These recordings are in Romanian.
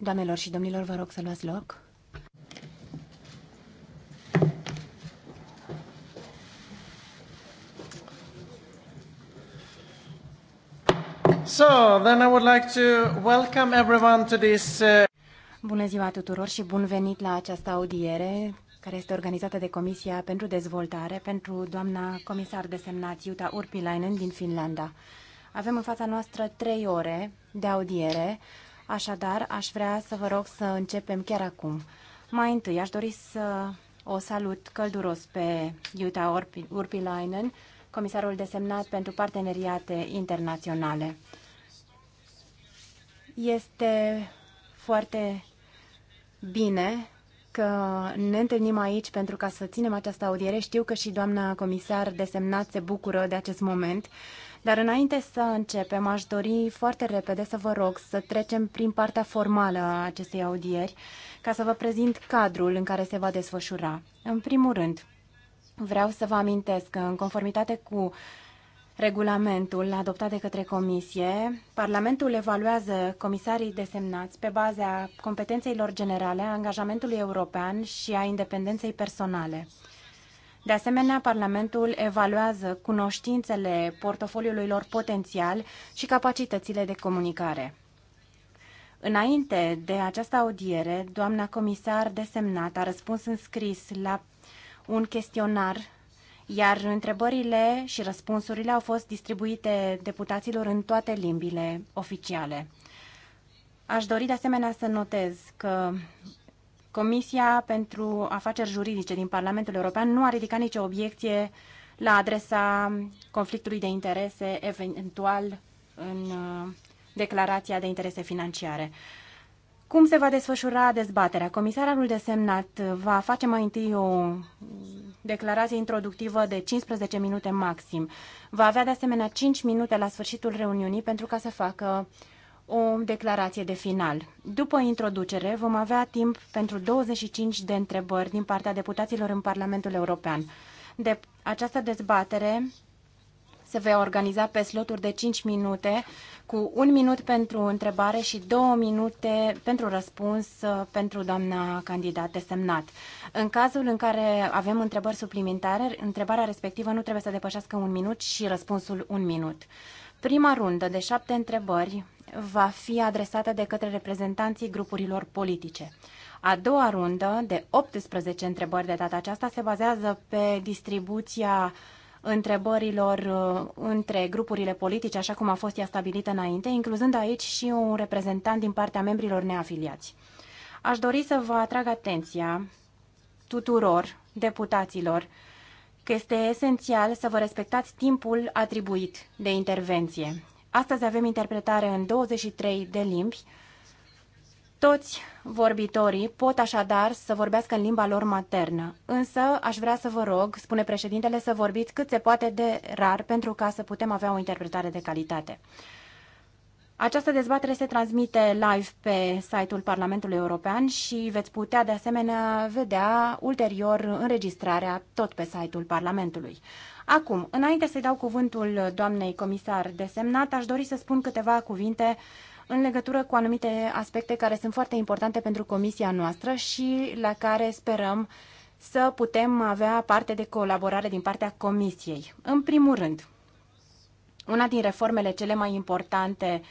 Doamnelor și domnilor, vă rog să luați loc. So, then I would like to welcome everyone to this uh, Bună ziua tuturor și bun venit la această audiere care este organizată de Comisia pentru Dezvoltare pentru doamna comisar desemnat Iuta Urpilainen din Finlanda. Avem în fața noastră trei ore de audiere Așadar, aș vrea să vă rog să începem chiar acum. Mai întâi, aș dori să o salut călduros pe Iuta Urpilainen, comisarul desemnat pentru parteneriate internaționale. Este foarte bine că ne întâlnim aici pentru ca să ținem această audiere. Știu că și doamna comisar desemnat se bucură de acest moment dar înainte să începem, aș dori foarte repede să vă rog să trecem prin partea formală a acestei audieri, ca să vă prezint cadrul în care se va desfășura. În primul rând, vreau să vă amintesc că, în conformitate cu regulamentul adoptat de către Comisie, Parlamentul evaluează comisarii desemnați pe baza competențelor generale, a angajamentului european și a independenței personale. De asemenea, Parlamentul evaluează cunoștințele portofoliului lor potențial și capacitățile de comunicare. Înainte de această audiere, doamna comisar desemnat a răspuns în scris la un chestionar, iar întrebările și răspunsurile au fost distribuite deputaților în toate limbile oficiale. Aș dori de asemenea să notez că Comisia pentru Afaceri Juridice din Parlamentul European nu a ridicat nicio obiecție la adresa conflictului de interese eventual în uh, declarația de interese financiare. Cum se va desfășura dezbaterea? Comisarul desemnat va face mai întâi o declarație introductivă de 15 minute maxim. Va avea de asemenea 5 minute la sfârșitul reuniunii pentru ca să facă uh, o declarație de final. După introducere, vom avea timp pentru 25 de întrebări din partea deputaților în Parlamentul European. De această dezbatere se va organiza pe sloturi de 5 minute, cu un minut pentru întrebare și două minute pentru răspuns uh, pentru doamna candidat semnat. În cazul în care avem întrebări suplimentare, întrebarea respectivă nu trebuie să depășească un minut și răspunsul un minut. Prima rundă de șapte întrebări va fi adresată de către reprezentanții grupurilor politice. A doua rundă, de 18 întrebări de data aceasta, se bazează pe distribuția întrebărilor uh, între grupurile politice, așa cum a fost ea stabilită înainte, incluzând aici și un reprezentant din partea membrilor neafiliați. Aș dori să vă atrag atenția tuturor deputaților că este esențial să vă respectați timpul atribuit de intervenție. Astăzi avem interpretare în 23 de limbi. Toți vorbitorii pot așadar să vorbească în limba lor maternă, însă aș vrea să vă rog, spune președintele, să vorbiți cât se poate de rar pentru ca să putem avea o interpretare de calitate. Această dezbatere se transmite live pe site-ul Parlamentului European și veți putea de asemenea vedea ulterior înregistrarea tot pe site-ul Parlamentului. Acum, înainte să-i dau cuvântul doamnei comisar desemnat, aș dori să spun câteva cuvinte în legătură cu anumite aspecte care sunt foarte importante pentru comisia noastră și la care sperăm să putem avea parte de colaborare din partea comisiei. În primul rând, una din reformele cele mai importante uh,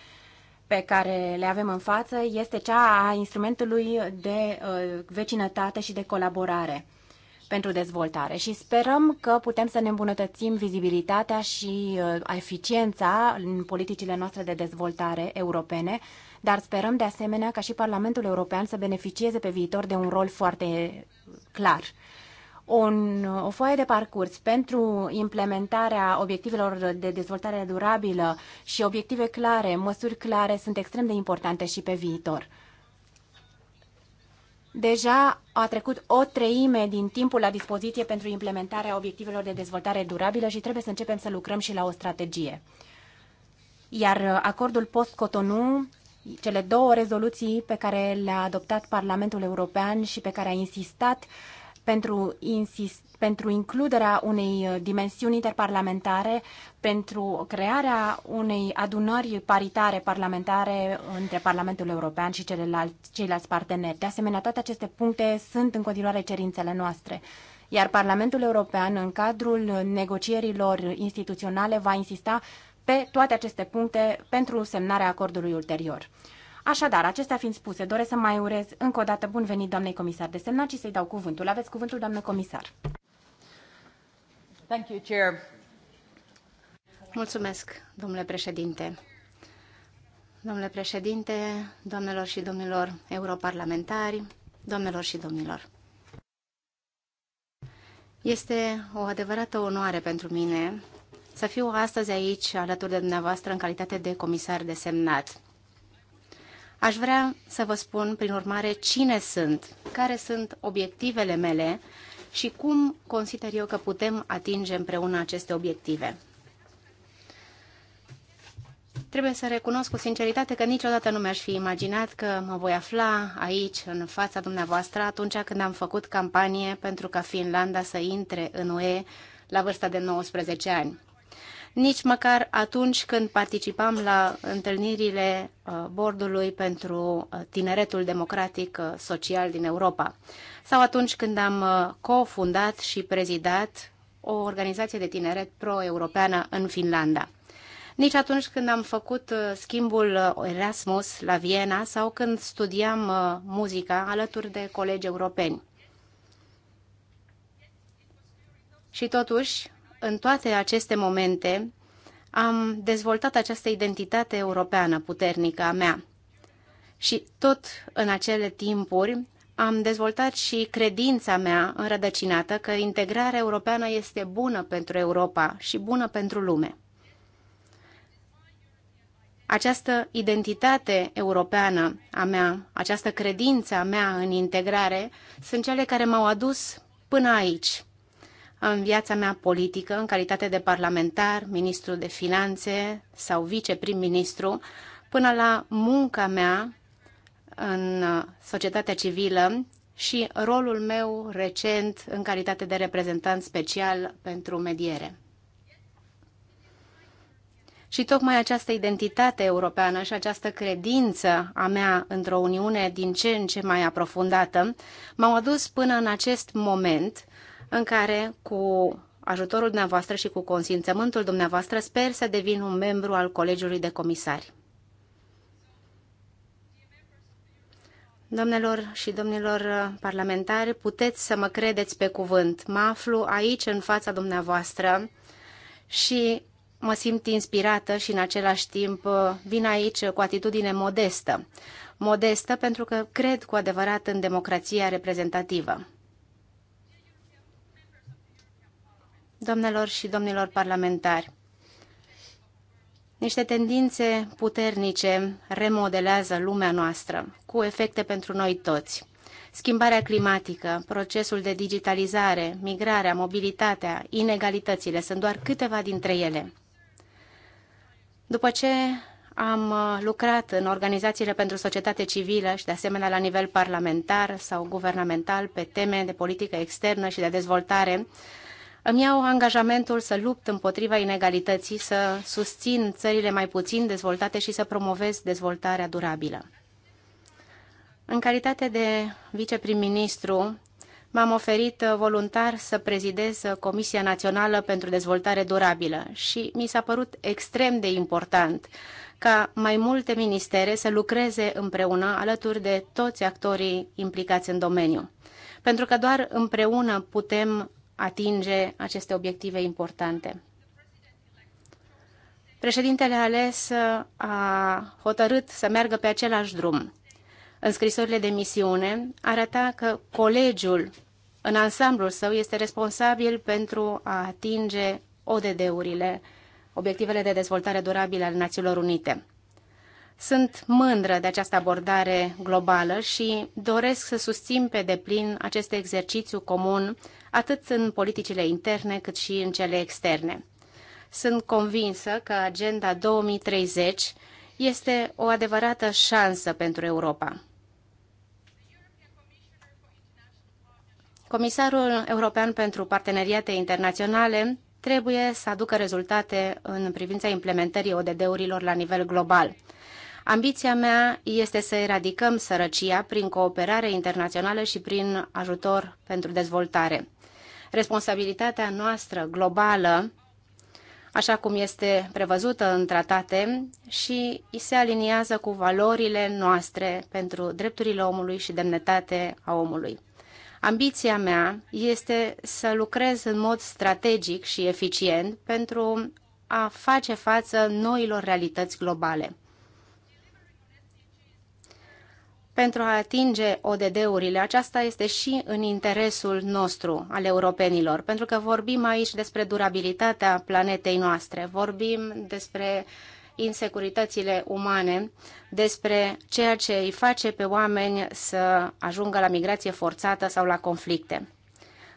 pe care le avem în față este cea a instrumentului de uh, vecinătate și de colaborare pentru dezvoltare și sperăm că putem să ne îmbunătățim vizibilitatea și uh, eficiența în politicile noastre de dezvoltare europene, dar sperăm de asemenea ca și Parlamentul European să beneficieze pe viitor de un rol foarte uh, clar un, o foaie de parcurs pentru implementarea obiectivelor de dezvoltare durabilă și obiective clare, măsuri clare, sunt extrem de importante și pe viitor. Deja a trecut o treime din timpul la dispoziție pentru implementarea obiectivelor de dezvoltare durabilă și trebuie să începem să lucrăm și la o strategie. Iar acordul post-Cotonou cele două rezoluții pe care le-a adoptat Parlamentul European și pe care a insistat pentru, insist, pentru includerea unei uh, dimensiuni interparlamentare, pentru crearea unei adunări paritare parlamentare între Parlamentul European și ceilalți ceilalți parteneri. De asemenea, toate aceste puncte sunt în continuare cerințele noastre. Iar Parlamentul European, în cadrul negocierilor instituționale, va insista pe toate aceste puncte pentru semnarea acordului ulterior. Așadar, acestea fiind spuse, doresc să mai urez încă o dată bun venit doamnei comisar de semnat și să-i dau cuvântul. Aveți cuvântul, doamnă comisar. Thank you, Chair. Mulțumesc, domnule președinte. Domnule președinte, doamnelor și domnilor europarlamentari, domnilor și domnilor. Este o adevărată onoare pentru mine să fiu astăzi aici alături de dumneavoastră în calitate de comisar desemnat. Aș vrea să vă spun, prin urmare, cine sunt, care sunt obiectivele mele și cum consider eu că putem atinge împreună aceste obiective. Trebuie să recunosc cu sinceritate că niciodată nu mi-aș fi imaginat că mă voi afla aici, în fața dumneavoastră, atunci când am făcut campanie pentru ca Finlanda să intre în UE la vârsta de 19 ani nici măcar atunci când participam la întâlnirile uh, bordului pentru uh, tineretul democratic uh, social din Europa sau atunci când am cofundat și prezidat o organizație de tineret pro-europeană în Finlanda. Nici atunci când am făcut schimbul Erasmus la Viena sau când studiam muzica alături de colegi europeni. Și totuși, în toate aceste momente am dezvoltat această identitate europeană puternică a mea. Și tot în acele timpuri am dezvoltat și credința mea înrădăcinată că integrarea europeană este bună pentru Europa și bună pentru lume. Această identitate europeană a mea, această credință a mea în integrare, sunt cele care m-au adus până aici în viața mea politică, în calitate de parlamentar, ministru de finanțe sau viceprim-ministru, până la munca mea în uh, societatea civilă și rolul meu recent în calitate de reprezentant special pentru mediere. Și tocmai această identitate europeană și această credință a mea într-o Uniune din ce în ce mai aprofundată m-au adus până în acest moment în care cu ajutorul dumneavoastră și cu consimțământul dumneavoastră sper să devin un membru al Colegiului de Comisari. Domnilor și domnilor parlamentari, puteți să mă credeți pe cuvânt. Mă aflu aici în fața dumneavoastră și mă simt inspirată și în același timp vin aici cu atitudine modestă. Modestă pentru că cred cu adevărat în democrația reprezentativă. doamnelor și domnilor parlamentari. Niște tendințe puternice remodelează lumea noastră, cu efecte pentru noi toți. Schimbarea climatică, procesul de digitalizare, migrarea, mobilitatea, inegalitățile sunt doar câteva dintre ele. După ce am uh, lucrat în organizațiile pentru societate civilă și de asemenea la nivel parlamentar sau guvernamental pe teme de politică externă și de dezvoltare, îmi iau angajamentul să lupt împotriva inegalității, să susțin țările mai puțin dezvoltate și să promovez dezvoltarea durabilă. În calitate de viceprim-ministru, m-am oferit voluntar să prezidez Comisia Națională pentru Dezvoltare Durabilă și mi s-a părut extrem de important ca mai multe ministere să lucreze împreună alături de toți actorii implicați în domeniu. Pentru că doar împreună putem atinge aceste obiective importante. Președintele ales uh, a hotărât să meargă pe același drum. În scrisorile de misiune arăta că colegiul în ansamblul său este responsabil pentru a atinge ODD-urile, obiectivele de dezvoltare durabilă ale Națiunilor Unite. Sunt mândră de această abordare globală și doresc să susțin pe deplin acest exercițiu comun, atât în politicile interne cât și în cele externe. Sunt convinsă că Agenda 2030 este o adevărată șansă pentru Europa. Comisarul European pentru Parteneriate Internaționale trebuie să aducă rezultate în privința implementării ODD-urilor la nivel global. Ambiția mea este să eradicăm sărăcia prin cooperare internațională și prin ajutor pentru dezvoltare. Responsabilitatea noastră globală, așa cum este prevăzută în tratate, și se aliniază cu valorile noastre pentru drepturile omului și demnitatea a omului. Ambiția mea este să lucrez în mod strategic și eficient pentru a face față noilor realități globale. pentru a atinge ODD-urile. Aceasta este și în interesul nostru al europenilor, pentru că vorbim aici despre durabilitatea planetei noastre, vorbim despre insecuritățile umane, despre ceea ce îi face pe oameni să ajungă la migrație forțată sau la conflicte.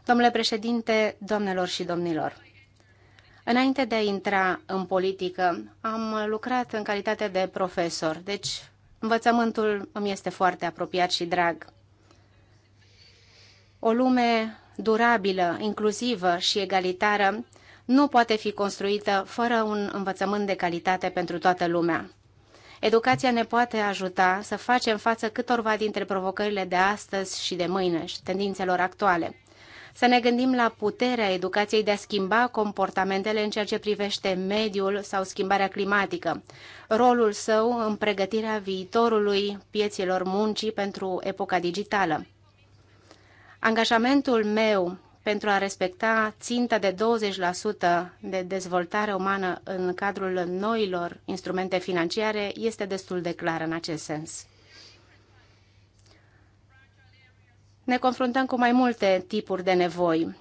Domnule președinte, domnilor și domnilor, Înainte de a intra în politică, am lucrat în calitate de profesor, deci Învățământul îmi este foarte apropiat și drag. O lume durabilă, inclusivă și egalitară nu poate fi construită fără un învățământ de calitate pentru toată lumea. Educația ne poate ajuta să facem față câtorva dintre provocările de astăzi și de mâine și tendințelor actuale să ne gândim la puterea educației de a schimba comportamentele în ceea ce privește mediul sau schimbarea climatică, rolul său în pregătirea viitorului pieților muncii pentru epoca digitală. Angajamentul meu pentru a respecta ținta de 20% de dezvoltare umană în cadrul noilor instrumente financiare este destul de clar în acest sens. ne confruntăm cu mai multe tipuri de nevoi.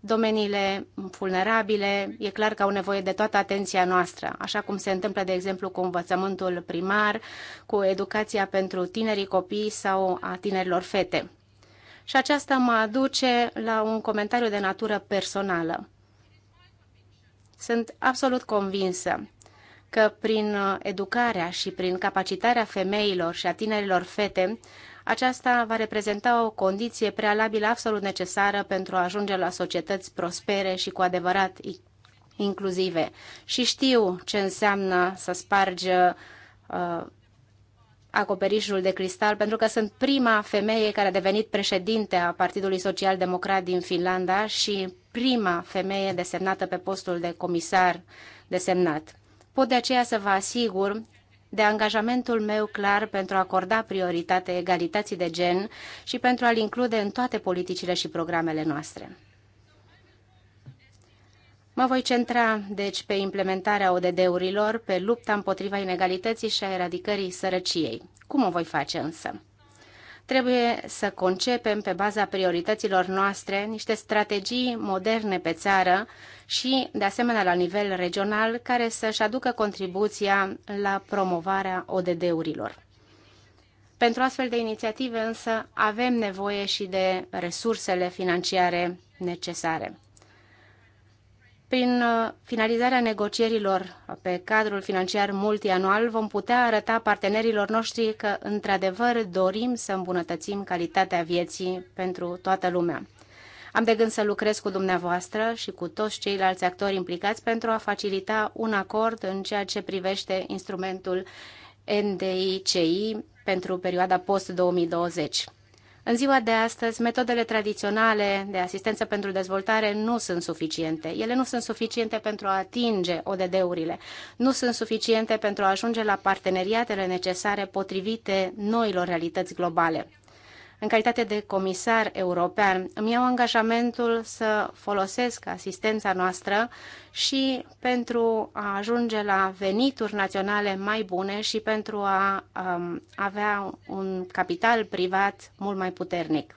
Domeniile vulnerabile, e clar că au nevoie de toată atenția noastră, așa cum se întâmplă, de exemplu, cu învățământul primar, cu educația pentru tinerii copii sau a tinerilor fete. Și aceasta mă aduce la un comentariu de natură personală. Sunt absolut convinsă că prin educarea și prin capacitarea femeilor și a tinerilor fete aceasta va reprezenta o condiție prealabilă absolut necesară pentru a ajunge la societăți prospere și cu adevărat inclusive. Și știu ce înseamnă să spargă uh, acoperișul de cristal, pentru că sunt prima femeie care a devenit președinte a Partidului Social Democrat din Finlanda și prima femeie desemnată pe postul de comisar desemnat. Pot de aceea să vă asigur de angajamentul meu clar pentru a acorda prioritate egalității de gen și pentru a-l include în toate politicile și programele noastre. Mă voi centra, deci, pe implementarea ODD-urilor, pe lupta împotriva inegalității și a eradicării sărăciei. Cum o voi face însă? Trebuie să concepem pe baza priorităților noastre niște strategii moderne pe țară și, de asemenea, la nivel regional, care să-și aducă contribuția la promovarea ODD-urilor. Pentru astfel de inițiative însă avem nevoie și de resursele financiare necesare. Prin uh, finalizarea negocierilor pe cadrul financiar multianual vom putea arăta partenerilor noștri că într-adevăr dorim să îmbunătățim calitatea vieții pentru toată lumea. Am de gând să lucrez cu dumneavoastră și cu toți ceilalți actori implicați pentru a facilita un acord în ceea ce privește instrumentul NDICI pentru perioada post-2020. În ziua de astăzi, metodele tradiționale de asistență pentru dezvoltare nu sunt suficiente. Ele nu sunt suficiente pentru a atinge ODD-urile, nu sunt suficiente pentru a ajunge la parteneriatele necesare potrivite noilor realități globale. În calitate de comisar european, îmi iau angajamentul să folosesc asistența noastră și pentru a ajunge la venituri naționale mai bune și pentru a um, avea un capital privat mult mai puternic.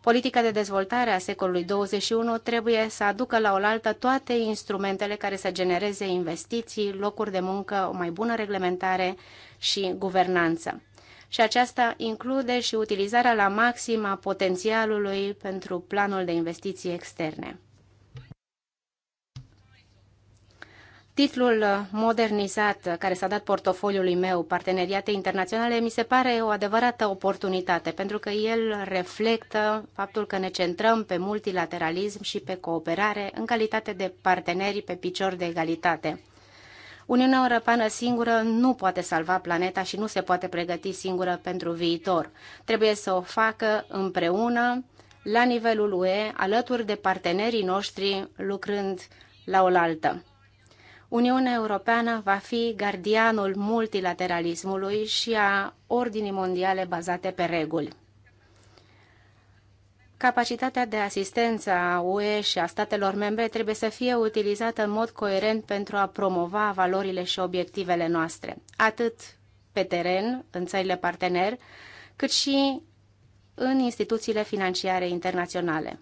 Politica de dezvoltare a secolului 21 trebuie să aducă la oaltă toate instrumentele care să genereze investiții, locuri de muncă, o mai bună reglementare și guvernanță și aceasta include și utilizarea la maxim a potențialului pentru planul de investiții externe. Titlul modernizat care s-a dat portofoliului meu, Parteneriate Internaționale, mi se pare o adevărată oportunitate, pentru că el reflectă faptul că ne centrăm pe multilateralism și pe cooperare în calitate de parteneri pe picior de egalitate. Uniunea Europeană singură nu poate salva planeta și nu se poate pregăti singură pentru viitor. Trebuie să o facă împreună, la nivelul UE, alături de partenerii noștri, lucrând la oaltă. Uniunea Europeană va fi gardianul multilateralismului și a ordinii mondiale bazate pe reguli. Capacitatea de asistență a UE și a statelor membre trebuie să fie utilizată în mod coerent pentru a promova valorile și obiectivele noastre, atât pe teren, în țările partener, cât și în instituțiile financiare internaționale.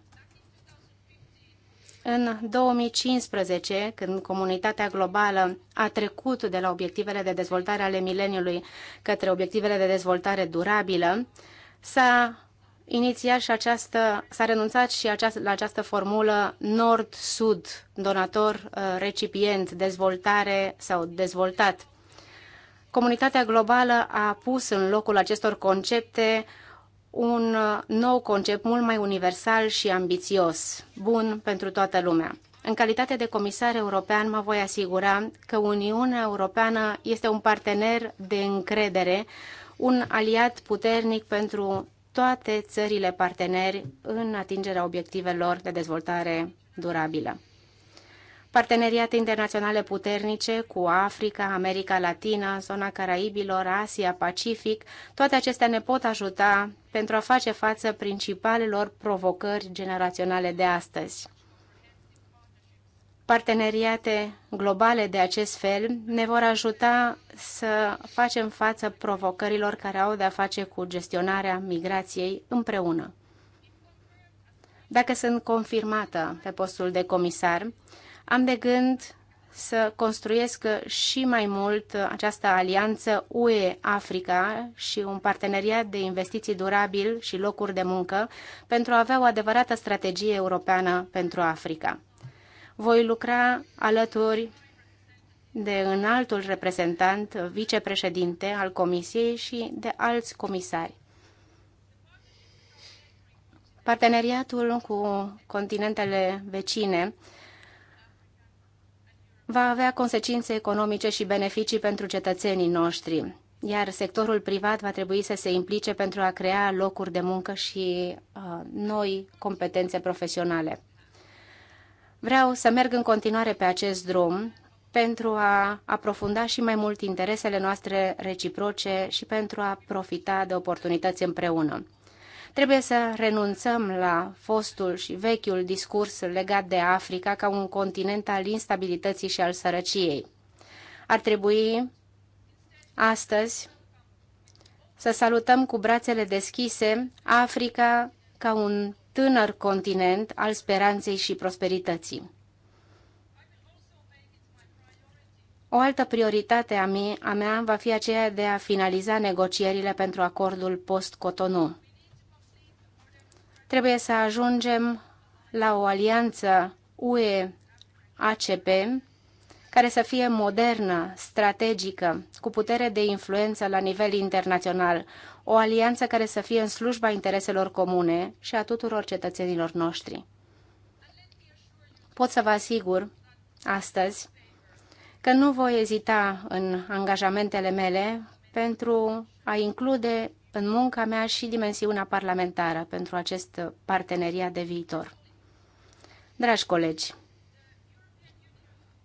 În 2015, când comunitatea globală a trecut de la obiectivele de dezvoltare ale mileniului către obiectivele de dezvoltare durabilă, s-a Inițial și această, s-a renunțat și această, la această formulă nord-sud, donator, uh, recipient, dezvoltare sau dezvoltat. Comunitatea globală a pus în locul acestor concepte un uh, nou concept mult mai universal și ambițios, bun pentru toată lumea. În calitate de comisar european, mă voi asigura că Uniunea Europeană este un partener de încredere, un aliat puternic pentru toate țările parteneri în atingerea obiectivelor de dezvoltare durabilă. Parteneriate internaționale puternice cu Africa, America Latina, zona Caraibilor, Asia, Pacific, toate acestea ne pot ajuta pentru a face față principalelor provocări generaționale de astăzi. Parteneriate globale de acest fel ne vor ajuta să facem față provocărilor care au de-a face cu gestionarea migrației împreună. Dacă sunt confirmată pe postul de comisar, am de gând să construiesc și mai mult această alianță UE-Africa și un parteneriat de investiții durabil și locuri de muncă pentru a avea o adevărată strategie europeană pentru Africa voi lucra alături de înaltul reprezentant, vicepreședinte al Comisiei și de alți comisari. Parteneriatul cu continentele vecine va avea consecințe economice și beneficii pentru cetățenii noștri, iar sectorul privat va trebui să se implice pentru a crea locuri de muncă și uh, noi competențe profesionale. Vreau să merg în continuare pe acest drum pentru a aprofunda și mai mult interesele noastre reciproce și pentru a profita de oportunități împreună. Trebuie să renunțăm la fostul și vechiul discurs legat de Africa ca un continent al instabilității și al sărăciei. Ar trebui astăzi să salutăm cu brațele deschise Africa ca un tânăr continent al speranței și prosperității. O altă prioritate a, a mea va fi aceea de a finaliza negocierile pentru acordul post-Cotonou. Trebuie să ajungem la o alianță UE-ACP care să fie modernă, strategică, cu putere de influență la nivel internațional, o alianță care să fie în slujba intereselor comune și a tuturor cetățenilor noștri. Pot să vă asigur astăzi că nu voi ezita în angajamentele mele pentru a include în munca mea și dimensiunea parlamentară pentru acest parteneriat de viitor. Dragi colegi,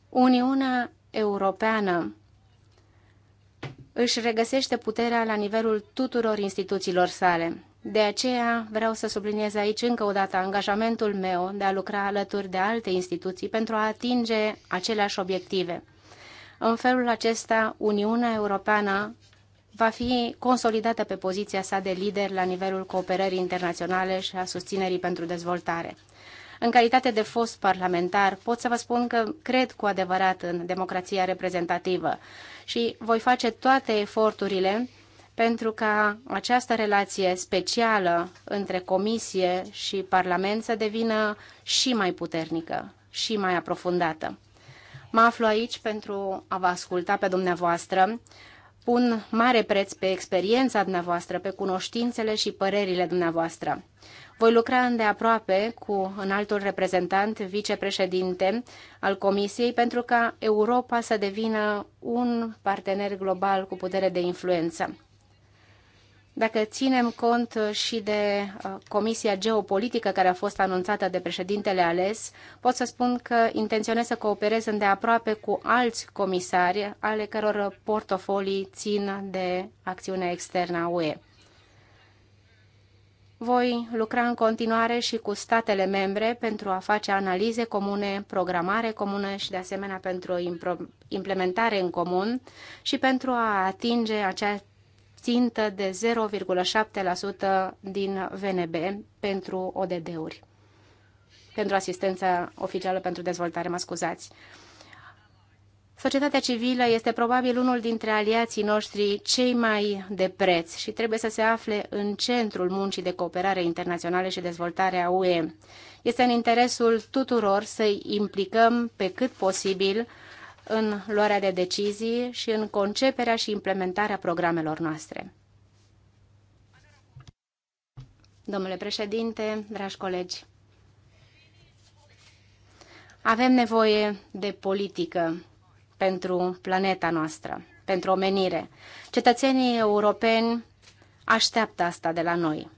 Uniunea Europeană își regăsește puterea la nivelul tuturor instituțiilor sale. De aceea vreau să subliniez aici încă o dată angajamentul meu de a lucra alături de alte instituții pentru a atinge aceleași obiective. În felul acesta, Uniunea Europeană va fi consolidată pe poziția sa de lider la nivelul cooperării internaționale și a susținerii pentru dezvoltare. În calitate de fost parlamentar, pot să vă spun că cred cu adevărat în democrația reprezentativă și voi face toate eforturile pentru ca această relație specială între Comisie și Parlament să devină și mai puternică și mai aprofundată. Mă aflu aici pentru a vă asculta pe dumneavoastră. Pun mare preț pe experiența dumneavoastră, pe cunoștințele și părerile dumneavoastră. Voi lucra îndeaproape cu un altul reprezentant, vicepreședinte al Comisiei, pentru ca Europa să devină un partener global cu putere de influență. Dacă ținem cont și de uh, Comisia Geopolitică care a fost anunțată de președintele ales, pot să spun că intenționez să cooperez îndeaproape cu alți comisari ale căror portofolii țin de acțiunea externă a UE. Voi lucra în continuare și cu statele membre pentru a face analize comune, programare comună și de asemenea pentru o implementare în comun și pentru a atinge acea țintă de 0,7% din VNB pentru ODD-uri, pentru asistența oficială pentru dezvoltare, mă scuzați. Societatea civilă este probabil unul dintre aliații noștri cei mai de preț și trebuie să se afle în centrul muncii de cooperare internaționale și dezvoltare a UE. Este în interesul tuturor să implicăm pe cât posibil în luarea de decizii și în conceperea și implementarea programelor noastre. Domnule președinte, dragi colegi, avem nevoie de politică pentru planeta noastră, pentru omenire. Cetățenii europeni așteaptă asta de la noi.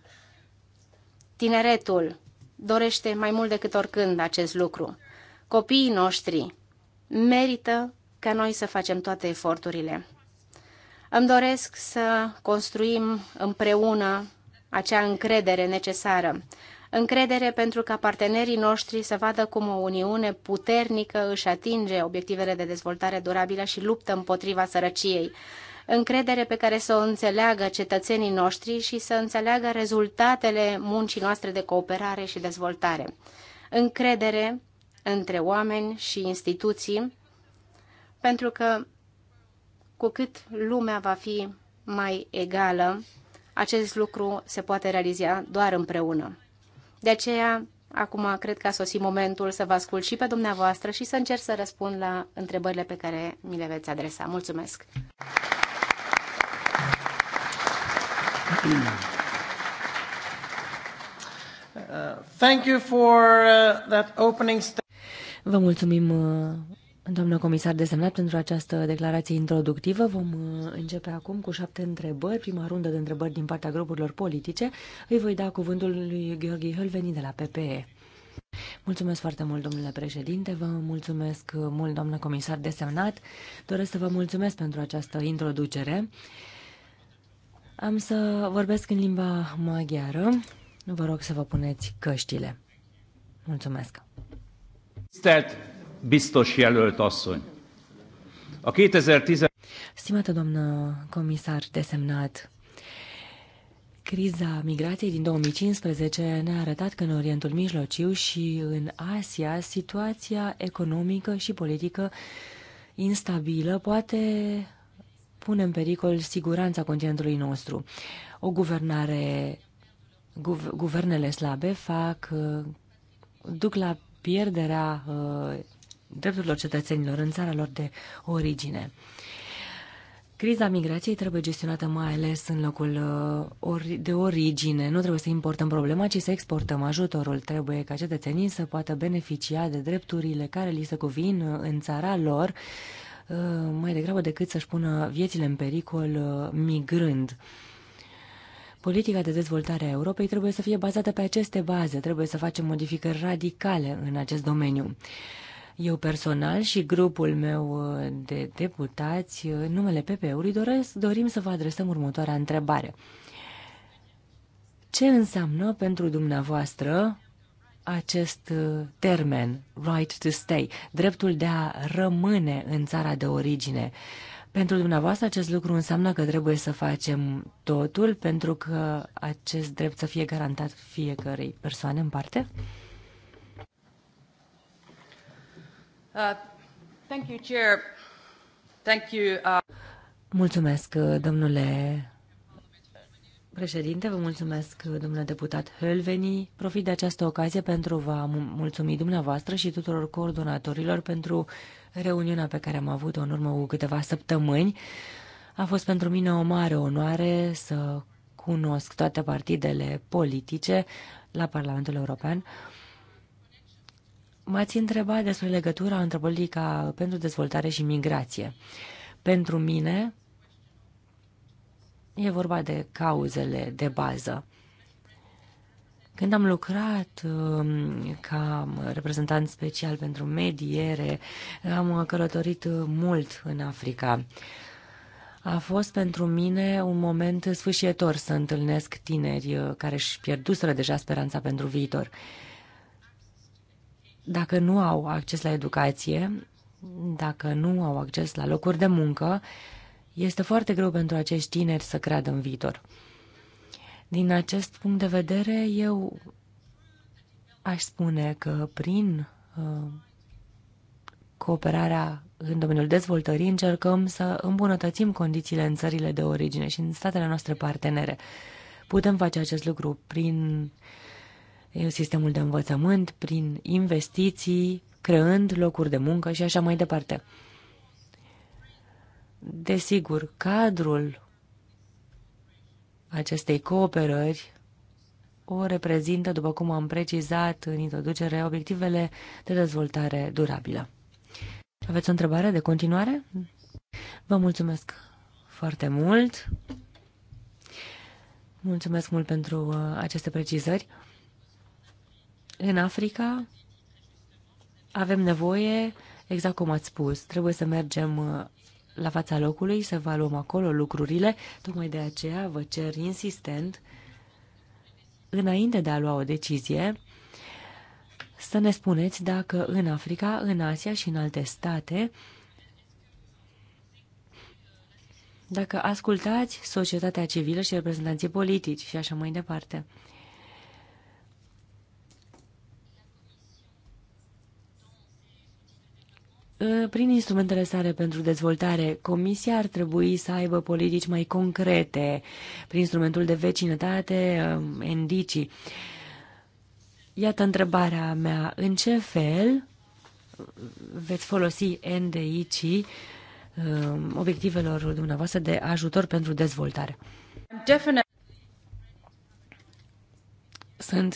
Tineretul dorește mai mult decât oricând acest lucru. Copiii noștri merită ca noi să facem toate eforturile. Îmi doresc să construim împreună acea încredere necesară încredere pentru ca partenerii noștri să vadă cum o Uniune puternică își atinge obiectivele de dezvoltare durabilă și luptă împotriva sărăciei încredere pe care să o înțeleagă cetățenii noștri și să înțeleagă rezultatele muncii noastre de cooperare și dezvoltare. Încredere între oameni și instituții, pentru că cu cât lumea va fi mai egală, acest lucru se poate realiza doar împreună. De aceea, acum cred că a sosit momentul să vă ascult și pe dumneavoastră și să încerc să răspund la întrebările pe care mi le veți adresa. Mulțumesc! Thank you for uh, that opening Vă mulțumim uh, Doamnă comisar desemnat, pentru această declarație introductivă vom uh, începe acum cu șapte întrebări, prima rundă de întrebări din partea grupurilor politice. Îi voi da cuvântul lui Gheorghe Hălveni de la PPE. Mulțumesc foarte mult, domnule președinte, vă mulțumesc uh, mult, doamnă comisar desemnat. Doresc să vă mulțumesc pentru această introducere. Am să vorbesc în limba maghiară. Vă rog să vă puneți căștile. Mulțumesc biztos jelölt asszony. A 2010... Stimată doamnă comisar desemnat, Criza migrației din 2015 ne-a arătat că în Orientul Mijlociu și în Asia situația economică și politică instabilă poate pune în pericol siguranța continentului nostru. O guvernare, guvernele slabe fac, duc la pierderea uh, drepturilor cetățenilor în țara lor de origine. Criza migrației trebuie gestionată mai ales în locul uh, de origine. Nu trebuie să importăm problema, ci să exportăm ajutorul. Trebuie ca cetățenii să poată beneficia de drepturile care li se cuvin uh, în țara lor, uh, mai degrabă decât să-și pună viețile în pericol migrând. Politica de dezvoltare a Europei trebuie să fie bazată pe aceste baze, trebuie să facem modificări radicale în acest domeniu. Eu personal și grupul meu uh, de deputați, uh, în numele PP-ului, dorim să vă adresăm următoarea întrebare. Ce înseamnă pentru dumneavoastră acest uh, termen, right to stay, dreptul de a rămâne în țara de origine? Pentru dumneavoastră acest lucru înseamnă că trebuie să facem totul pentru că acest drept să fie garantat fiecărei persoane în parte? Uh, thank you, Chair. Thank you, uh... Mulțumesc, uh, domnule președinte, vă mulțumesc, uh, domnule deputat Hölveni. Profit de această ocazie pentru a mulțumi dumneavoastră și tuturor coordonatorilor pentru reuniunea pe care am avut-o în urmă cu câteva săptămâni. A fost pentru mine o mare onoare să cunosc toate partidele politice la Parlamentul European. M-ați întrebat despre legătura între politica pentru dezvoltare și migrație. Pentru mine e vorba de cauzele de bază. Când am lucrat um, ca reprezentant special pentru mediere, am călătorit mult în Africa. A fost pentru mine un moment sfârșietor să întâlnesc tineri uh, care își pierduseră deja speranța pentru viitor dacă nu au acces la educație, dacă nu au acces la locuri de muncă, este foarte greu pentru acești tineri să creadă în viitor. Din acest punct de vedere, eu aș spune că prin uh, cooperarea în domeniul dezvoltării încercăm să îmbunătățim condițiile în țările de origine și în statele noastre partenere. Putem face acest lucru prin uh, sistemul de învățământ, prin investiții, creând locuri de muncă și așa mai departe. Desigur, cadrul acestei cooperări o reprezintă, după cum am precizat în introducere, obiectivele de dezvoltare durabilă. Aveți o întrebare de continuare? Vă mulțumesc foarte mult. Mulțumesc mult pentru uh, aceste precizări. În Africa avem nevoie, exact cum ați spus, trebuie să mergem uh, la fața locului, să valuăm acolo lucrurile. Tocmai de aceea vă cer insistent, înainte de a lua o decizie, să ne spuneți dacă în Africa, în Asia și în alte state, dacă ascultați societatea civilă și reprezentanții politici și așa mai departe. Ă, prin instrumentele sale pentru dezvoltare, Comisia ar trebui să aibă politici mai concrete prin instrumentul de vecinătate, indicii. Ă, Iată întrebarea mea. În ce fel veți folosi NDIC ă, obiectivelor dumneavoastră de ajutor pentru dezvoltare? Sunt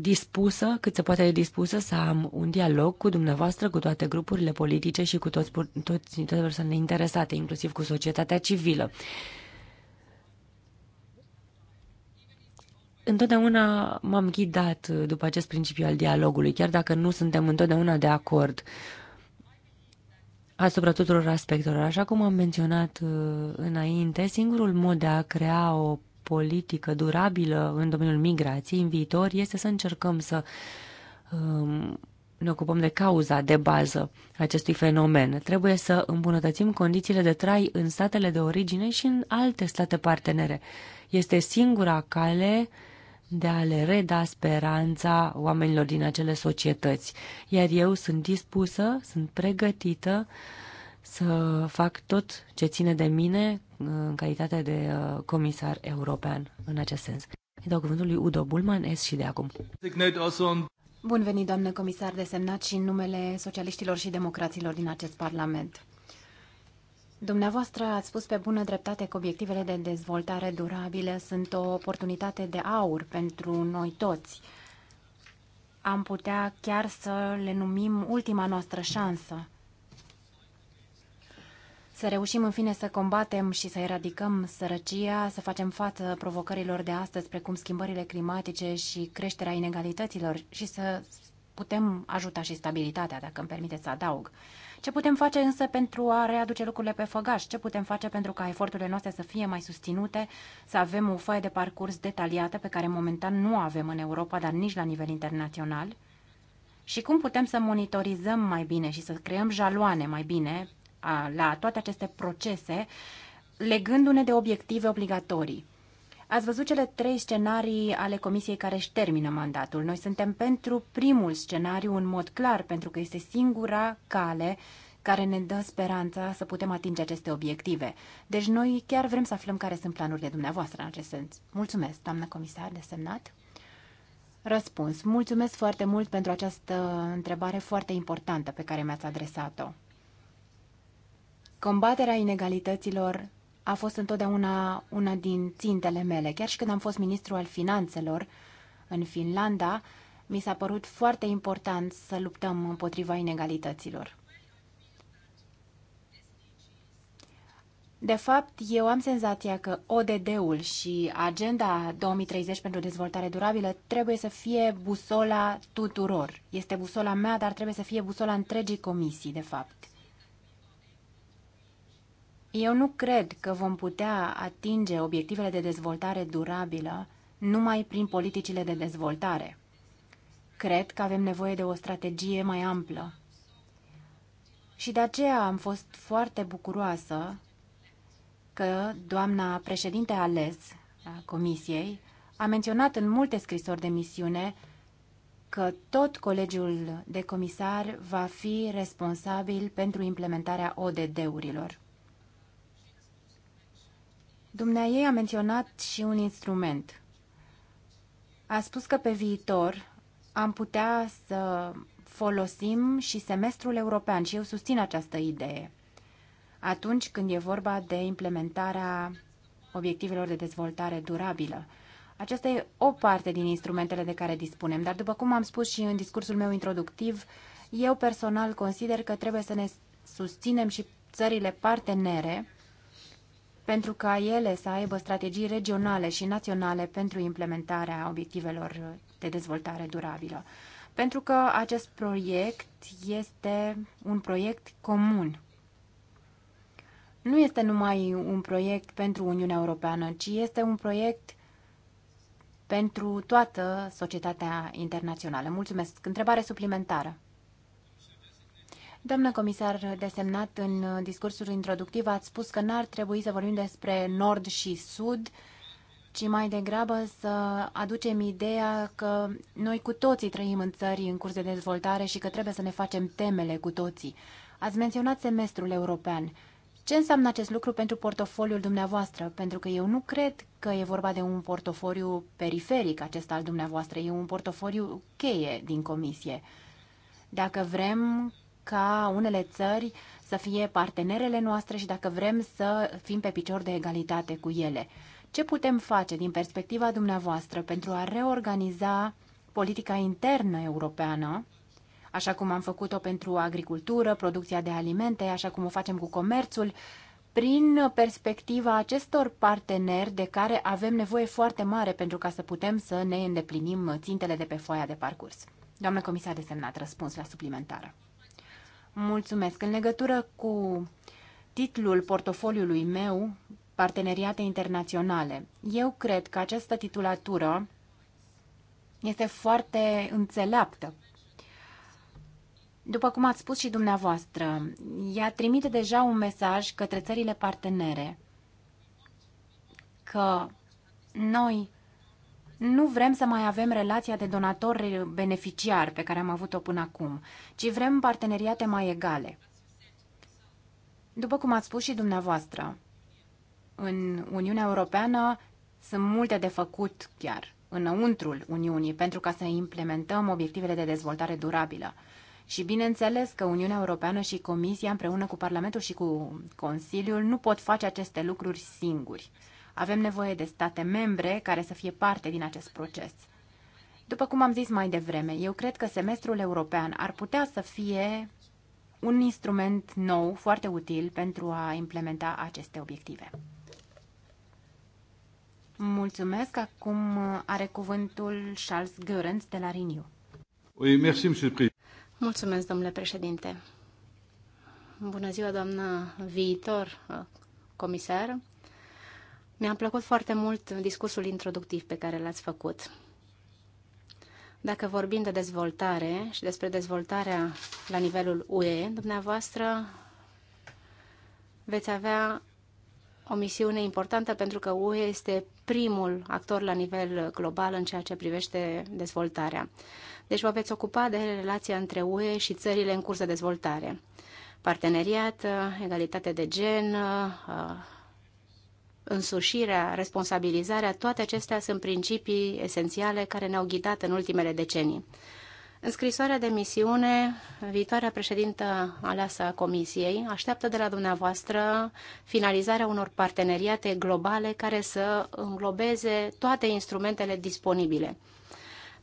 dispusă, cât se poate de dispusă, să am un dialog cu dumneavoastră, cu toate grupurile politice și cu toți, toți, toate persoanele interesate, inclusiv cu societatea civilă. Întotdeauna m-am ghidat după acest principiu al dialogului, chiar dacă nu suntem întotdeauna de acord asupra tuturor aspectelor. Așa cum am menționat uh, înainte, singurul mod de a crea o politică durabilă în domeniul migrației în viitor este să încercăm să um, ne ocupăm de cauza de bază acestui fenomen. Trebuie să îmbunătățim condițiile de trai în statele de origine și în alte state partenere. Este singura cale de a le reda speranța oamenilor din acele societăți. Iar eu sunt dispusă, sunt pregătită să fac tot ce ține de mine în calitate de uh, comisar european în acest sens. Îi dau cuvântul lui Udo Bulman, S și de acum. Bun venit, doamnă comisar desemnat și în numele socialiștilor și democraților din acest parlament. Dumneavoastră ați spus pe bună dreptate că obiectivele de dezvoltare durabilă sunt o oportunitate de aur pentru noi toți. Am putea chiar să le numim ultima noastră șansă să reușim în fine să combatem și să eradicăm sărăcia, să facem față provocărilor de astăzi, precum schimbările climatice și creșterea inegalităților și să putem ajuta și stabilitatea, dacă îmi permiteți să adaug. Ce putem face însă pentru a readuce lucrurile pe făgaș? Ce putem face pentru ca eforturile noastre să fie mai susținute, să avem o foaie de parcurs detaliată pe care momentan nu avem în Europa, dar nici la nivel internațional? Și cum putem să monitorizăm mai bine și să creăm jaloane mai bine la toate aceste procese, legându-ne de obiective obligatorii. Ați văzut cele trei scenarii ale comisiei care își termină mandatul. Noi suntem pentru primul scenariu în mod clar, pentru că este singura cale care ne dă speranța să putem atinge aceste obiective. Deci noi chiar vrem să aflăm care sunt planurile dumneavoastră în acest sens. Mulțumesc, doamnă comisar desemnat. Răspuns. Mulțumesc foarte mult pentru această întrebare foarte importantă pe care mi-ați adresat-o. Combaterea inegalităților a fost întotdeauna una din țintele mele. Chiar și când am fost ministru al finanțelor în Finlanda, mi s-a părut foarte important să luptăm împotriva inegalităților. De fapt, eu am senzația că ODD-ul și Agenda 2030 pentru dezvoltare durabilă trebuie să fie busola tuturor. Este busola mea, dar trebuie să fie busola întregii comisii, de fapt. Eu nu cred că vom putea atinge obiectivele de dezvoltare durabilă numai prin politicile de dezvoltare. Cred că avem nevoie de o strategie mai amplă. Și de aceea am fost foarte bucuroasă că doamna președinte ales a Comisiei a menționat în multe scrisori de misiune că tot colegiul de comisar va fi responsabil pentru implementarea ODD-urilor. Dumneaei a menționat și un instrument. A spus că pe viitor am putea să folosim și semestrul european și eu susțin această idee. Atunci când e vorba de implementarea obiectivelor de dezvoltare durabilă. Aceasta e o parte din instrumentele de care dispunem, dar după cum am spus și în discursul meu introductiv, eu personal consider că trebuie să ne susținem și țările partenere pentru ca ele să aibă strategii regionale și naționale pentru implementarea obiectivelor de dezvoltare durabilă. Pentru că acest proiect este un proiect comun. Nu este numai un proiect pentru Uniunea Europeană, ci este un proiect pentru toată societatea internațională. Mulțumesc. Întrebare suplimentară. Doamna comisar desemnat, în discursul introductiv ați spus că n-ar trebui să vorbim despre nord și sud, ci mai degrabă să aducem ideea că noi cu toții trăim în țări în curs de dezvoltare și că trebuie să ne facem temele cu toții. Ați menționat semestrul european. Ce înseamnă acest lucru pentru portofoliul dumneavoastră? Pentru că eu nu cred că e vorba de un portofoliu periferic acesta al dumneavoastră, e un portofoliu cheie din comisie. Dacă vrem ca unele țări să fie partenerele noastre și dacă vrem să fim pe picior de egalitate cu ele. Ce putem face din perspectiva dumneavoastră pentru a reorganiza politica internă europeană, așa cum am făcut-o pentru agricultură, producția de alimente, așa cum o facem cu comerțul, prin perspectiva acestor parteneri de care avem nevoie foarte mare pentru ca să putem să ne îndeplinim țintele de pe foaia de parcurs. Doamnă comisar desemnat, răspuns la suplimentară. Mulțumesc. În legătură cu titlul portofoliului meu, Parteneriate Internaționale, eu cred că această titulatură este foarte înțeleaptă. După cum ați spus și dumneavoastră, ea trimite deja un mesaj către țările partenere că noi nu vrem să mai avem relația de donator-beneficiar pe care am avut-o până acum, ci vrem parteneriate mai egale. După cum ați spus și dumneavoastră, în Uniunea Europeană sunt multe de făcut chiar înăuntrul Uniunii pentru ca să implementăm obiectivele de dezvoltare durabilă. Și bineînțeles că Uniunea Europeană și Comisia împreună cu Parlamentul și cu Consiliul nu pot face aceste lucruri singuri. Avem nevoie de state membre care să fie parte din acest proces. După cum am zis mai devreme, eu cred că semestrul european ar putea să fie un instrument nou, foarte util pentru a implementa aceste obiective. Mulțumesc. Acum are cuvântul Charles Görens de la Renew. Oui, merci, Mulțumesc, domnule președinte. Bună ziua, doamnă viitor comisar. Mi-a plăcut foarte mult discursul introductiv pe care l-ați făcut. Dacă vorbim de dezvoltare și despre dezvoltarea la nivelul UE, dumneavoastră veți avea o misiune importantă pentru că UE este primul actor la nivel global în ceea ce privește dezvoltarea. Deci vă veți ocupa de relația între UE și țările în curs de dezvoltare. Parteneriat, egalitate de gen, însușirea, responsabilizarea, toate acestea sunt principii esențiale care ne-au ghidat în ultimele decenii. În scrisoarea de misiune, viitoarea președintă aleasă a Comisiei așteaptă de la dumneavoastră finalizarea unor parteneriate globale care să înglobeze toate instrumentele disponibile.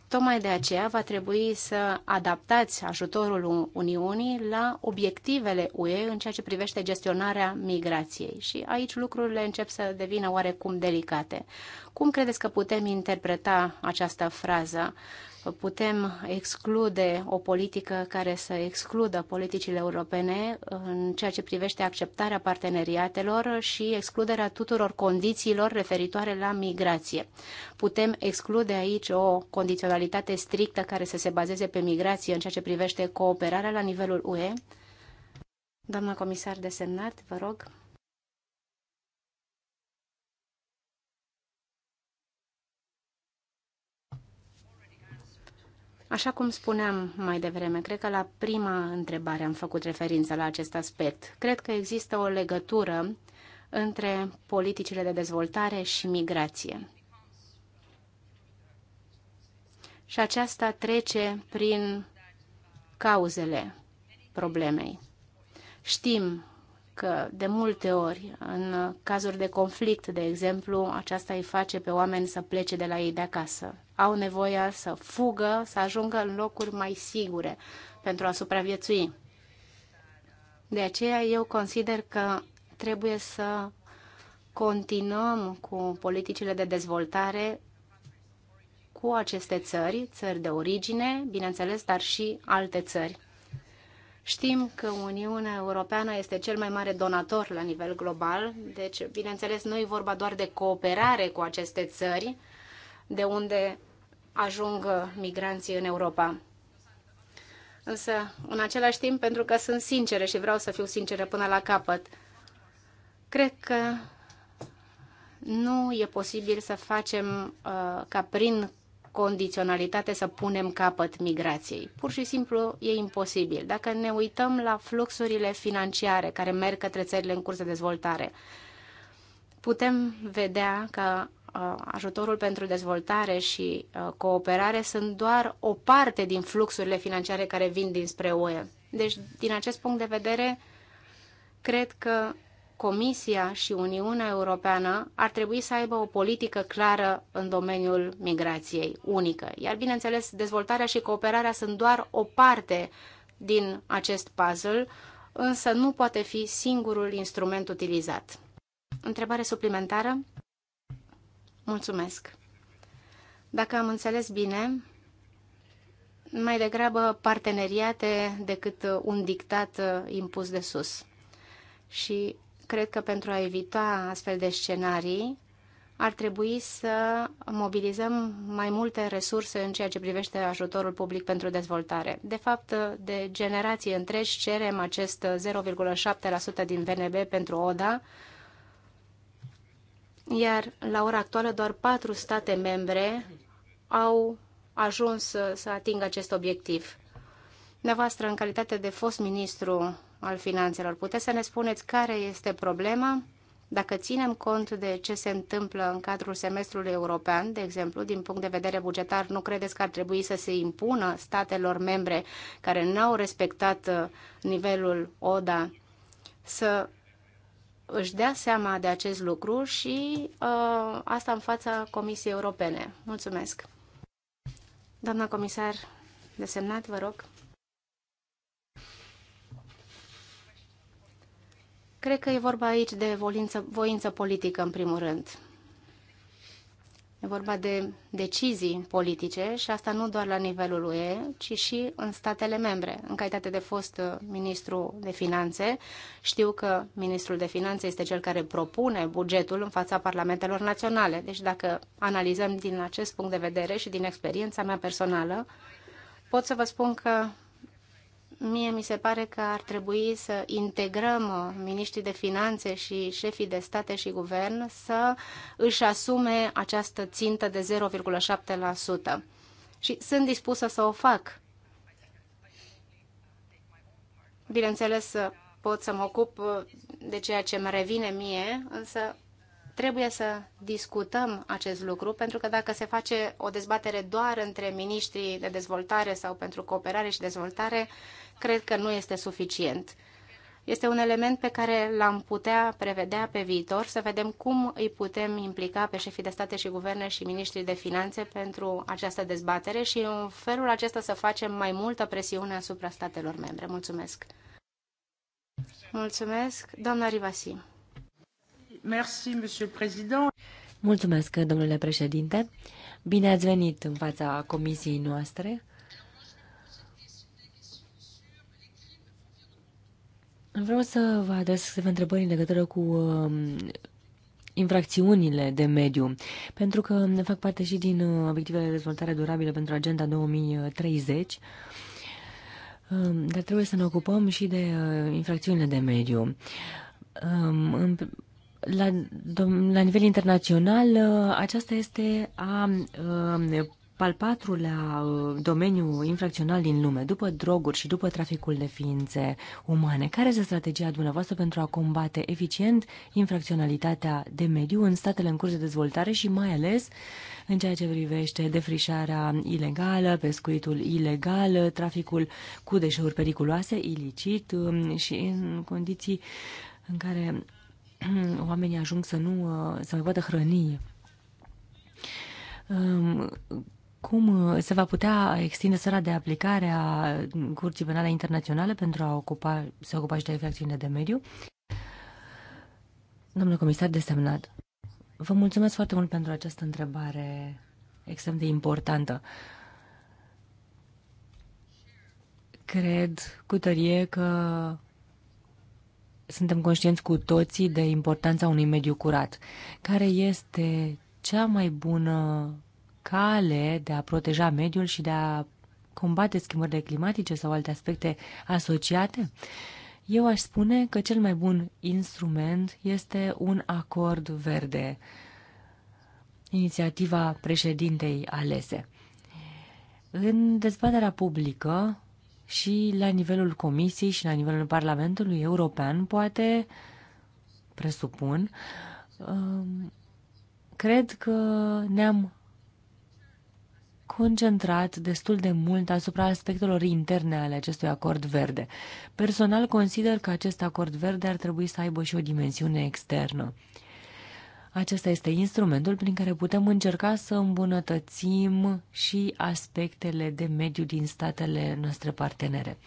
Tocmai de aceea va trebui să adaptați ajutorul Uniunii la obiectivele UE în ceea ce privește gestionarea migrației. Și aici lucrurile încep să devină oarecum delicate. Cum credeți că putem interpreta această frază? putem exclude o politică care să excludă politicile europene în ceea ce privește acceptarea parteneriatelor și excluderea tuturor condițiilor referitoare la migrație. Putem exclude aici o condiționalitate strictă care să se bazeze pe migrație în ceea ce privește cooperarea la nivelul UE? Doamna comisar desemnat, vă rog. Așa cum spuneam mai devreme, cred că la prima întrebare am făcut referință la acest aspect. Cred că există o legătură între politicile de dezvoltare și migrație. Și aceasta trece prin cauzele problemei. Știm că de multe ori, în cazuri de conflict, de exemplu, aceasta îi face pe oameni să plece de la ei de acasă. Au nevoia să fugă, să ajungă în locuri mai sigure pentru a supraviețui. De aceea eu consider că trebuie să continuăm cu politicile de dezvoltare cu aceste țări, țări de origine, bineînțeles, dar și alte țări. Știm că Uniunea Europeană este cel mai mare donator la nivel global, deci, bineînțeles, nu e vorba doar de cooperare cu aceste țări, de unde ajung migranții în Europa. Însă, în același timp, pentru că sunt sinceră și vreau să fiu sinceră până la capăt, cred că nu e posibil să facem uh, ca prin condiționalitate să punem capăt migrației. Pur și simplu e imposibil. Dacă ne uităm la fluxurile financiare care merg către țările în curs de dezvoltare, putem vedea că uh, ajutorul pentru dezvoltare și uh, cooperare sunt doar o parte din fluxurile financiare care vin dinspre UE. Deci, din acest punct de vedere, cred că Comisia și Uniunea Europeană ar trebui să aibă o politică clară în domeniul migrației, unică. Iar, bineînțeles, dezvoltarea și cooperarea sunt doar o parte din acest puzzle, însă nu poate fi singurul instrument utilizat. Întrebare suplimentară? Mulțumesc. Dacă am înțeles bine, mai degrabă parteneriate decât un dictat uh, impus de sus. Și cred că pentru a evita astfel de scenarii, ar trebui să mobilizăm mai multe resurse în ceea ce privește ajutorul public pentru dezvoltare. De fapt, de generații întregi cerem acest 0,7% din VNB pentru ODA, iar la ora actuală doar patru state membre au ajuns să, să atingă acest obiectiv. Dumneavoastră, în calitate de fost ministru al finanțelor. Puteți să ne spuneți care este problema? Dacă ținem cont de ce se întâmplă în cadrul semestrului european, de exemplu, din punct de vedere bugetar, nu credeți că ar trebui să se impună statelor membre care n-au respectat uh, nivelul ODA să își dea seama de acest lucru și uh, asta în fața Comisiei Europene. Mulțumesc. Doamna comisar desemnat, vă rog. Cred că e vorba aici de voință, voință politică, în primul rând. E vorba de decizii politice și asta nu doar la nivelul UE, ci și în statele membre. În calitate de fost uh, ministru de finanțe, știu că ministrul de finanțe este cel care propune bugetul în fața parlamentelor naționale. Deci dacă analizăm din acest punct de vedere și din experiența mea personală, pot să vă spun că Mie mi se pare că ar trebui să integrăm uh, miniștrii de finanțe și șefii de state și guvern să își asume această țintă de 0,7%. Și sunt dispusă să o fac. Bineînțeles, uh, pot să mă ocup uh, de ceea ce îmi revine mie, însă trebuie să discutăm acest lucru, pentru că dacă se face o dezbatere doar între miniștrii de dezvoltare sau pentru cooperare și dezvoltare, cred că nu este suficient. Este un element pe care l-am putea prevedea pe viitor, să vedem cum îi putem implica pe șefii de state și guverne și ministrii de finanțe pentru această dezbatere și în felul acesta să facem mai multă presiune asupra statelor membre. Mulțumesc! Mulțumesc, doamna Rivasi. Merci, monsieur président. Mulțumesc, domnule președinte. Bine ați venit în fața comisiei noastre. Vreau să vă adres câteva întrebări în legătură cu uh, infracțiunile de mediu, pentru că ne fac parte și din uh, obiectivele de dezvoltare durabilă pentru Agenda 2030, uh, um, dar trebuie să ne ocupăm și de uh, infracțiunile de mediu. Um, în, la, la nivel internațional, uh, aceasta este a uh, al patrulea uh, domeniu infracțional din lume, după droguri și după traficul de ființe umane. Care este strategia dumneavoastră pentru a combate eficient infracționalitatea de mediu în statele în curs de dezvoltare și mai ales în ceea ce privește defrișarea ilegală, pescuitul ilegal, traficul cu deșeuri periculoase, ilicit um, și în condiții în care um, oamenii ajung să nu uh, să mai poată hrăni um, cum uh, se va putea extinde sfera de aplicare a Curții Penale Internaționale pentru a ocupa, se ocupa și de infracțiunile de mediu. Domnule comisar desemnat, vă mulțumesc foarte mult pentru această întrebare extrem de importantă. Cred cu tărie că suntem conștienți cu toții de importanța unui mediu curat, care este cea mai bună cale de a proteja mediul și de a combate schimbările climatice sau alte aspecte asociate? Eu aș spune că cel mai bun instrument este un acord verde, inițiativa președintei alese. În dezbaterea publică și la nivelul Comisiei și la nivelul Parlamentului European, poate, presupun, um, cred că ne-am concentrat destul de mult asupra aspectelor interne ale acestui acord verde. Personal consider că acest acord verde ar trebui să aibă și o dimensiune externă. Acesta este instrumentul prin care putem încerca să îmbunătățim și aspectele de mediu din statele noastre partenere.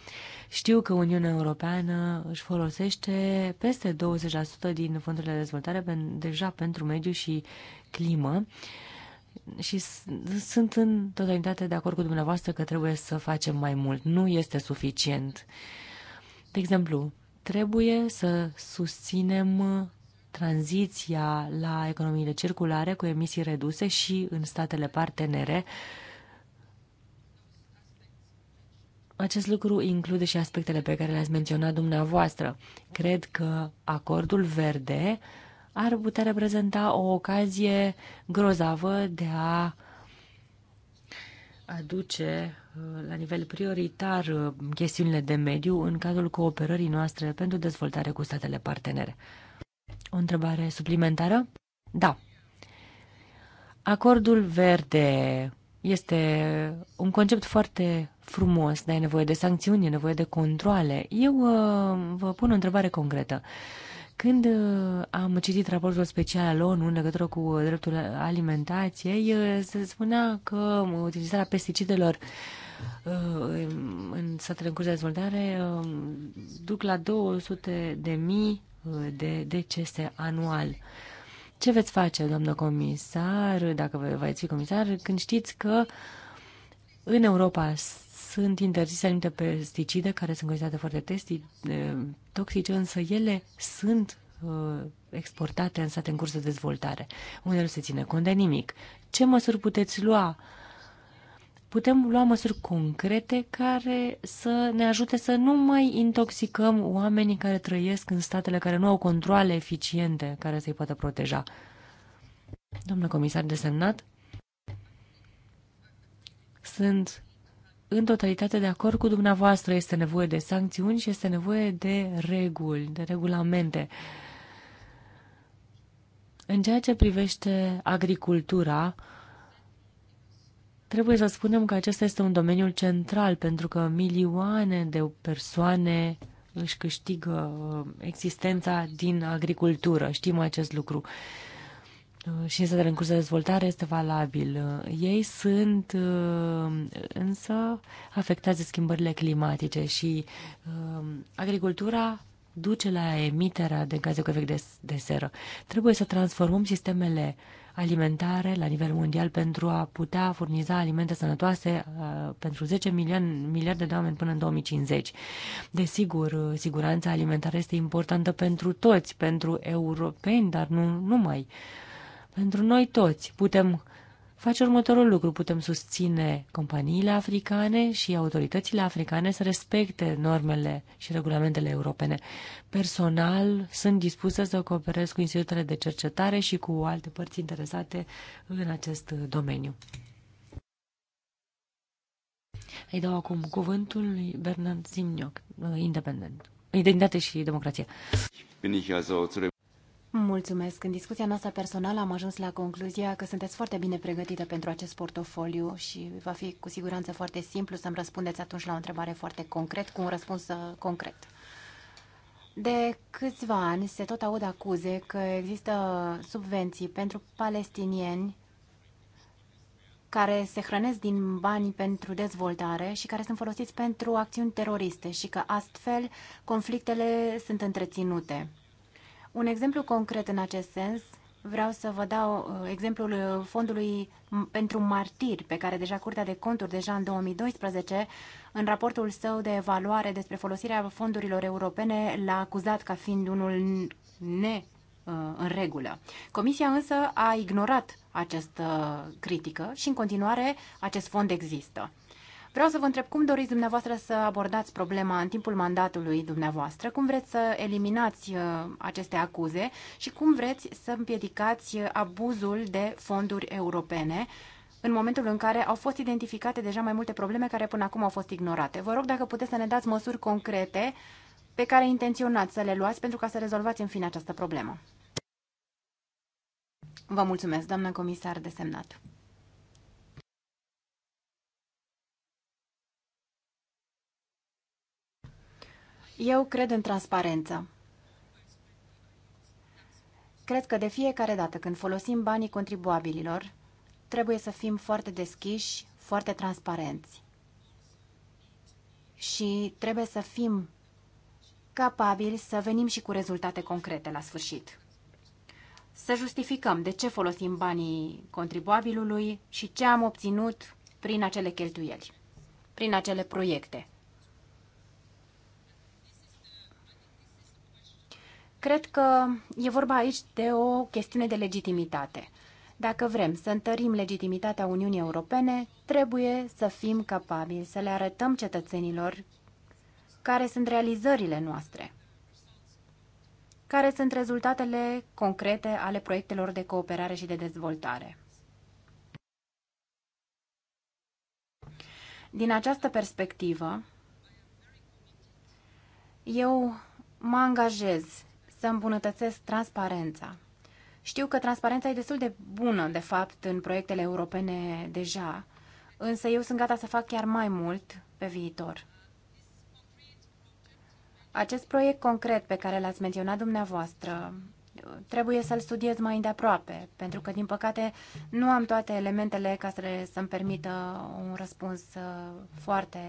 Știu că Uniunea Europeană își folosește peste 20% din fondurile de dezvoltare deja pentru mediu și climă. Uh, și sunt în totalitate de acord cu dumneavoastră că trebuie să facem mai mult. Nu este suficient. De exemplu, trebuie să susținem tranziția la economiile circulare cu emisii reduse și în statele partenere. Acest lucru include și aspectele pe care le-ați menționat dumneavoastră. Cred că acordul verde uh, ar putea reprezenta o ocazie grozavă de a aduce uh, la nivel prioritar uh, chestiunile de mediu în cadrul cooperării noastre pentru dezvoltare cu statele partenere. O întrebare suplimentară? Da. Acordul verde este un concept foarte frumos, dar e nevoie de sancțiuni, e nevoie de controle. Eu uh, vă pun o întrebare concretă. Când uh, am citit raportul special al ONU în legătură cu uh, dreptul alimentației, uh, se spunea că utilizarea pesticidelor în statele în curs de dezvoltare duc la 200 de mii de decese anual. Ce veți face, doamnă comisar, dacă veți fi comisar, când știți că în Europa sunt interzise anumite pesticide care sunt considerate foarte testi, eh, toxice, însă ele sunt eh, exportate în state în curs de dezvoltare. Unde nu se ține cont de nimic. Ce măsuri puteți lua? Putem lua măsuri concrete care să ne ajute să nu mai intoxicăm oamenii care trăiesc în statele care nu au controle eficiente care să-i poată proteja. Domnule comisar desemnat, sunt în totalitate de acord cu dumneavoastră. Este nevoie de sancțiuni și este nevoie de reguli, de regulamente. În ceea ce privește agricultura, trebuie să spunem că acesta este un domeniu central, pentru că milioane de persoane își câștigă uh, existența din agricultură. Știm acest lucru. Uh, și în în curs de dezvoltare este valabil. Uh, ei sunt uh, însă afectați de schimbările climatice și agricultura duce la emiterea de gaze cu efect de, de seră. Trebuie să transformăm sistemele alimentare la nivel mondial pentru a putea furniza alimente sănătoase pentru 10 miliarde de oameni până în 2050. Desigur, siguranța alimentară este importantă pentru toți, pentru europeni, dar nu numai. Uh, pentru noi toți putem face următorul lucru. Putem susține companiile africane și autoritățile africane să respecte normele și regulamentele europene. Personal, sunt dispusă să cooperez cu institutele de cercetare și cu alte părți interesate în acest domeniu. Îi dau acum cuvântul lui Bernard Zimnioc, independent. Identitate și democrație. Mulțumesc. În discuția noastră personală am ajuns la concluzia că sunteți foarte bine pregătită pentru acest portofoliu și va fi cu siguranță foarte simplu să-mi răspundeți atunci la o întrebare foarte concret, cu un răspuns uh, concret. De câțiva ani se tot aud acuze că există subvenții pentru palestinieni care se hrănesc din bani pentru dezvoltare și care sunt folosiți pentru acțiuni teroriste și că astfel conflictele sunt întreținute. Un exemplu concret în acest sens vreau să vă dau uh, exemplul uh, fondului pentru martiri, pe care deja Curtea de Conturi, deja în 2012, în raportul său de evaluare despre folosirea fondurilor europene, l-a acuzat ca fiind unul ne uh, în regulă. Comisia însă a ignorat această critică și în continuare acest fond există. Vreau să vă întreb cum doriți dumneavoastră să abordați problema în timpul mandatului dumneavoastră, cum vreți să eliminați uh, aceste acuze și cum vreți să împiedicați uh, abuzul de fonduri europene în momentul în care au fost identificate deja mai multe probleme care până acum au fost ignorate. Vă rog dacă puteți să ne dați măsuri concrete pe care intenționați să le luați pentru ca să rezolvați în fine această problemă. Vă mulțumesc, doamnă comisar desemnat. Eu cred în transparență. Cred că de fiecare dată când folosim banii contribuabililor, trebuie să fim foarte deschiși, foarte transparenți. Și trebuie să fim capabili să venim și cu rezultate concrete la sfârșit. Să justificăm de ce folosim banii contribuabilului și ce am obținut prin acele cheltuieli, prin acele proiecte. Cred că e vorba aici de o chestiune de legitimitate. Dacă vrem să întărim legitimitatea Uniunii Europene, trebuie să fim capabili să le arătăm cetățenilor care sunt realizările noastre, care sunt rezultatele concrete ale proiectelor de cooperare și de dezvoltare. Din această perspectivă, eu mă angajez să îmbunătățesc transparența. Știu că transparența e destul de bună, de fapt, în proiectele europene deja, însă eu sunt gata să fac chiar mai mult pe viitor. Acest proiect concret pe care l-ați menționat dumneavoastră trebuie să-l studiez mai îndeaproape, pentru că, din păcate, nu am toate elementele ca să, mi permită un răspuns uh, foarte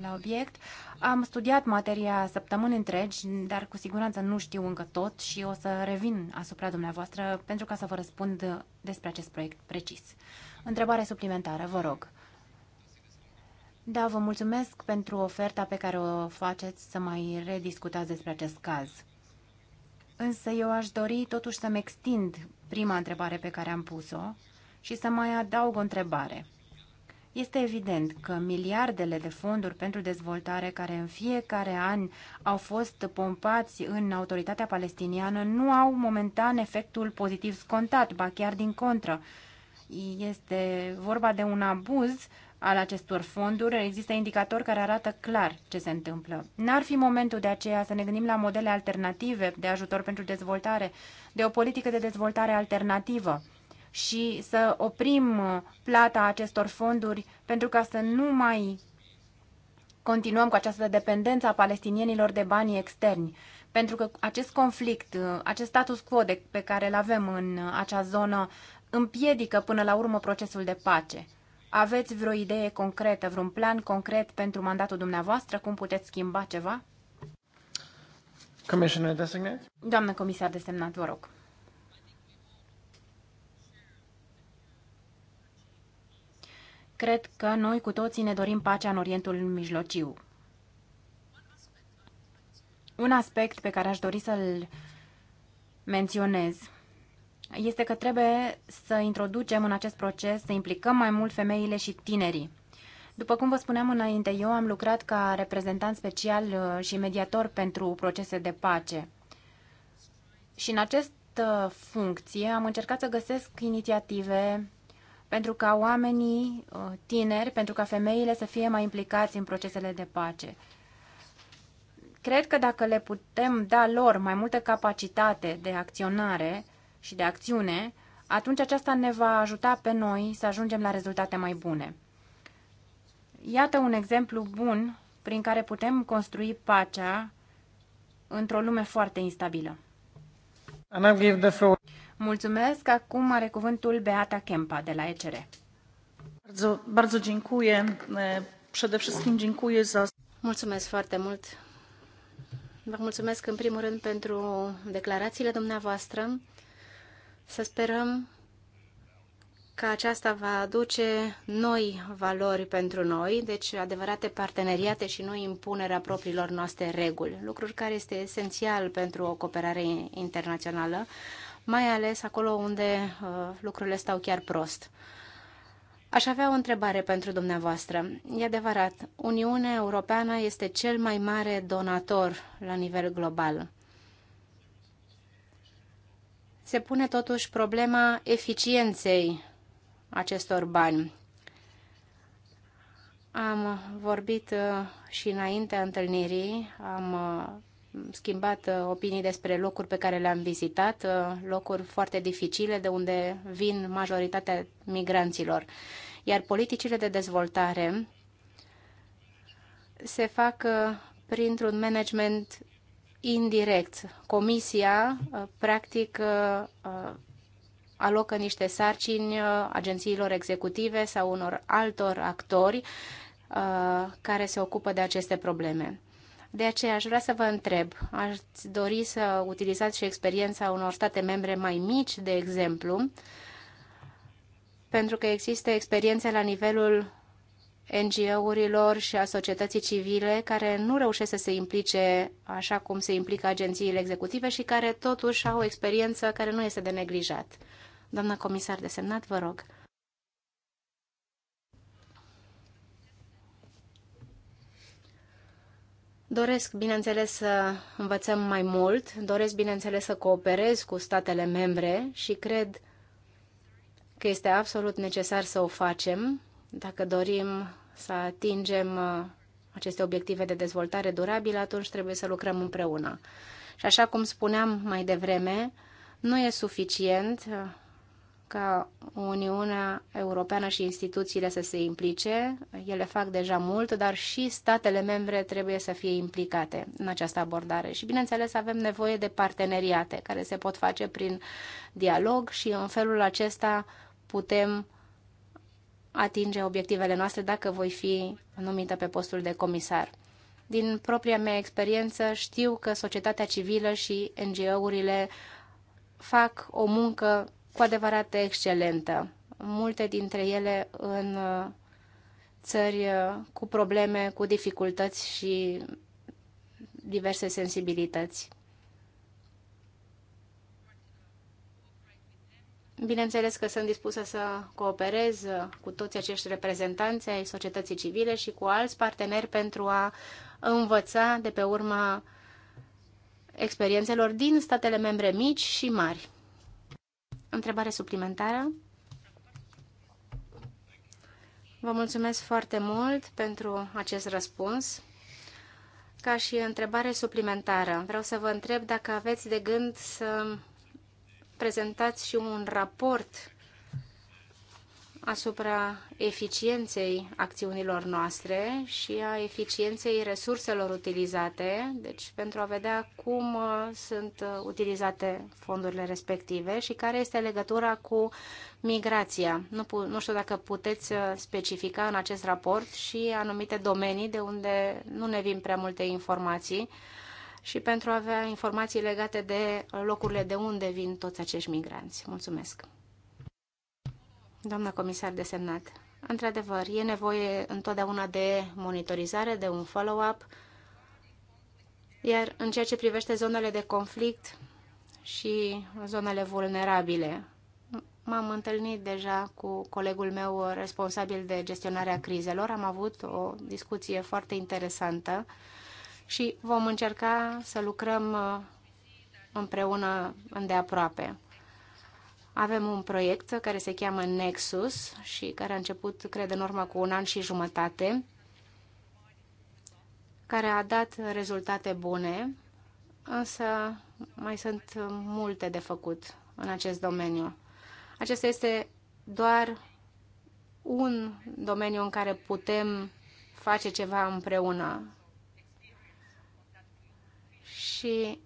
la obiect. Am studiat materia săptămâni întregi, dar cu siguranță nu știu încă tot și o să revin asupra dumneavoastră pentru ca să vă răspund despre acest proiect precis. Întrebare suplimentară, vă rog. Da, vă mulțumesc pentru oferta pe care o faceți să mai rediscutați despre acest caz. Însă eu aș dori totuși să-mi extind prima întrebare pe care am pus-o și să mai adaug o întrebare. Este evident că miliardele de fonduri pentru dezvoltare care în fiecare an au fost pompați în autoritatea palestiniană nu au momentan efectul pozitiv scontat, ba chiar din contră. Este vorba de un abuz al acestor fonduri, există indicatori care arată clar ce se întâmplă. N-ar fi momentul de aceea să ne gândim la modele alternative de ajutor pentru dezvoltare, de o politică de dezvoltare alternativă și să oprim plata acestor fonduri pentru ca să nu mai continuăm cu această dependență a palestinienilor de banii externi. Pentru că acest conflict, acest status quo de, pe care îl avem în acea zonă, împiedică până la urmă procesul de pace. Aveți vreo idee concretă, vreun plan concret pentru mandatul dumneavoastră? Cum puteți schimba ceva? Commissioner designate? Doamnă comisar desemnat, vă rog. Cred că noi cu toții ne dorim pacea în Orientul Mijlociu. Un aspect pe care aș dori să-l menționez este că trebuie să introducem în acest proces, să implicăm mai mult femeile și tinerii. După cum vă spuneam înainte, eu am lucrat ca reprezentant special uh, și mediator pentru procese de pace. Și în această funcție am încercat să găsesc inițiative pentru ca oamenii uh, tineri, pentru ca femeile să fie mai implicați în procesele de pace. Cred că dacă le putem da lor mai multă capacitate de acționare, și de acțiune, atunci aceasta ne va ajuta pe noi să ajungem la rezultate mai bune. Iată un exemplu bun prin care putem construi pacea într-o lume foarte instabilă. Mulțumesc. Acum are cuvântul Beata Kempa de la ECR. Mulțumesc foarte mult. Vă mulțumesc în primul rând pentru declarațiile dumneavoastră. Să sperăm că aceasta va aduce noi valori pentru noi, deci adevărate parteneriate și nu impunerea propriilor noastre reguli, lucruri care este esențial pentru o cooperare internațională, mai ales acolo unde uh, lucrurile stau chiar prost. Aș avea o întrebare pentru dumneavoastră. E adevărat, Uniunea Europeană este cel mai mare donator la nivel global se pune totuși problema eficienței acestor bani. Am vorbit uh, și înaintea întâlnirii, am uh, schimbat uh, opinii despre locuri pe care le-am vizitat, locuri foarte dificile de unde vin majoritatea migranților. Iar politicile de dezvoltare se fac printr-un management indirect. Comisia, uh, practic, uh, uh, alocă niște sarcini agențiilor executive sau unor altor actori care se ocupă de aceste probleme. De aceea aș vrea să vă întreb, ați dori să utilizați și experiența unor state membre mai mici, de exemplu, pentru că există experiențe la nivelul NGO-urilor și a societății civile care nu reușesc să se implice așa cum se implică agențiile executive și care totuși au o experiență care nu este de neglijat. Doamna comisar de semnat, vă rog. Doresc, bineînțeles, să învățăm mai mult, doresc, bineînțeles, să cooperez cu statele membre și cred că este absolut necesar să o facem dacă dorim să atingem uh, aceste obiective de dezvoltare durabilă, atunci trebuie să lucrăm împreună. Și așa cum spuneam mai devreme, nu e suficient uh, ca Uniunea Europeană și instituțiile să se implice. Ele fac deja mult, dar și statele membre trebuie să fie implicate în această abordare. Și, bineînțeles, avem nevoie de parteneriate care se pot face prin dialog și în felul acesta putem atinge obiectivele noastre dacă voi fi numită pe postul de comisar. Din propria mea experiență știu că societatea civilă și NGO-urile fac o muncă cu adevărat excelentă. Multe dintre ele în uh, țări uh, cu probleme, cu dificultăți și diverse sensibilități. Bineînțeles că sunt dispusă să cooperez cu toți acești reprezentanți ai societății civile și cu alți parteneri pentru a învăța de pe urma experiențelor din statele membre mici și mari. Întrebare suplimentară? Vă mulțumesc foarte mult pentru acest răspuns. Ca și întrebare suplimentară, vreau să vă întreb dacă aveți de gând să prezentați și un raport asupra eficienței acțiunilor noastre și a eficienței resurselor utilizate, deci pentru a vedea cum uh, sunt uh, utilizate fondurile respective și care este legătura cu migrația. Nu, nu știu dacă puteți uh, specifica în acest raport și anumite domenii de unde nu ne vin prea multe informații și pentru a avea informații legate de locurile de unde vin toți acești migranți. Mulțumesc! Doamna comisar desemnat, într-adevăr, e nevoie întotdeauna de monitorizare, de un follow-up, iar în ceea ce privește zonele de conflict și zonele vulnerabile, m-am întâlnit deja cu colegul meu responsabil de gestionarea crizelor, am avut o discuție foarte interesantă și vom încerca să lucrăm uh, împreună îndeaproape. Avem un proiect care se cheamă Nexus și care a început, cred, în urmă cu un an și jumătate, care a dat rezultate bune, însă mai sunt multe de făcut în acest domeniu. Acesta este doar un domeniu în care putem face ceva împreună și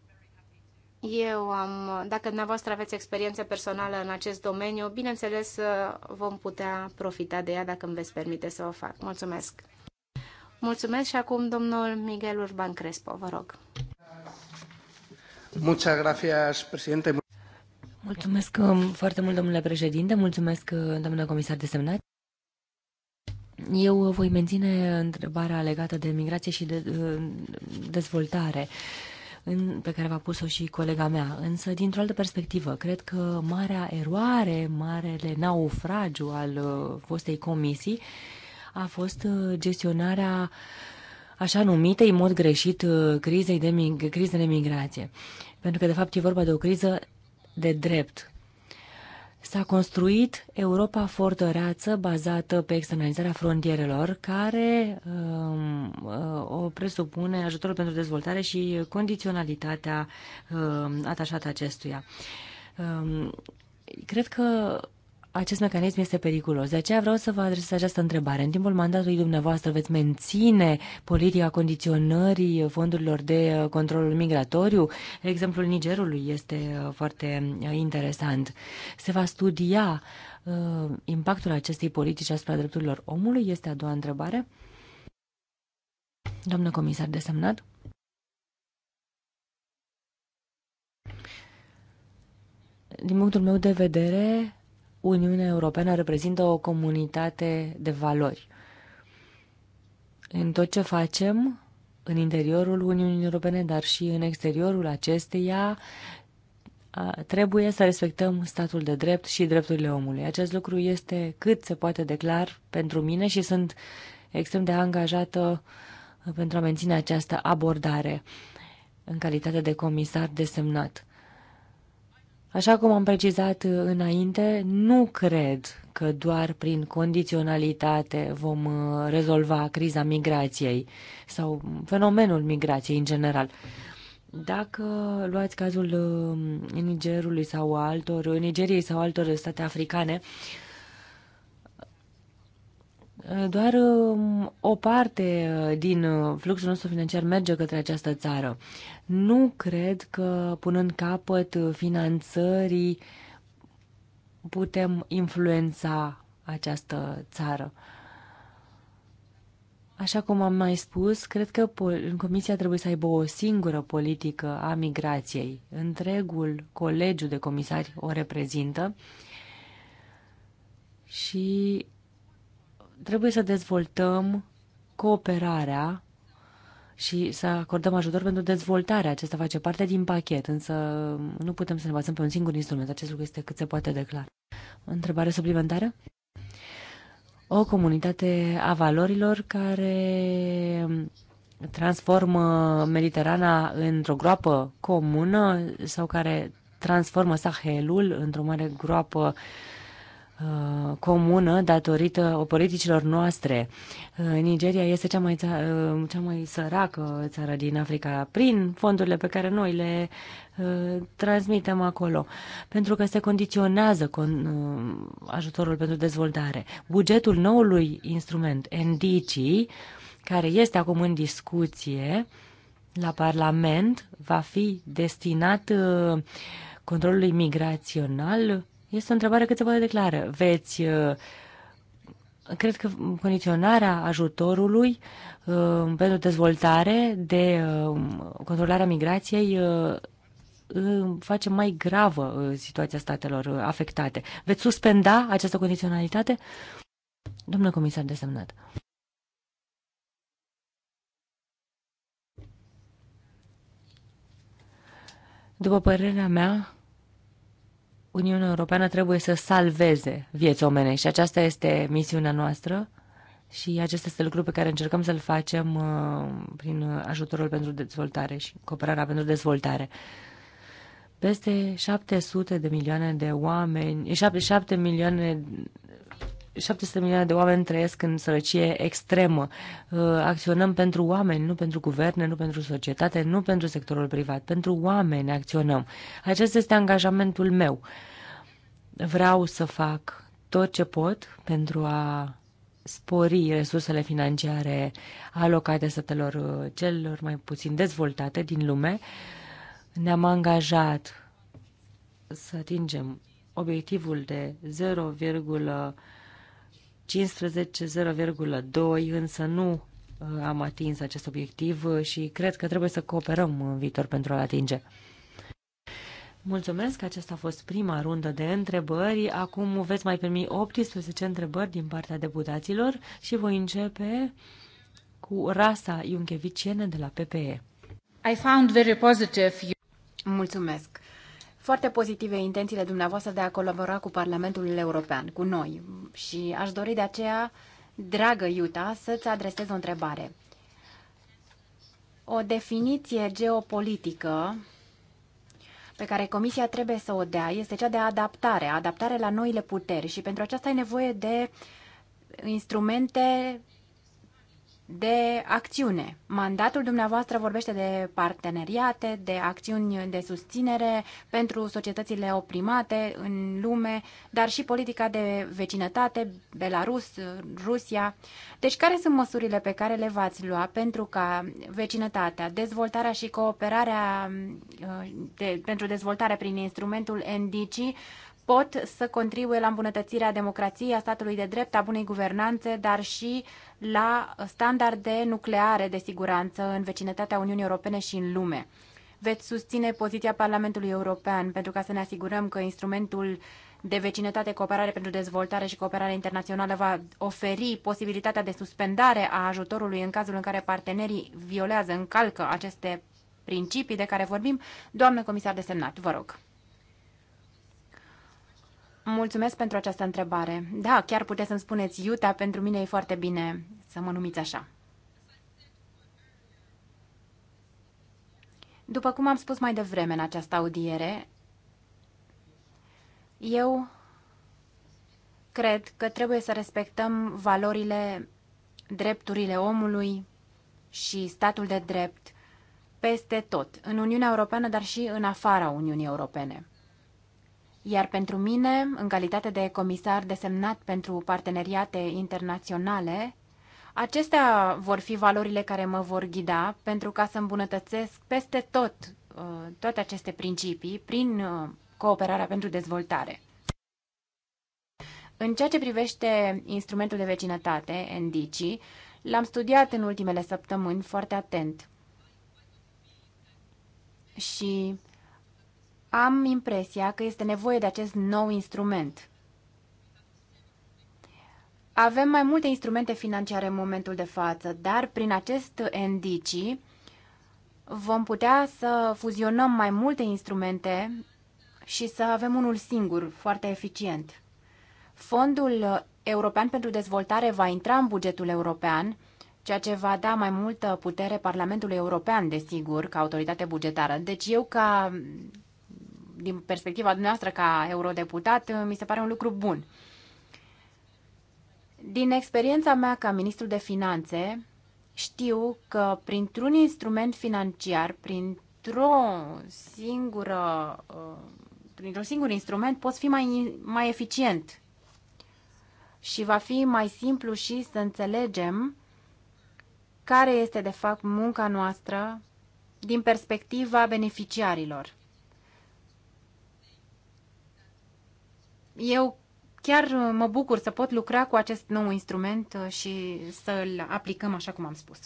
eu am, dacă dumneavoastră aveți experiență personală în acest domeniu, bineînțeles uh, vom putea profita de ea dacă îmi veți permite să o fac. Mulțumesc! Mulțumesc și acum domnul Miguel Urban Crespo, vă rog. Mulțumesc um, foarte mult, domnule președinte, mulțumesc, uh, domnule comisar de semnat. Eu voi menține întrebarea legată de migrație și de uh, dezvoltare în, pe care v-a pus-o și colega mea. Însă, dintr-o altă perspectivă, cred că marea eroare, marele naufragiu al uh, fostei comisii a fost uh, gestionarea așa numită, în mod greșit, uh, crizei de, crizei de migrație. Pentru că, de fapt, e vorba de o criză de drept, S-a construit Europa fortăreață bazată pe externalizarea frontierelor, care um, uh, o presupune ajutorul pentru dezvoltare și condiționalitatea um, atașată acestuia. Um, cred că acest mecanism este periculos. De aceea vreau să vă adresez această întrebare. În timpul mandatului dumneavoastră veți menține politica condiționării fondurilor de uh, control migratoriu? Exemplul Nigerului este uh, foarte uh, interesant. Se va studia uh, impactul acestei politici asupra drepturilor omului? Este a doua întrebare. Doamnă comisar desemnat. Din punctul meu de vedere, Uniunea Europeană reprezintă o comunitate de valori. În tot ce facem, în interiorul Uniunii Europene, dar și în exteriorul acesteia, trebuie să respectăm statul de drept și drepturile omului. Acest lucru este cât se poate declar pentru mine și sunt extrem de angajată uh, pentru a menține această abordare în calitate de comisar desemnat. Așa cum am precizat uh, înainte, nu cred că doar prin condiționalitate vom uh, rezolva criza migrației sau fenomenul migrației în general. Dacă luați cazul uh, Nigerului sau altor, Nigeriei sau altor state africane, uh, Eh, doar mm, o parte eh, din eh, fluxul nostru financiar merge către această țară. Nu cred că, punând capăt finanțării, putem influența această țară. Așa cum am mai spus, cred că în Comisia trebuie să aibă o singură politică a migrației. Întregul colegiu de comisari o reprezintă și Trebuie să dezvoltăm cooperarea și să acordăm ajutor pentru dezvoltarea. Acesta face parte din pachet, însă nu putem să ne bazăm pe un singur instrument. Acest lucru este cât se poate de clar. Întrebare suplimentară? O comunitate a valorilor care transformă Mediterana într-o groapă comună sau care transformă Sahelul într-o mare groapă uh, Uh, comună datorită politicilor noastre. Uh, Nigeria este cea mai, țară, uh, cea mai săracă țară din Africa prin fondurile pe care noi le transmitem acolo, pentru că se condiționează con, ajutorul pentru dezvoltare. Bugetul noului instrument, NDC, care este acum în discuție la Parlament, va fi destinat controlului migrațional este o întrebare cât se poate declară. Veți, uh, cred că condiționarea ajutorului uh, pentru dezvoltare de uh, controlarea migrației face mai gravă situația statelor afectate. Veți suspenda această condiționalitate? Domnule comisar desemnat. După părerea mea, Uniunea Europeană trebuie să salveze vieți omene și aceasta este misiunea noastră și acesta este lucru pe care încercăm să-l facem uh, prin ajutorul pentru dezvoltare și cooperarea pentru dezvoltare. Peste 700 de milioane de oameni, 7, 7 milioane 700 milioane de oameni trăiesc în sărăcie extremă. Uh, acționăm pentru oameni, nu pentru guverne, nu pentru societate, nu pentru sectorul privat. Pentru oameni acționăm. Acest este angajamentul meu. Vreau să fac tot ce pot pentru a spori resursele financiare alocate statelor uh, celor mai puțin dezvoltate din lume. Ne-am angajat să atingem obiectivul de 0, 2015 0,2, însă nu uh, am atins acest obiectiv uh, și cred că trebuie să cooperăm în viitor pentru a-l atinge. Mulțumesc, aceasta a fost prima rundă de întrebări. Acum veți mai primi 18 întrebări din partea deputaților și voi începe cu rasa iunchevicienă de la PPE. I found very positive. Mulțumesc foarte pozitive intențiile dumneavoastră de a colabora cu Parlamentul European, cu noi. Și aș dori de aceea, dragă Iuta, să-ți adresez o întrebare. O definiție geopolitică pe care Comisia trebuie să o dea este cea de adaptare, adaptare la noile puteri și pentru aceasta ai nevoie de instrumente de acțiune. Mandatul dumneavoastră vorbește de parteneriate, de acțiuni de susținere pentru societățile oprimate în lume, dar și politica de vecinătate, Belarus, Rusia. Deci care sunt măsurile pe care le v-ați lua pentru ca vecinătatea, dezvoltarea și cooperarea uh, de, pentru dezvoltare prin instrumentul NDC pot să contribuie la îmbunătățirea democrației, a statului de drept, a bunei guvernanțe, dar și la standarde nucleare de siguranță în vecinătatea Uniunii Europene și în lume. Veți susține poziția Parlamentului European pentru ca să ne asigurăm că instrumentul de vecinătate, cooperare pentru dezvoltare și cooperare internațională va oferi posibilitatea de suspendare a ajutorului în cazul în care partenerii violează, încalcă aceste principii de care vorbim. Doamnă comisar desemnat, vă rog. Mulțumesc pentru această întrebare. Da, chiar puteți să-mi spuneți Iuta, pentru mine e foarte bine să mă numiți așa. După cum am spus mai devreme în această audiere, eu cred că trebuie să respectăm valorile, drepturile omului și statul de drept peste tot, în Uniunea Europeană, dar și în afara Uniunii Europene. Iar pentru mine, în calitate de comisar desemnat pentru parteneriate internaționale, acestea vor fi valorile care mă vor ghida pentru ca să îmbunătățesc peste tot uh, toate aceste principii prin uh, cooperarea pentru dezvoltare. În ceea ce privește instrumentul de vecinătate, NDC, l-am studiat în ultimele săptămâni foarte atent. Și am impresia că este nevoie de acest nou instrument. Avem mai multe instrumente financiare în momentul de față, dar prin acest NDC vom putea să fuzionăm mai multe instrumente și să avem unul singur, foarte eficient. Fondul European pentru Dezvoltare va intra în bugetul european, ceea ce va da mai multă putere Parlamentului European, desigur, ca autoritate bugetară. Deci eu, ca din perspectiva noastră ca eurodeputat, uh, mi se pare un lucru bun. Din experiența mea ca ministru de finanțe, știu că printr-un instrument financiar, printr-o singură, uh, printr-un singur instrument, poți fi mai, mai eficient și va fi mai simplu și să înțelegem care este de fapt munca noastră din perspectiva beneficiarilor. eu chiar uh, mă bucur să pot lucra cu acest nou instrument uh, și să-l aplicăm așa cum am spus.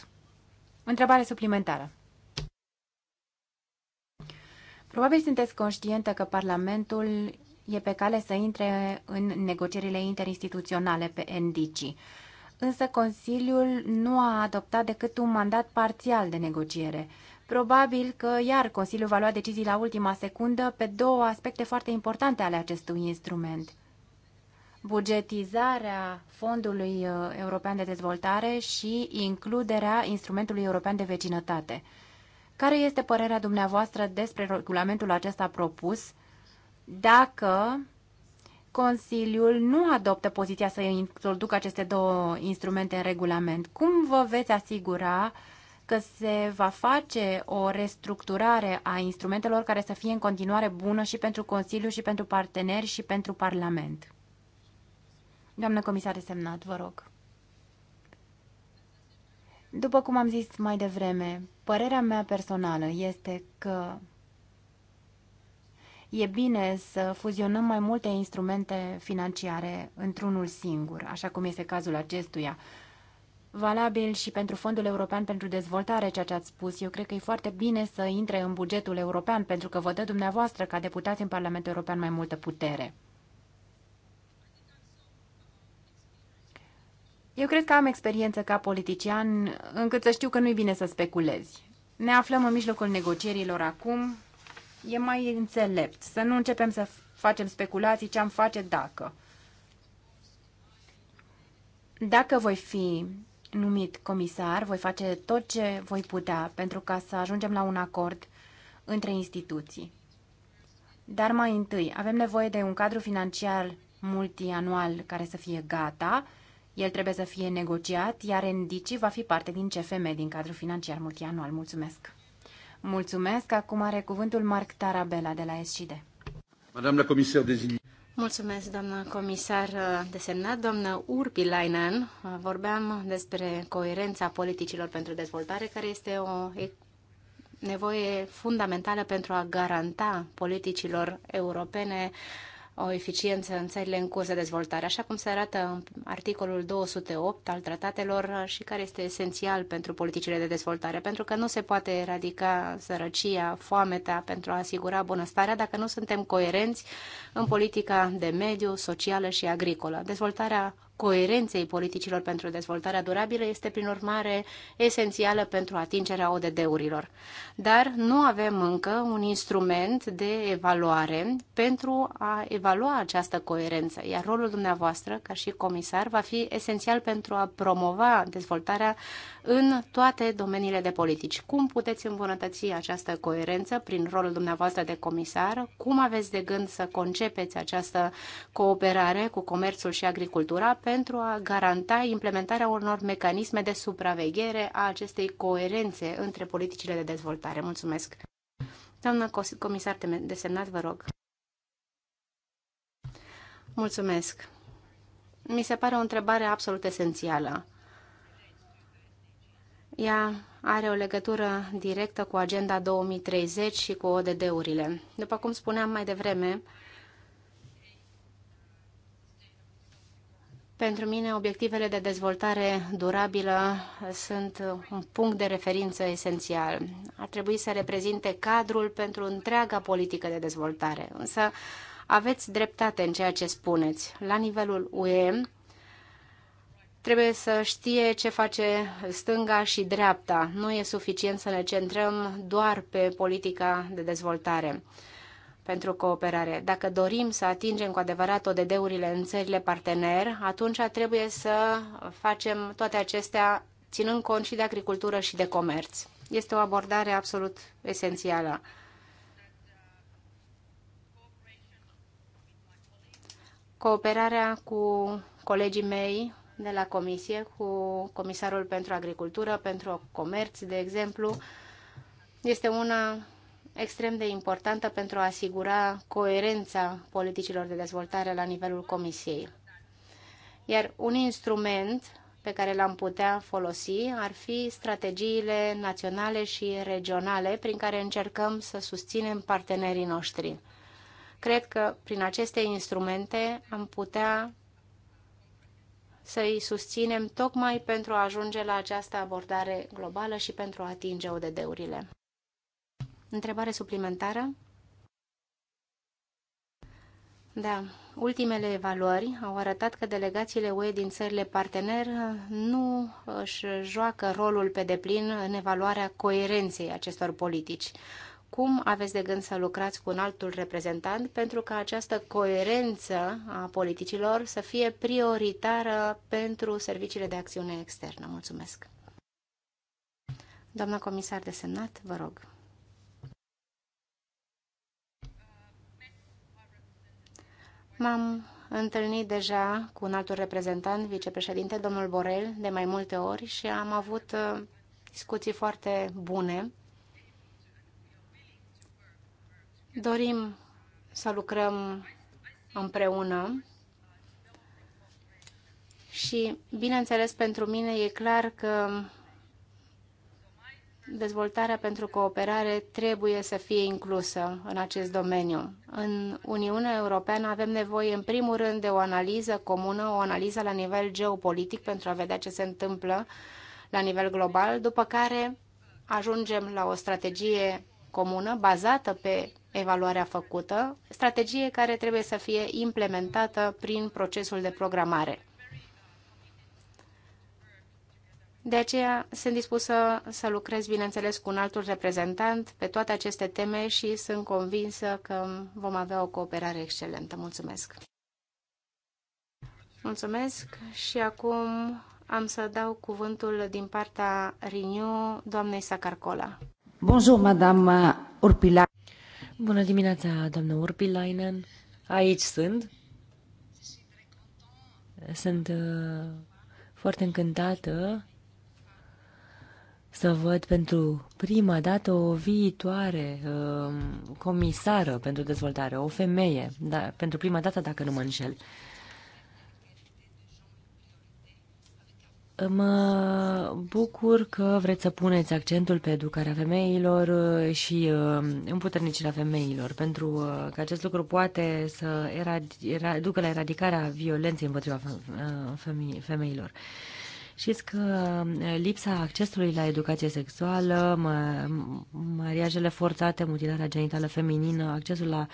Întrebare suplimentară. Probabil sunteți conștientă că Parlamentul e pe cale să intre în negocierile interinstituționale pe NDC. Însă Consiliul nu a adoptat decât un mandat parțial de negociere. Probabil că iar Consiliul va lua decizii la ultima secundă pe două aspecte foarte importante ale acestui instrument. Bugetizarea Fondului uh, European de Dezvoltare și includerea Instrumentului European de Vecinătate. Care este părerea dumneavoastră despre regulamentul acesta propus dacă Consiliul nu adoptă poziția să introducă aceste două instrumente în regulament? Cum vă veți asigura uh, că se va face o restructurare a instrumentelor care să fie în continuare bună și pentru Consiliu, și pentru parteneri, și pentru Parlament. Doamnă comisar semnat, vă rog. După cum am zis mai devreme, părerea mea personală este că e bine să fuzionăm mai multe instrumente financiare într-unul singur, așa cum este cazul acestuia, valabil și pentru Fondul European pentru Dezvoltare, ceea ce ați spus. Eu cred că e foarte bine să intre în bugetul european, pentru că vă dă dumneavoastră, ca deputați în Parlamentul European, mai multă putere. Eu cred că am experiență ca politician, încât să știu că nu-i bine să speculezi. Ne aflăm în mijlocul negocierilor acum. E mai înțelept să nu începem să facem speculații ce am face dacă. Dacă voi fi numit comisar, voi face tot ce voi putea pentru ca să ajungem la un acord între instituții. Dar mai întâi, avem nevoie de un cadru financiar multianual care să fie gata, el trebuie să fie negociat, iar NDC va fi parte din CFM, din cadrul financiar multianual. Mulțumesc! Mulțumesc! Acum are cuvântul Marc Tarabella de la SCD. Madame la comisar designată. Mulțumesc, doamna comisar uh, desemnat. Doamna Urpilainen, uh, vorbeam despre coerența politicilor pentru dezvoltare, care este o nevoie fundamentală pentru a garanta politicilor europene o eficiență în țările în curs de dezvoltare, așa cum se arată în articolul 208 al tratatelor și care este esențial pentru politicile de dezvoltare, pentru că nu se poate eradica sărăcia, foamea pentru a asigura bunăstarea dacă nu suntem coerenți în politica de mediu, socială și agricolă. Dezvoltarea coerenței politicilor pentru dezvoltarea durabilă este, prin urmare, esențială pentru atingerea ODD-urilor. Dar nu avem încă un instrument de evaluare pentru a evalua această coerență, iar rolul dumneavoastră, ca și comisar, va fi esențial pentru a promova dezvoltarea în toate domeniile de politici. Cum puteți îmbunătăți această coerență prin rolul dumneavoastră de comisar? Cum aveți de gând să concepeți această cooperare cu comerțul și agricultura pentru a garanta implementarea unor mecanisme de supraveghere a acestei coerențe între politicile de dezvoltare. Mulțumesc. Doamna comisar desemnat, vă rog. Mulțumesc. Mi se pare o întrebare absolut esențială. Ea are o legătură directă cu Agenda 2030 și cu ODD-urile. După cum spuneam mai devreme, Pentru mine, obiectivele de dezvoltare durabilă sunt un punct de referință esențial. Ar trebui să reprezinte cadrul pentru întreaga politică de dezvoltare. Însă, aveți dreptate în ceea ce spuneți. La nivelul UE, trebuie să știe ce face stânga și dreapta. Nu e suficient să ne centrăm doar pe politica de dezvoltare pentru cooperare. Dacă dorim să atingem cu adevărat ODD-urile în țările partener, atunci trebuie să facem toate acestea ținând cont și de agricultură și de comerț. Este o abordare absolut esențială. Cooperarea cu colegii mei de la Comisie, cu Comisarul pentru Agricultură, pentru Comerț, de exemplu, este una extrem de importantă pentru a asigura coerența politicilor de dezvoltare la nivelul Comisiei. Iar un instrument pe care l-am putea folosi ar fi strategiile naționale și regionale prin care încercăm să susținem partenerii noștri. Cred că prin aceste instrumente am putea să îi susținem tocmai pentru a ajunge la această abordare globală și pentru a atinge ODD-urile. Întrebare suplimentară? Da, ultimele evaluări au arătat că delegațiile UE din țările partener nu își joacă rolul pe deplin în evaluarea coerenței acestor politici. Cum aveți de gând să lucrați cu un altul reprezentant pentru ca această coerență a politicilor să fie prioritară pentru serviciile de acțiune externă? Mulțumesc! Doamna comisar desemnat, vă rog. M-am întâlnit deja cu un altul reprezentant, vicepreședinte, domnul Borel, de mai multe ori și am avut uh, discuții foarte bune. Dorim să lucrăm împreună și, bineînțeles, pentru mine e clar că dezvoltarea pentru cooperare trebuie să fie inclusă în acest domeniu. În Uniunea Europeană avem nevoie, în primul rând, de o analiză comună, o analiză la nivel geopolitic pentru a vedea ce se întâmplă la nivel global, după care ajungem la o strategie comună bazată pe evaluarea făcută, strategie care trebuie să fie implementată prin procesul de programare. De aceea sunt dispusă să lucrez, bineînțeles, cu un altul reprezentant pe toate aceste teme și sunt convinsă că vom avea o cooperare excelentă. Mulțumesc! Mulțumesc și acum am să dau cuvântul din partea Renew doamnei Sacarcola. Bonjour, madame Urpila. Bună dimineața, doamnă Urpilainen. Aici sunt. Sunt uh, foarte încântată să văd pentru prima dată o viitoare uh, comisară pentru dezvoltare, o femeie, da, pentru prima dată, dacă nu mă înșel. Mă bucur că vreți să puneți accentul pe educarea femeilor uh, și um, împuternicirea femeilor, pentru uh, că acest lucru poate să era, ducă la eradicarea violenței împotriva uh, femeilor. Știți că lipsa accesului la educație sexuală, mariajele forțate, mutilarea genitală feminină, accesul la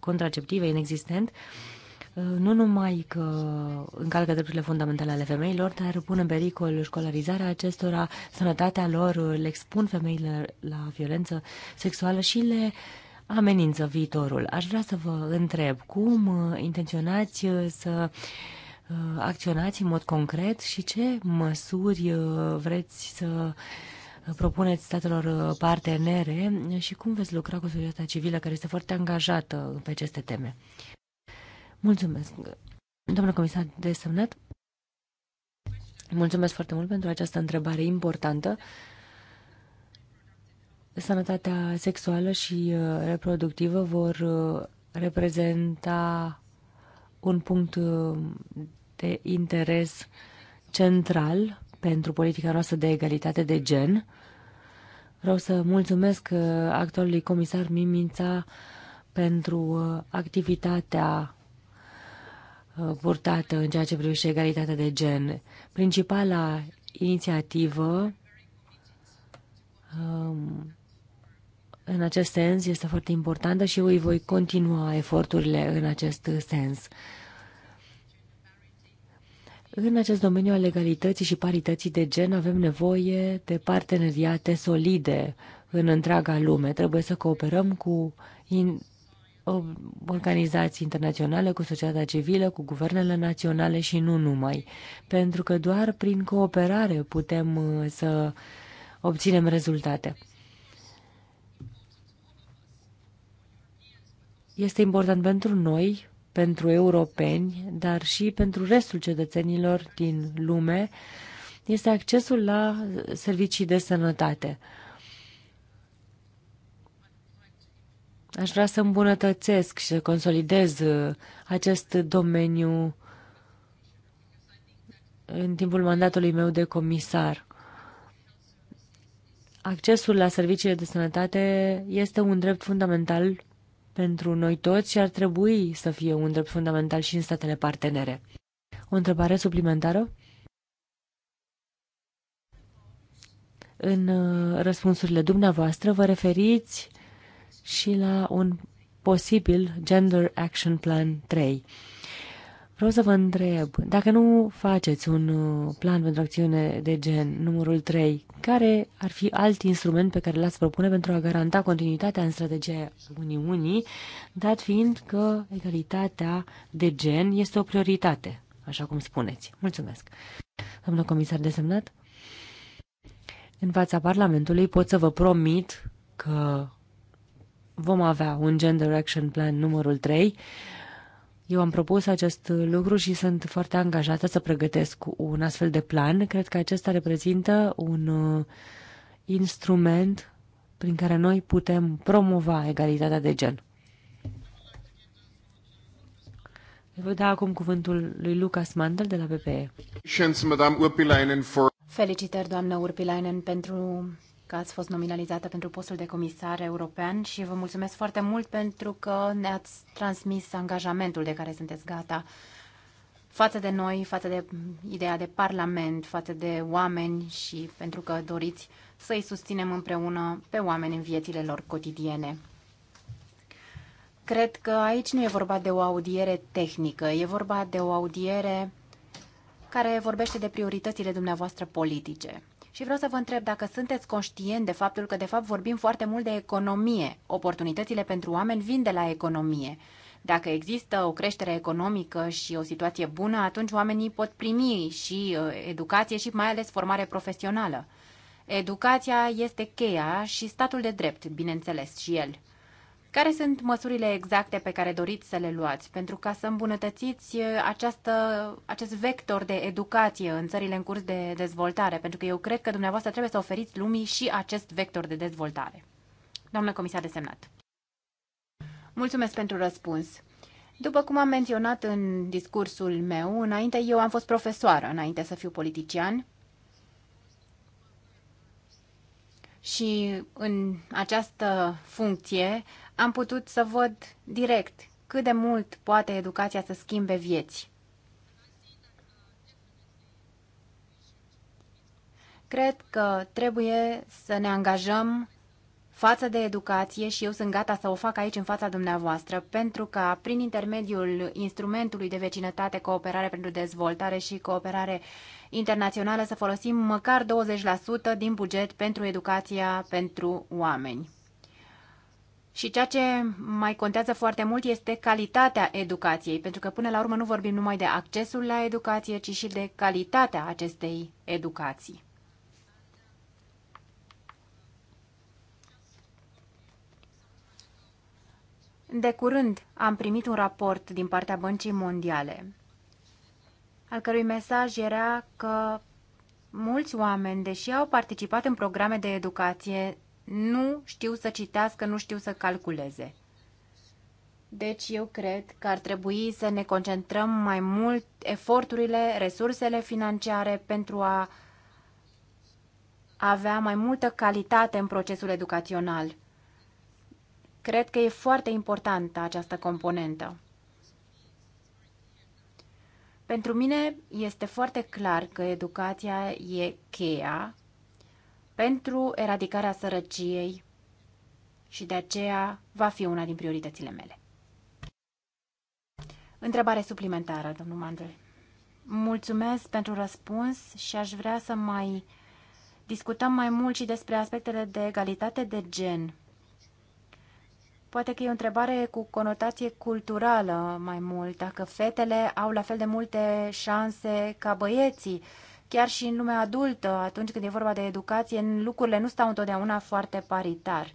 contraceptive inexistent, nu numai că încalcă drepturile fundamentale ale femeilor, dar pun în pericol școlarizarea acestora, sănătatea lor, le expun femeile la violență sexuală și le amenință viitorul. Aș vrea să vă întreb cum intenționați să uh, Uh, acționați în mod concret și ce măsuri uh, vreți să propuneți statelor uh, partenere și cum veți lucra cu societatea civilă care este foarte angajată pe aceste teme. Mulțumesc. domnule comisar de semnat. mulțumesc foarte mult pentru această întrebare importantă. Sănătatea sexuală și reproductivă vor reprezenta un punct de interes central pentru politica noastră de egalitate de gen. Vreau să mulțumesc uh, actualului comisar Mimința pentru uh, activitatea uh, purtată în ceea ce privește egalitatea de gen. Principala inițiativă um, în acest sens este foarte importantă și eu îi voi continua eforturile în acest sens. În acest domeniu al legalității și parității de gen avem nevoie de parteneriate solide în întreaga lume. Trebuie să cooperăm cu in, organizații internaționale, cu societatea civilă, cu guvernele naționale și nu numai. Pentru că doar prin cooperare putem uh, să obținem rezultate. Este important pentru noi, pentru europeni, dar și pentru restul cetățenilor din lume, este accesul la servicii de sănătate. Aș vrea să îmbunătățesc și să consolidez uh, acest domeniu în timpul mandatului meu de comisar. Accesul la serviciile de sănătate este un drept fundamental pentru noi toți și ar trebui să fie un drept fundamental și în statele partenere. O întrebare suplimentară? În uh, răspunsurile dumneavoastră vă referiți și la un posibil Gender Action Plan 3. Vreau să vă întreb, dacă nu faceți un uh, plan pentru acțiune de gen numărul 3, care ar fi alt instrument pe care l-ați propune pentru a garanta continuitatea în strategia Uniunii, dat fiind că egalitatea de gen este o prioritate, așa cum spuneți. Mulțumesc. domnul comisar desemnat, în fața Parlamentului pot să vă promit că vom avea un Gender Action Plan numărul 3, eu am propus acest lucru și sunt foarte angajată să pregătesc un astfel de plan. Cred că acesta reprezintă un uh, instrument prin care noi putem promova egalitatea de gen. Îi voi da acum cuvântul lui Lucas Mandel de la PPE. Felicitări, doamnă Urpilainen, pentru că ați fost nominalizată pentru postul de comisar european și vă mulțumesc foarte mult pentru că ne-ați transmis angajamentul de care sunteți gata față de noi, față de ideea de parlament, față de oameni și pentru că doriți să îi susținem împreună pe oameni în viețile lor cotidiene. Cred că aici nu e vorba de o audiere tehnică, e vorba de o audiere care vorbește de prioritățile dumneavoastră politice. Și vreau să vă întreb dacă sunteți conștient de faptul că, de fapt, vorbim foarte mult de economie. Oportunitățile pentru oameni vin de la economie. Dacă există o creștere economică și o situație bună, atunci oamenii pot primi și uh, educație și mai ales formare profesională. Educația este cheia și statul de drept, bineînțeles, și el. Care sunt măsurile exacte pe care doriți să le luați pentru ca să îmbunătățiți uh, această, acest vector de educație în țările în curs de dezvoltare? Pentru că eu cred că dumneavoastră trebuie să oferiți lumii și acest vector de dezvoltare. Doamnă comisar de semnat. Mulțumesc pentru răspuns. După cum am menționat în discursul meu, înainte eu am fost profesoară, înainte să fiu politician și în această funcție am putut să văd direct cât de mult poate educația să schimbe vieți. Cred că trebuie să ne angajăm față de educație și eu sunt gata să o fac aici în fața dumneavoastră, pentru ca prin intermediul instrumentului de vecinătate, cooperare pentru dezvoltare și cooperare uh, internațională să folosim măcar 20% din buget pentru educația pentru oameni. Și ceea ce mai contează foarte mult este calitatea educației, pentru că până la urmă nu vorbim numai de accesul la educație, ci și de calitatea acestei educații. De curând am primit un raport din partea Băncii Mondiale al cărui mesaj era că mulți oameni, deși au participat în programe de educație, nu știu să citească, nu știu să calculeze. Deci eu cred că ar trebui să ne concentrăm mai mult eforturile, resursele financiare pentru a avea mai multă calitate în procesul educațional. Cred că e foarte importantă această componentă. Pentru mine este foarte clar că educația e cheia pentru eradicarea sărăciei și de aceea va fi una din prioritățile mele. Întrebare suplimentară, domnul Mandel. Mulțumesc pentru răspuns și aș vrea să mai discutăm mai mult și despre aspectele de egalitate de gen Poate că e o întrebare cu conotație culturală mai mult, dacă fetele au la fel de multe șanse ca băieții, chiar și în lumea adultă, atunci când e vorba de educație, lucrurile nu stau întotdeauna foarte paritar.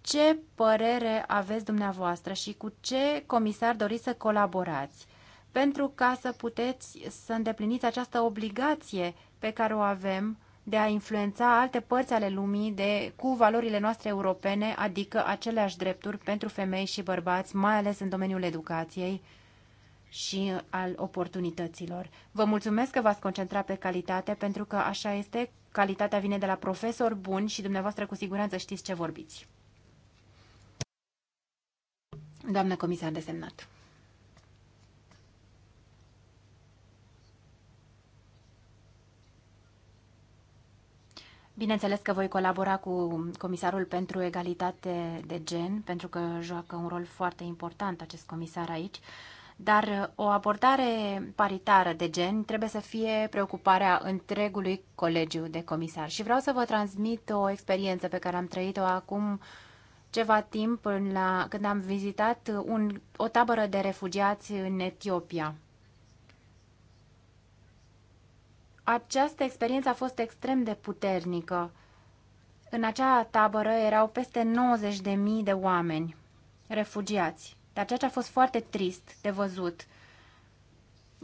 Ce părere aveți dumneavoastră și cu ce comisar doriți să colaborați pentru ca să puteți să îndepliniți această obligație pe care o avem de a influența alte părți ale lumii de, cu valorile noastre europene, adică aceleași drepturi pentru femei și bărbați, mai ales în domeniul educației și al oportunităților. Vă mulțumesc că v-ați concentrat pe calitate, pentru că așa este, calitatea vine de la profesori buni și dumneavoastră cu siguranță știți ce vorbiți. Doamnă comisar desemnat. Bineînțeles că voi colabora cu Comisarul pentru Egalitate de Gen, pentru că joacă un rol foarte important acest comisar aici, dar o abordare paritară de gen trebuie să fie preocuparea întregului colegiu de comisar. Și vreau să vă transmit o experiență pe care am trăit-o acum ceva timp la, când am vizitat un, o tabără de refugiați în Etiopia. Această experiență a fost extrem de puternică. În acea tabără erau peste 90.000 de oameni refugiați. Dar ceea ce a fost foarte trist de văzut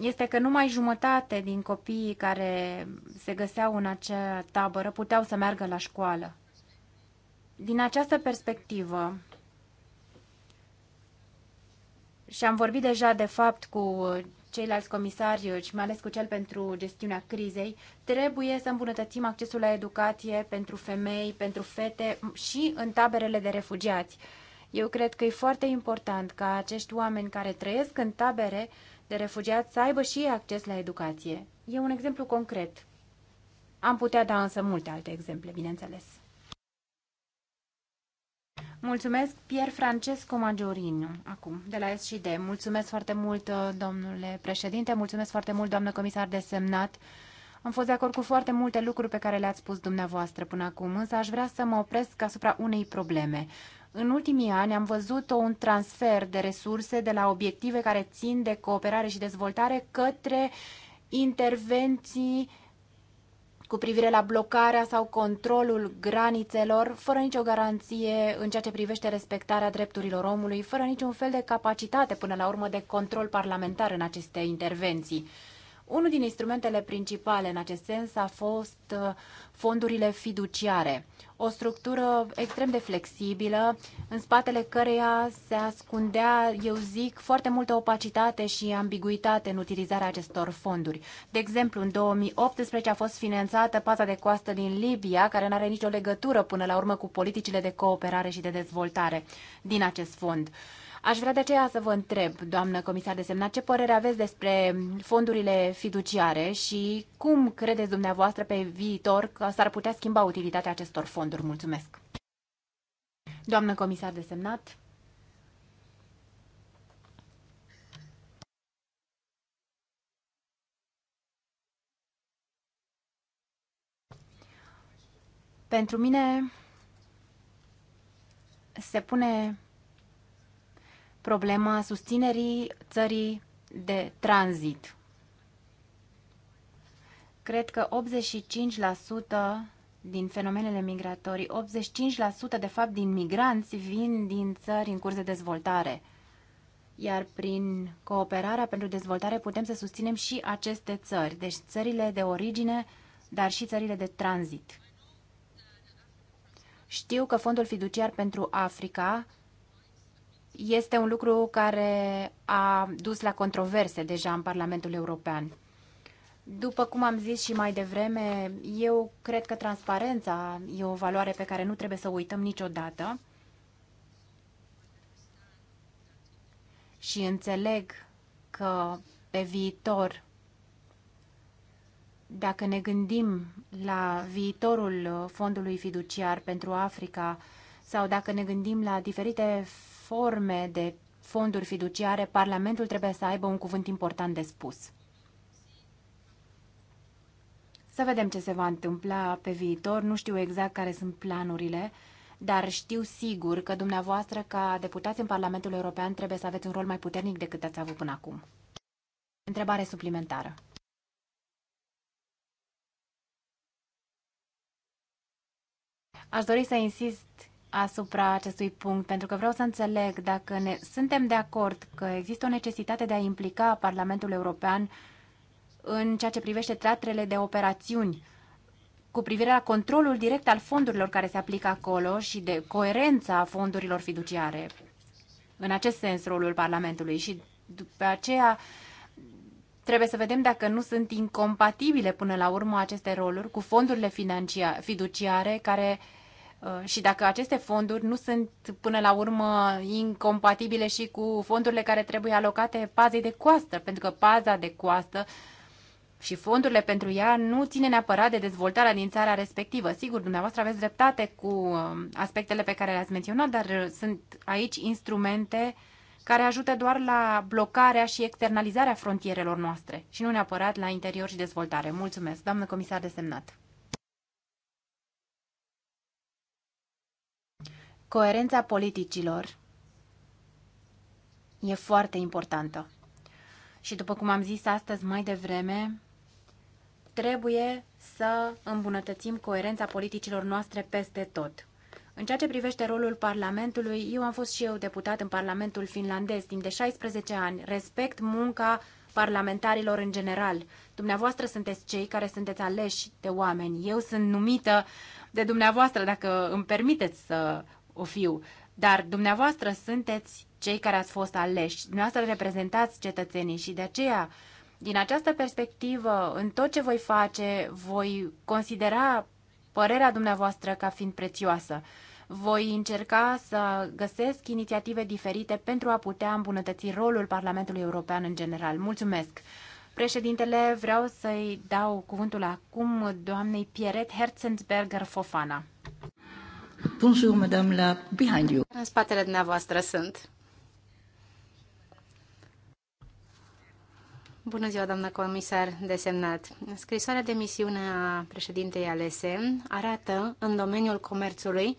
este că numai jumătate din copiii care se găseau în acea tabără puteau să meargă la școală. Din această perspectivă, și am vorbit deja de fapt cu ceilalți comisari și mai ales cu cel pentru gestiunea crizei, trebuie să îmbunătățim accesul la educație pentru femei, pentru fete și în taberele de refugiați. Eu cred că e foarte important ca acești oameni care trăiesc în tabere de refugiați să aibă și ei acces la educație. E un exemplu concret. Am putea da însă multe alte exemple, bineînțeles. Mulțumesc, Pier Francesco Maggiorinu, acum, de la SCD. Mulțumesc foarte mult, uh, domnule președinte, mulțumesc foarte mult, doamnă comisar desemnat. Am fost de acord cu foarte multe lucruri pe care le-ați spus dumneavoastră până acum, însă aș vrea să mă opresc asupra unei probleme. În ultimii ani am văzut un transfer de resurse de la obiective care țin de cooperare și dezvoltare către intervenții cu privire la blocarea sau controlul granițelor, fără nicio garanție în ceea ce privește respectarea drepturilor omului, fără niciun fel de capacitate până la urmă de control parlamentar în aceste intervenții. Unul din instrumentele principale în acest sens a fost uh, fondurile fiduciare, o structură extrem de flexibilă, în spatele căreia se ascundea, eu zic, foarte multă opacitate și ambiguitate în utilizarea acestor fonduri. De exemplu, în 2018 a fost finanțată paza de coastă din Libia, care nu are nicio legătură până la urmă cu politicile de cooperare și de dezvoltare din acest fond. Aș vrea de aceea să vă întreb, doamnă comisar de semnat, ce părere aveți despre fondurile fiduciare și cum credeți dumneavoastră pe viitor că s-ar putea schimba utilitatea acestor fonduri? Mulțumesc! Doamnă comisar de semnat. Pentru mine se pune problema susținerii țării de tranzit. Cred că 85% din fenomenele migratorii, 85% de fapt din migranți vin din țări în curs de dezvoltare. Iar prin cooperarea pentru dezvoltare putem să susținem și aceste țări, deci țările de origine, dar și țările de tranzit. Știu că Fondul Fiduciar pentru Africa este un lucru care a dus la controverse deja în Parlamentul European. După cum am zis și mai devreme, eu cred că transparența e o valoare pe care nu trebuie să o uităm niciodată. Și înțeleg că pe viitor, dacă ne gândim la viitorul fondului fiduciar pentru Africa sau dacă ne gândim la diferite forme de fonduri fiduciare, Parlamentul trebuie să aibă un cuvânt important de spus. Să vedem ce se va întâmpla pe viitor. Nu știu exact care sunt planurile, dar știu sigur că dumneavoastră, ca deputați în Parlamentul European, trebuie să aveți un rol mai puternic decât ați avut până acum. Întrebare suplimentară. Aș dori să insist asupra acestui punct, pentru că vreau să înțeleg dacă ne, suntem de acord că există o necesitate de a implica Parlamentul European în ceea ce privește teatrele de operațiuni cu privire la controlul direct al fondurilor care se aplică acolo și de coerența fondurilor fiduciare. În acest sens, rolul Parlamentului și după aceea trebuie să vedem dacă nu sunt incompatibile până la urmă aceste roluri cu fondurile fiduciare care uh, Uh, și dacă aceste fonduri nu sunt până la urmă incompatibile și cu fondurile care trebuie alocate pazei de coastă, pentru că paza de coastă și fondurile pentru ea nu ține neapărat de dezvoltarea din țara respectivă. Sigur, dumneavoastră aveți dreptate cu um, aspectele pe care le-ați menționat, dar uh, sunt aici instrumente care ajută doar la blocarea și externalizarea frontierelor noastre și nu neapărat la interior și dezvoltare. Mulțumesc, doamnă comisar desemnat. Coerența politicilor e foarte importantă. Și după cum am zis astăzi mai devreme, trebuie să îmbunătățim coerența politicilor noastre peste tot. În ceea ce privește rolul Parlamentului, eu am fost și eu deputat în Parlamentul finlandez timp de 16 ani. Respect munca parlamentarilor în general. Dumneavoastră sunteți cei care sunteți aleși de oameni. Eu sunt numită de dumneavoastră, dacă îmi permiteți să o fiu, dar dumneavoastră sunteți cei care ați fost aleși, dumneavoastră reprezentați cetățenii și de aceea, din această perspectivă, în tot ce voi face, voi considera părerea dumneavoastră ca fiind prețioasă. Voi încerca să găsesc inițiative diferite pentru a putea îmbunătăți rolul Parlamentului European în general. Mulțumesc! Președintele, vreau să-i dau cuvântul acum doamnei Pieret Herzensberger Fofana. Bonjour, madame, la behind you. În spatele dumneavoastră sunt. Bună ziua, doamnă comisar desemnat. Scrisoarea de misiune a președintei alese arată în domeniul comerțului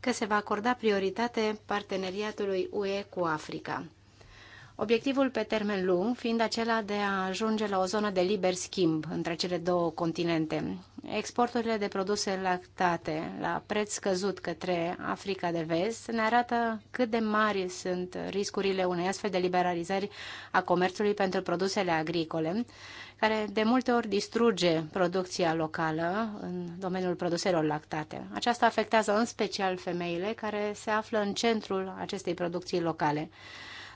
că se va acorda prioritate parteneriatului UE cu Africa. Obiectivul pe termen lung fiind acela de a ajunge la o zonă de liber schimb între cele două continente. Exporturile de produse lactate la preț scăzut către Africa de Vest ne arată cât de mari sunt riscurile unei astfel de liberalizări a comerțului pentru produsele agricole, care de multe ori distruge producția locală în domeniul produselor lactate. Aceasta afectează în special femeile care se află în centrul acestei producții locale.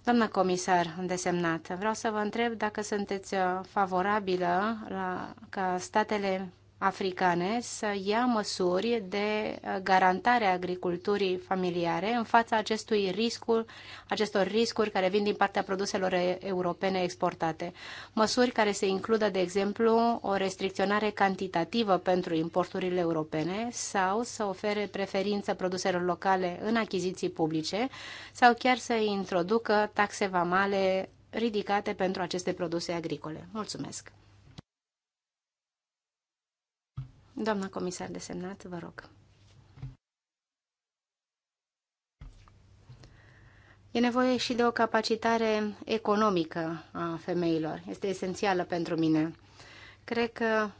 Doamna comisar îndesemnată, vreau să vă întreb dacă sunteți uh, favorabilă la, ca statele africane să ia măsuri de uh, garantare a agriculturii familiare în fața acestui riscul, acestor riscuri care vin din partea produselor europene exportate. Măsuri care se includă, de exemplu, o restricționare cantitativă pentru importurile europene sau să ofere preferință produselor locale în achiziții publice sau chiar să introducă taxe vamale ridicate pentru aceste produse agricole. Mulțumesc! Doamna comisar desemnat, vă rog. E nevoie și de o capacitare economică a femeilor. Este esențială pentru mine. Cred că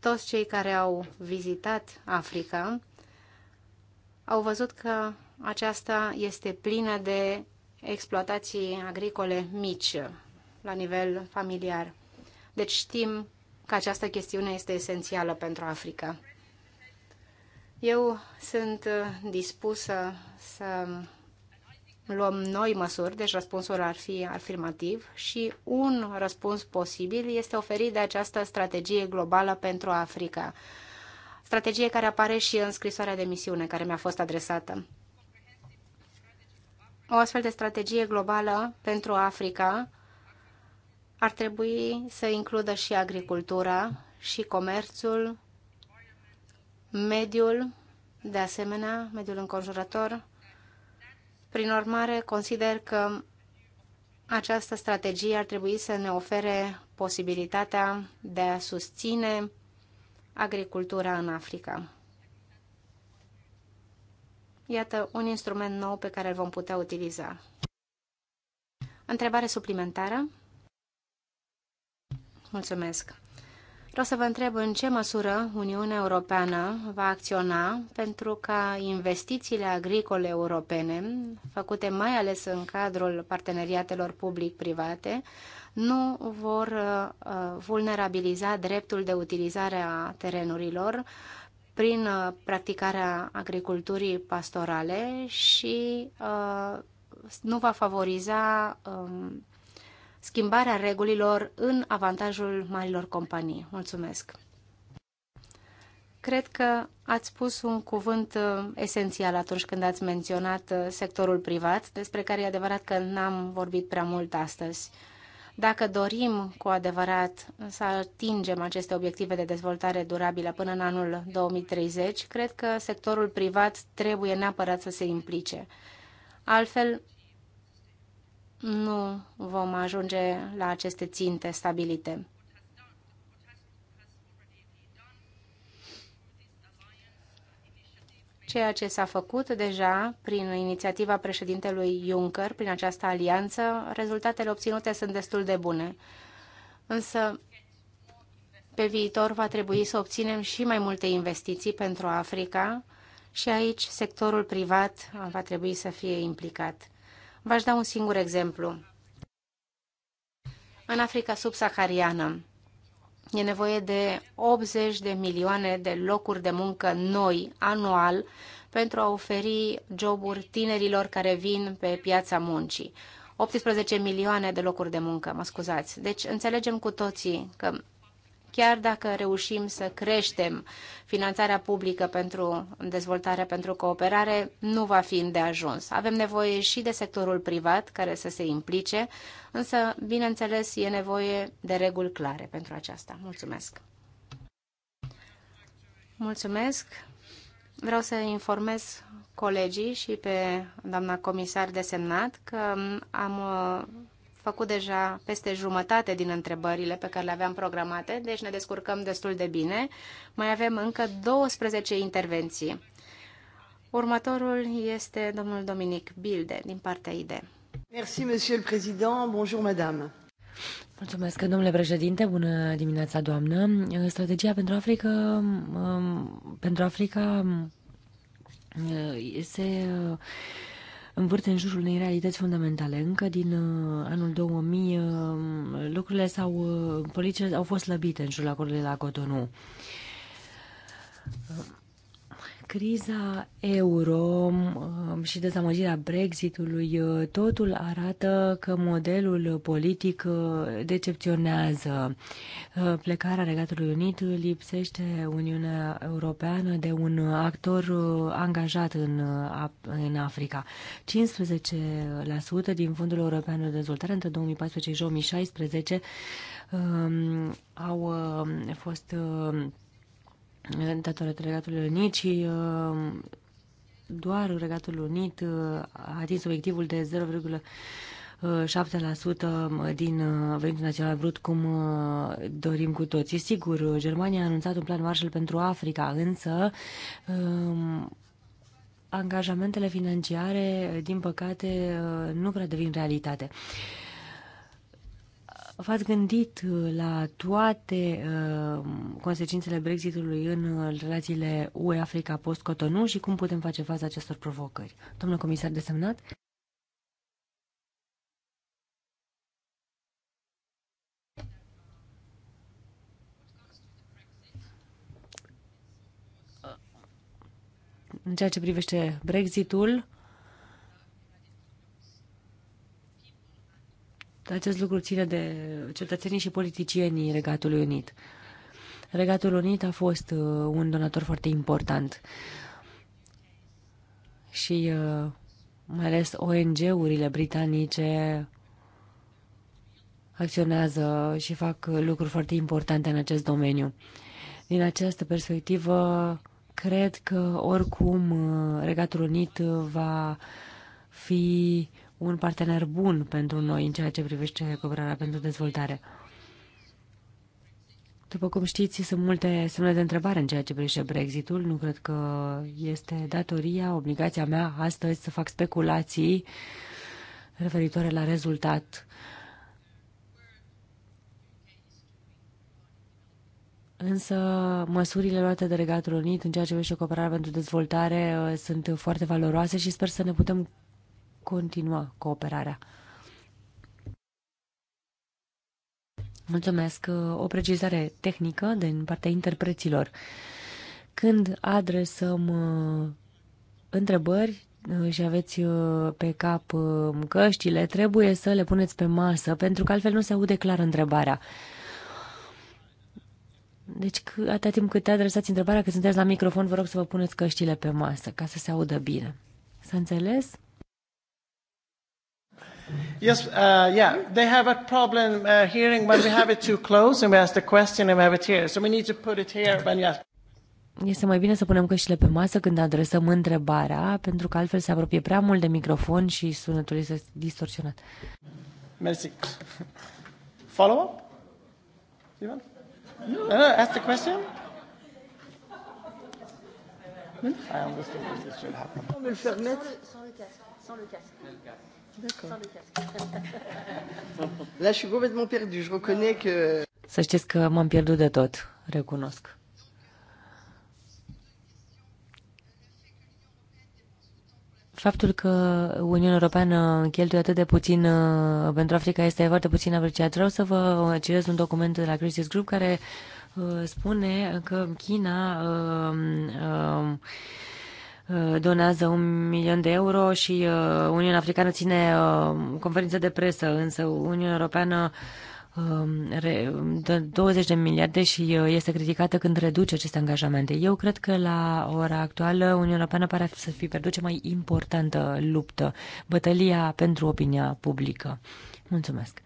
toți cei care au vizitat Africa au văzut că aceasta este plină de exploatații agricole mici la nivel familiar. Deci știm că această chestiune este esențială pentru Africa. Eu sunt uh, dispusă să luăm noi măsuri, deci răspunsul ar fi afirmativ și un răspuns posibil este oferit de această strategie globală pentru Africa, strategie care apare și în scrisoarea de misiune care mi-a fost adresată. O astfel de strategie globală pentru Africa ar trebui să includă și agricultura și comerțul, mediul, de asemenea, mediul înconjurător. Prin urmare, consider că această strategie ar trebui să ne ofere posibilitatea de a susține agricultura în Africa. Iată un instrument nou pe care îl vom putea utiliza. Întrebare suplimentară? Mulțumesc. Vreau să vă întreb în ce măsură Uniunea Europeană va acționa pentru ca investițiile agricole europene, făcute mai ales în cadrul parteneriatelor public-private, nu vor uh, vulnerabiliza dreptul de utilizare a terenurilor prin uh, practicarea agriculturii pastorale și uh, nu va favoriza um, schimbarea regulilor în avantajul marilor companii. Mulțumesc! Cred că ați spus un cuvânt uh, esențial atunci când ați menționat uh, sectorul privat, despre care e adevărat că n-am vorbit prea mult astăzi. Dacă dorim cu adevărat să atingem aceste obiective de dezvoltare durabilă până în anul 2030, cred că sectorul privat trebuie neapărat să se implice. Altfel, nu vom ajunge la aceste ținte stabilite. Ceea ce s-a făcut deja prin inițiativa președintelui Juncker, prin această alianță, rezultatele obținute sunt destul de bune. Însă, pe viitor va trebui să obținem și mai multe investiții pentru Africa și aici sectorul privat va trebui să fie implicat. V-aș da un singur exemplu. În Africa subsahariană e nevoie de 80 de milioane de locuri de muncă noi anual pentru a oferi joburi tinerilor care vin pe piața muncii. 18 milioane de locuri de muncă, mă scuzați. Deci înțelegem cu toții că chiar dacă reușim să creștem finanțarea publică pentru dezvoltare, pentru cooperare, nu va fi îndeajuns. Avem nevoie și de sectorul privat care să se implice, însă, bineînțeles, e nevoie de reguli clare pentru aceasta. Mulțumesc! Mulțumesc! Vreau să informez colegii și pe doamna comisar desemnat că am făcut deja peste jumătate din întrebările pe care le aveam programate, deci ne descurcăm destul de bine. Mai avem încă 12 intervenții. Următorul este domnul Dominic Bilde, din partea ID. Merci, monsieur le président. Bonjour, madame. Mulțumesc, domnule președinte. Bună dimineața, doamnă. Strategia pentru Africa, um, pentru Africa um, se învârte în jurul unei realități fundamentale. Încă din uh, anul 2000 uh, lucrurile sau uh, politicile au fost slăbite în jurul acordului la Cotonou. Criza euro um, um, și dezamăgirea Brexitului, uh, totul arată că modelul politic uh, decepționează. Uh, plecarea Regatului Unit lipsește Uniunea Europeană de un actor angajat în, Africa. 15% din Fondul European de Dezvoltare între 2014 și 2016 um, au fost datorită Regatului Unit și uh, doar Regatul Unit uh, a atins obiectivul de 0,7% uh, din venitul național brut, cum dorim cu toții. Sigur, Germania a anunțat un plan Marshall pentru Africa, însă um, angajamentele financiare, din păcate, nu prea devin realitate. Uh, V-ați gândit uh, la toate uh, consecințele Brexitului în uh, relațiile UE-Africa post-Cotonou și cum putem face față acestor provocări? Domnul comisar desemnat? În ceea ce privește Brexitul, acest lucru ține de cetățenii și politicienii Regatului Unit. Regatul Unit a fost uh, un donator foarte important și uh, mai ales ONG-urile britanice acționează și fac lucruri foarte importante în acest domeniu. Din această perspectivă, cred că oricum uh, Regatul Unit va fi un partener bun pentru noi în ceea ce privește cooperarea pentru dezvoltare. După cum știți, sunt multe semne de întrebare în ceea ce privește Brexitul. Nu cred că este datoria, obligația mea astăzi să fac speculații referitoare la rezultat. Însă măsurile luate de Regatul Unit în ceea ce privește cooperarea pentru dezvoltare uh, sunt foarte valoroase și sper să ne putem continua cooperarea. Mulțumesc. O precizare tehnică din partea interpreților. Când adresăm uh, întrebări uh, și aveți uh, pe cap căștile, trebuie să le puneți pe masă, pentru că altfel nu se aude clar întrebarea. Deci, atâta timp cât te adresați întrebarea, că sunteți la microfon, vă rog să vă puneți căștile pe masă, ca să se audă bine. S-a înțeles? Yes, uh, yeah, they have a problem uh, hearing when we have it too close and we ask the question and we have it here. So we need to put it here when you ask. Este mai bine să punem căștile pe masă când adresăm întrebarea, pentru că altfel se apropie prea mult de microfon și sunetul este distorsionat. Mersi. Follow-up? Ivan? No. no, no, ask the question. Hmm? I understand this should happen. Sans le casque. Sans le casque. Là, je suis complètement perdue. Je reconnais que... Să știți că m-am pierdut de tot, recunosc. Faptul că Uniunea Europeană cheltuie atât de puțin uh, pentru Africa este foarte puțin apreciat. Vreau să vă citesc un document de la Crisis Group care uh, spune că China uh, uh, Uh, donează un milion de euro și uh, Uniunea Africană ține uh, conferință de presă, însă Uniunea Europeană um, dă 20 de miliarde și este criticată când reduce aceste angajamente. Eu cred că la ora actuală Uniunea Europeană pare să fi pierdut cea mai importantă luptă, bătălia pentru opinia publică. Mulțumesc.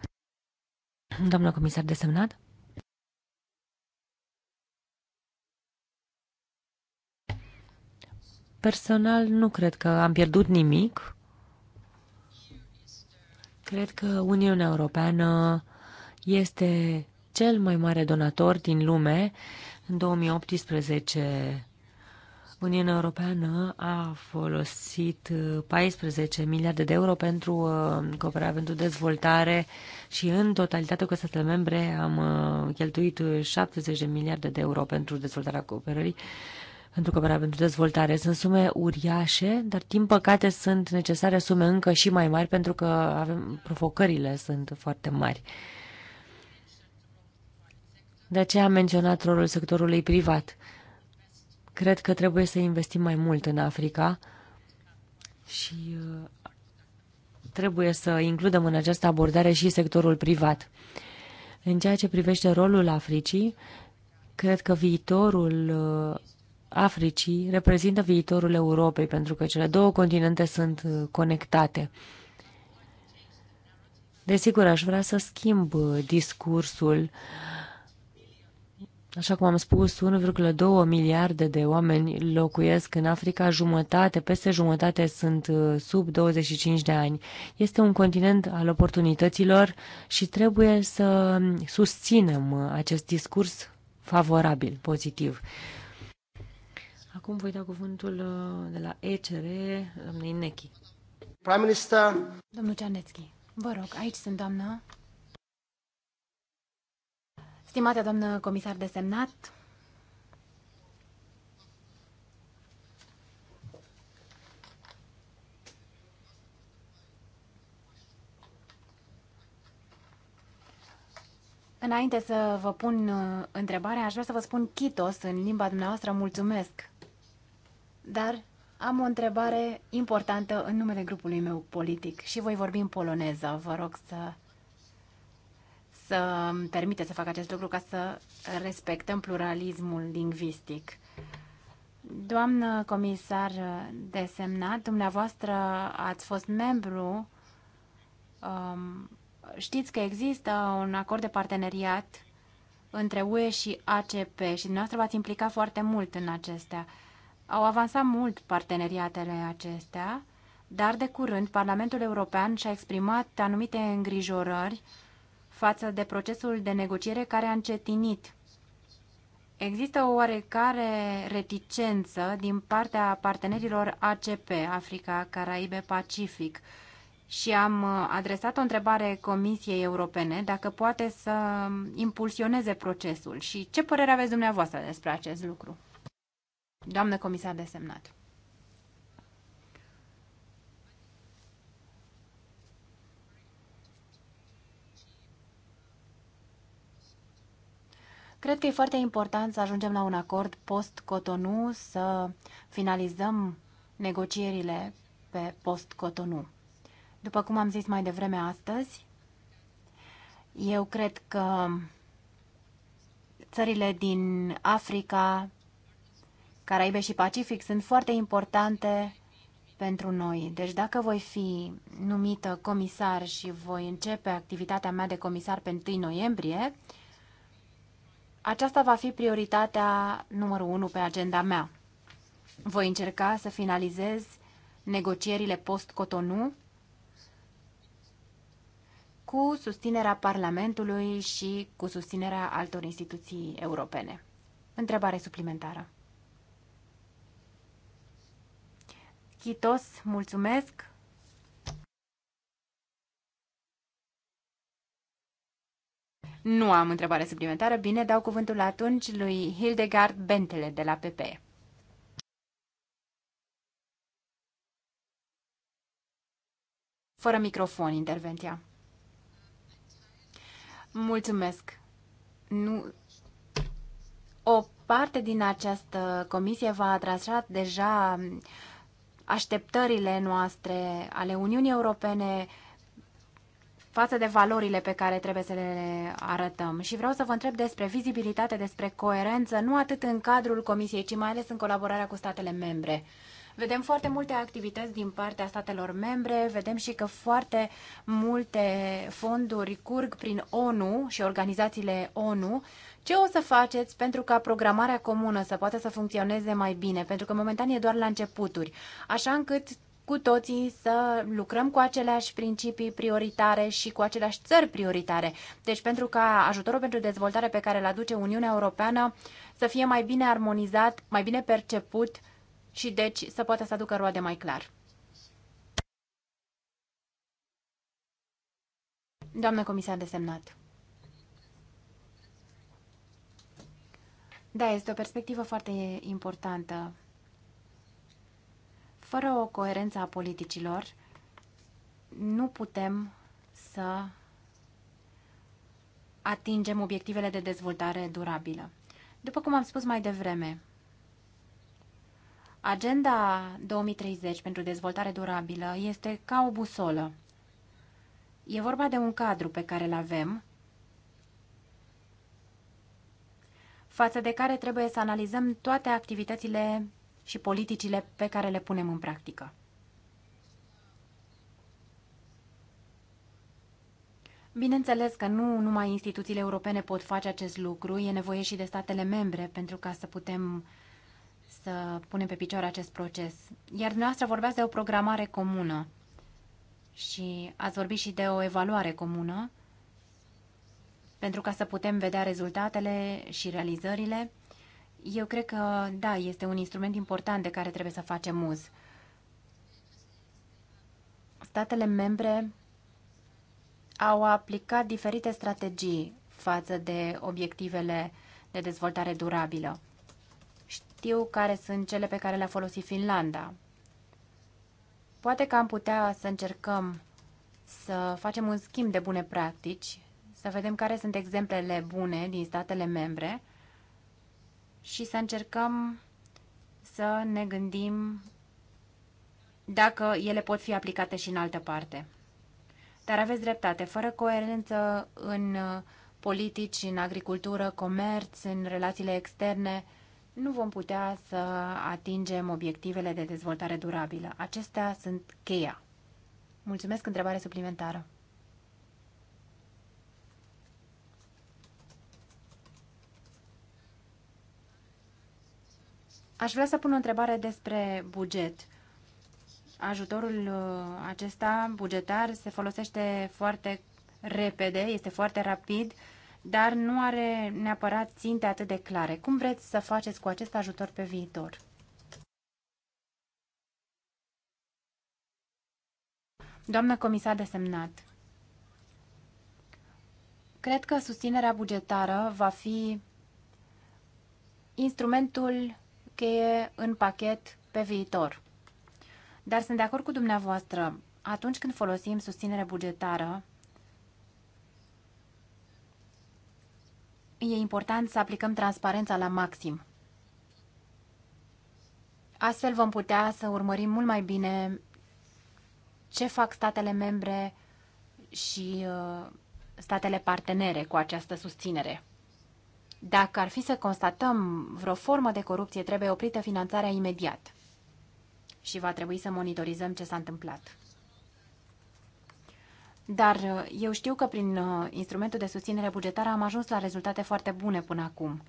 Doamna comisar desemnat? Personal, nu cred că am pierdut nimic. Cred că Uniunea Europeană este cel mai mare donator din lume. În 2018, Uniunea Europeană a folosit 14 miliarde de euro pentru uh, cooperare pentru dezvoltare și în totalitate cu statele membre am uh, cheltuit 70 de miliarde de euro pentru dezvoltarea cooperării pentru cooperare pentru dezvoltare. Sunt sume uriașe, dar din păcate sunt necesare sume încă și mai mari pentru că avem, provocările sunt foarte mari. De aceea am menționat rolul sectorului privat. Cred că trebuie să investim mai mult în Africa și uh, trebuie să includem în această abordare și sectorul privat. În ceea ce privește rolul Africii, cred că viitorul uh, Africii reprezintă viitorul Europei, pentru că cele două continente sunt uh, conectate. Desigur, aș vrea să schimb uh, discursul. Așa cum am spus, 1,2 miliarde de oameni locuiesc în Africa, jumătate, peste jumătate sunt uh, sub 25 de ani. Este un continent al oportunităților și trebuie să um, susținem acest discurs favorabil, pozitiv. Acum voi da cuvântul uh, de la ECR, doamnei Nechi. Prime Minister. Domnul Cianetski, vă rog, aici sunt doamna. Stimată doamnă comisar desemnat, Înainte să vă pun uh, întrebarea, aș vrea să vă spun Chitos în limba dumneavoastră mulțumesc dar am o întrebare importantă în numele grupului meu politic și voi vorbi în poloneză. Vă rog să să îmi permite să fac acest lucru ca să respectăm pluralismul lingvistic. Doamnă comisar desemnat, dumneavoastră ați fost membru, um, știți că există un acord de parteneriat între UE și ACP și dumneavoastră v-ați implicat foarte mult în acestea. Uh, au avansat mult parteneriatele acestea, dar de curând Parlamentul European și-a exprimat anumite îngrijorări față de procesul de negociere care a încetinit. Există o oarecare reticență din partea partenerilor ACP, Africa, Caraibe, Pacific, și am adresat o întrebare Comisiei Europene dacă poate să impulsioneze procesul și ce părere aveți dumneavoastră despre acest lucru? Doamnă comisar desemnat. Cred că e foarte important să ajungem la un acord post-Cotonou, să finalizăm negocierile pe post-Cotonou. După cum am zis mai devreme astăzi, eu cred că țările din Africa Caraibe și Pacific sunt foarte importante pentru noi. Deci dacă voi fi numită comisar și voi începe activitatea mea de comisar pe 1 noiembrie, aceasta va fi prioritatea numărul 1 pe agenda mea. Voi încerca să finalizez negocierile post-Cotonou cu susținerea Parlamentului și cu susținerea altor instituții europene. Întrebare suplimentară. Chitos, mulțumesc! Nu am întrebare suplimentară. Bine, dau cuvântul atunci lui Hildegard Bentele de la PP. Fără microfon, intervenția. Mulțumesc. Nu... O parte din această comisie v-a deja uh, așteptările noastre ale Uniunii Europene față de valorile pe care trebuie să le arătăm. Și vreau să vă întreb despre vizibilitate, despre coerență, nu atât în cadrul Comisiei, ci mai ales în colaborarea cu statele membre. Vedem foarte multe activități din partea statelor membre, vedem și că foarte multe fonduri curg prin ONU și organizațiile ONU, ce o să faceți pentru ca programarea comună să poată să funcționeze mai bine? Pentru că momentan e doar la începuturi, așa încât cu toții să lucrăm cu aceleași principii prioritare și cu aceleași țări prioritare. Deci pentru ca ajutorul pentru dezvoltare pe care îl aduce Uniunea Europeană să fie mai bine armonizat, mai bine perceput și deci să poată să aducă roade mai clar. Doamnă comisar desemnat. Da, este o perspectivă foarte importantă. Fără o coerență a politicilor, nu putem să atingem obiectivele de dezvoltare durabilă. După cum am spus mai devreme, Agenda 2030 pentru dezvoltare durabilă este ca o busolă. E vorba de un cadru pe care îl avem față de care trebuie să analizăm toate activitățile și politicile pe care le punem în practică. Bineînțeles că nu numai instituțiile europene pot face acest lucru, e nevoie și de statele membre pentru ca să putem să punem pe picioare acest proces. Iar dumneavoastră vorbeați de o programare comună și ați vorbit și de o evaluare comună pentru ca să putem vedea rezultatele și realizările. Eu cred că, da, este un instrument important de care trebuie să facem uz. Statele membre au aplicat diferite strategii față de obiectivele de dezvoltare durabilă. Știu care sunt cele pe care le-a folosit Finlanda. Poate că am putea să încercăm să facem un schimb de bune practici să vedem care sunt exemplele bune din statele membre și să încercăm să ne gândim dacă ele pot fi aplicate și în altă parte. Dar aveți dreptate, fără coerență în uh, politici, în agricultură, comerț, în relațiile externe, nu vom putea să atingem obiectivele de dezvoltare durabilă. Acestea sunt cheia. Mulțumesc, întrebare suplimentară. Aș vrea să pun o întrebare despre buget. Ajutorul uh, acesta bugetar se folosește foarte repede, este foarte rapid, dar nu are neapărat ținte atât de clare. Cum vreți să faceți cu acest ajutor pe viitor? Doamnă comisar desemnat, cred că susținerea bugetară va fi instrumentul cheie în pachet pe viitor. Dar sunt de acord cu dumneavoastră, atunci când folosim susținere bugetară, e important să aplicăm transparența la maxim. Astfel vom putea să urmărim mult mai bine ce fac statele membre și uh, statele partenere cu această susținere. Dacă ar fi să constatăm vreo formă de corupție, trebuie oprită finanțarea imediat. Și va trebui să monitorizăm ce s-a întâmplat. Dar uh, eu știu că prin uh, instrumentul de susținere bugetară am ajuns la rezultate foarte bune până acum.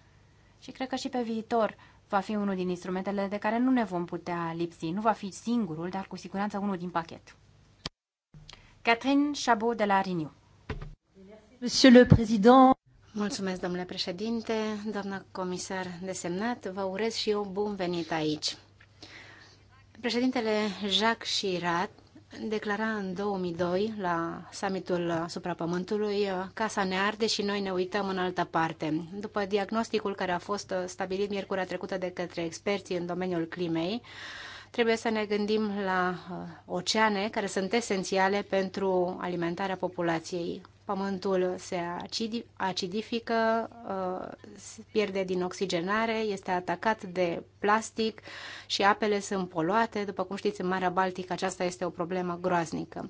Și cred că și pe viitor va fi unul din instrumentele de care nu ne vom putea lipsi. Nu va fi singurul, dar cu siguranță unul din pachet. Catherine Chabot de la Renew. Monsieur le Président, Mulțumesc, domnule președinte, doamna comisar desemnat, vă urez și eu bun venit aici. Președintele Jacques Chirac declara în 2002 la summitul asupra Pământului Casa ne arde și noi ne uităm în altă parte. După diagnosticul care a fost stabilit miercurea trecută de către experții în domeniul climei, Trebuie să ne gândim la uh, oceane care sunt esențiale pentru alimentarea populației. Pământul se acidifică, uh, pierde din oxigenare, este atacat de plastic și apele sunt poluate. După cum știți, în Marea Baltică aceasta este o problemă groaznică.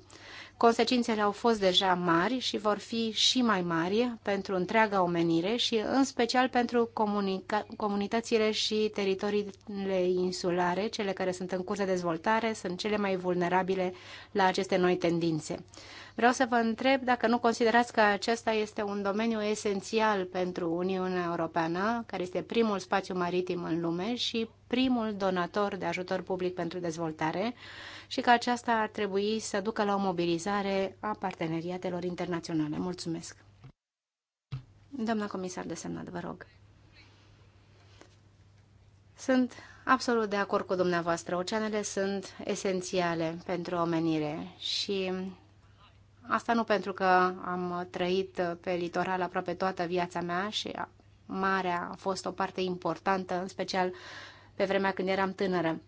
Consecințele au fost deja mari și vor fi și mai mari pentru întreaga omenire și în special pentru comunitățile și teritoriile insulare, cele care sunt în curs de dezvoltare, sunt cele mai vulnerabile la aceste noi tendințe. Vreau să vă întreb dacă nu considerați că acesta este un domeniu esențial pentru Uniunea Europeană, care este primul spațiu maritim în lume și primul donator de ajutor public pentru dezvoltare și că aceasta ar trebui să ducă la o mobilizare a parteneriatelor internaționale. Mulțumesc! Doamna comisar de semnat, vă rog. Sunt absolut de acord cu dumneavoastră. Oceanele sunt esențiale pentru omenire și asta nu pentru că am trăit pe litoral aproape toată viața mea și marea a fost o parte importantă, în special pe vremea când eram tânără.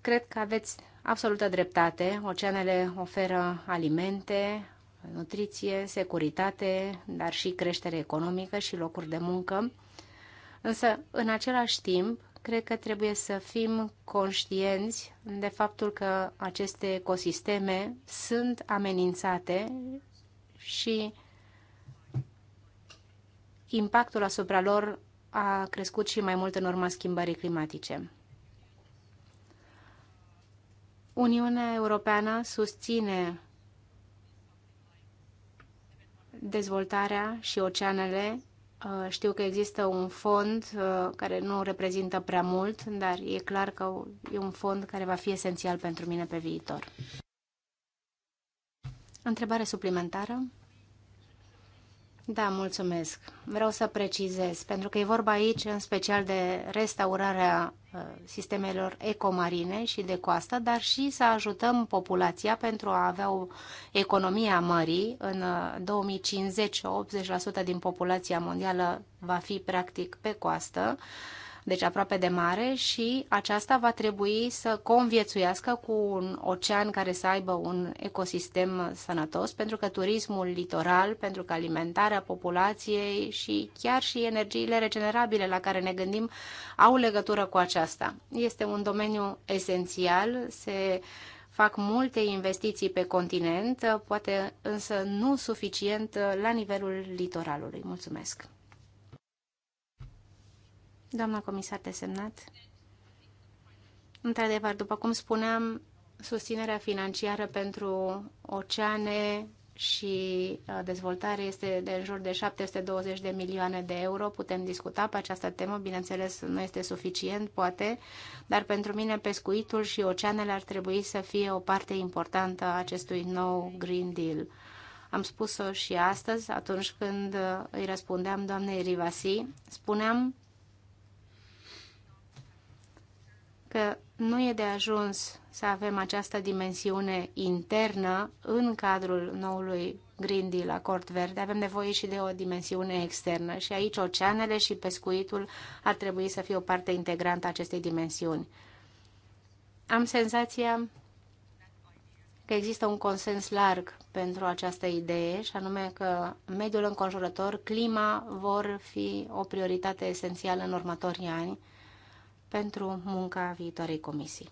Cred că aveți absolută dreptate. Oceanele oferă alimente, nutriție, securitate, dar și creștere economică și locuri de muncă. Însă, în același timp, cred că trebuie să fim conștienți de faptul că aceste ecosisteme sunt amenințate și impactul asupra lor a crescut și mai mult în urma schimbării climatice. Uniunea Europeană susține dezvoltarea și oceanele. Uh, știu că există un fond uh, care nu reprezintă prea mult, dar e clar că e un fond care va fi esențial pentru mine pe viitor. Întrebare suplimentară? Da, mulțumesc. Vreau să precizez, pentru că e vorba aici în special de restaurarea uh, sistemelor ecomarine și de coastă, dar și să ajutăm populația pentru a avea o economie a mării. În 2050, uh, 80% din populația mondială va fi practic pe coastă deci aproape de mare, și aceasta va trebui să conviețuiască cu un ocean care să aibă un ecosistem sănătos, pentru că turismul litoral, pentru că alimentarea populației și chiar și energiile regenerabile la care ne gândim au legătură cu aceasta. Este un domeniu esențial, se fac multe investiții pe continent, poate însă nu suficient la nivelul litoralului. Mulțumesc! doamna comisar desemnat. Într-adevăr, după cum spuneam, susținerea financiară pentru oceane și uh, dezvoltare este de în jur de 720 de milioane de euro. Putem discuta pe această temă, bineînțeles nu este suficient, poate, dar pentru mine pescuitul și oceanele ar trebui să fie o parte importantă a acestui nou Green Deal. Am spus-o și astăzi, atunci când uh, îi răspundeam doamnei Rivasi, spuneam că nu e de ajuns să avem această dimensiune internă în cadrul noului Green Deal, Acord Verde. Avem nevoie și de o dimensiune externă și aici oceanele și pescuitul ar trebui să fie o parte integrantă a acestei dimensiuni. Am senzația că există un consens larg pentru această idee și anume că mediul înconjurător, clima vor fi o prioritate esențială în următorii ani pentru munca viitoarei comisii.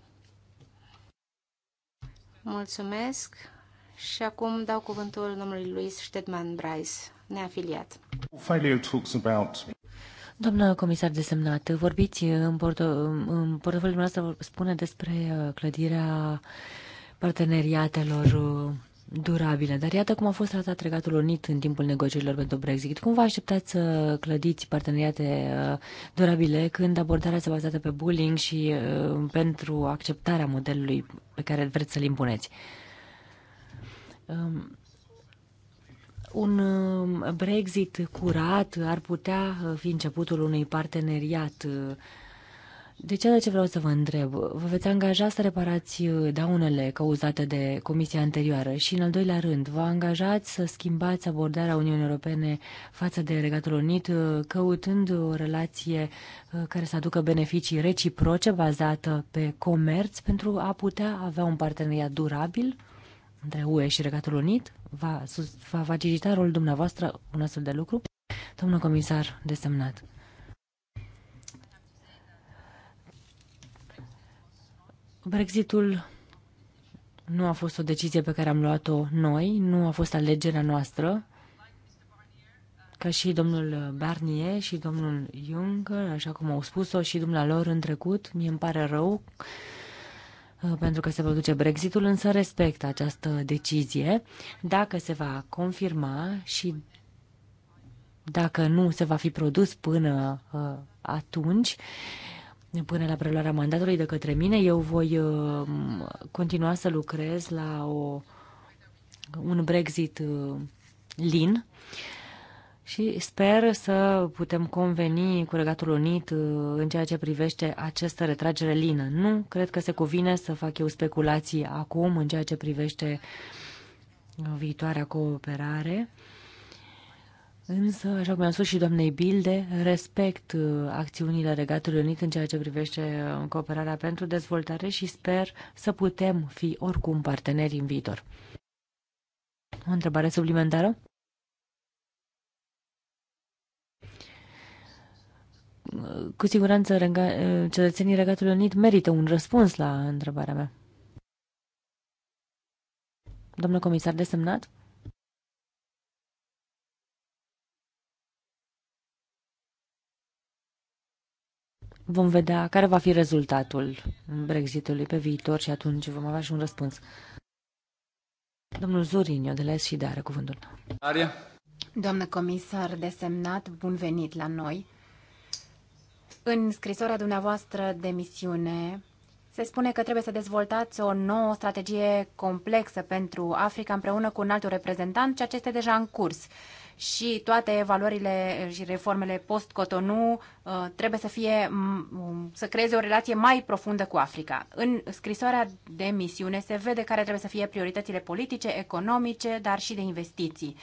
Mulțumesc și acum dau cuvântul domnului Luis Stedman Bryce, neafiliat. Doamnă comisar desemnat, vorbiți în, porto, în portofoliul dumneavoastră spune despre uh, clădirea parteneriatelor uh, durabile. Dar iată cum a fost tratat Regatul Unit în timpul negocierilor pentru Brexit. Cum vă așteptați să clădiți parteneriate uh, durabile când abordarea se bazată pe bullying și uh, pentru acceptarea modelului pe care vreți să-l impuneți? Um, un uh, Brexit curat ar putea fi începutul unui parteneriat uh, ce ceea ce vreau să vă întreb, vă veți angaja să reparați uh, daunele cauzate de comisia anterioară și, în al doilea rând, vă angajați să schimbați abordarea Uniunii Europene față de Regatul Unit, uh, căutând o relație uh, care să aducă beneficii reciproce bazată pe comerț pentru a putea avea un parteneriat durabil între UE și Regatul Unit? Va, va facilita rolul dumneavoastră un astfel de lucru? Domnul comisar desemnat. Brexitul nu a fost o decizie pe care am luat-o noi, nu a fost alegerea noastră, ca și domnul Barnier și domnul Juncker, așa cum au spus-o și dumnealor în trecut. Mie îmi pare rău uh, pentru că se produce Brexitul, însă respectă această decizie. Dacă se va confirma și dacă nu se va fi produs până uh, atunci, până la preluarea mandatului de către mine. Eu voi um, continua să lucrez la o, un Brexit uh, lin și sper să putem conveni cu Regatul Unit uh, în ceea ce privește această retragere lină. Nu cred că se cuvine să fac eu speculații acum în ceea ce privește viitoarea cooperare. Însă, așa cum am spus și doamnei Bilde, respect uh, acțiunile Regatului Unit în ceea ce privește uh, cooperarea pentru dezvoltare și sper să putem fi oricum parteneri în viitor. O întrebare suplimentară? Cu siguranță uh, cetățenii Regatului Unit merită un răspuns la întrebarea mea. Domnul comisar desemnat? Vom vedea care va fi rezultatul Brexitului pe viitor și atunci vom avea și un răspuns. Domnul Zorinio de la SID are cuvântul. Aria. Doamnă comisar desemnat, bun venit la noi. În scrisoarea dumneavoastră de misiune se spune că trebuie să dezvoltați o nouă strategie complexă pentru Africa împreună cu un alt reprezentant, ceea ce este deja în curs și toate evaluările eh, și reformele post-Cotonou eh, trebuie să fie să creeze o relație mai profundă cu Africa. În scrisoarea de misiune se vede care trebuie să fie prioritățile politice, economice, dar și de investiții.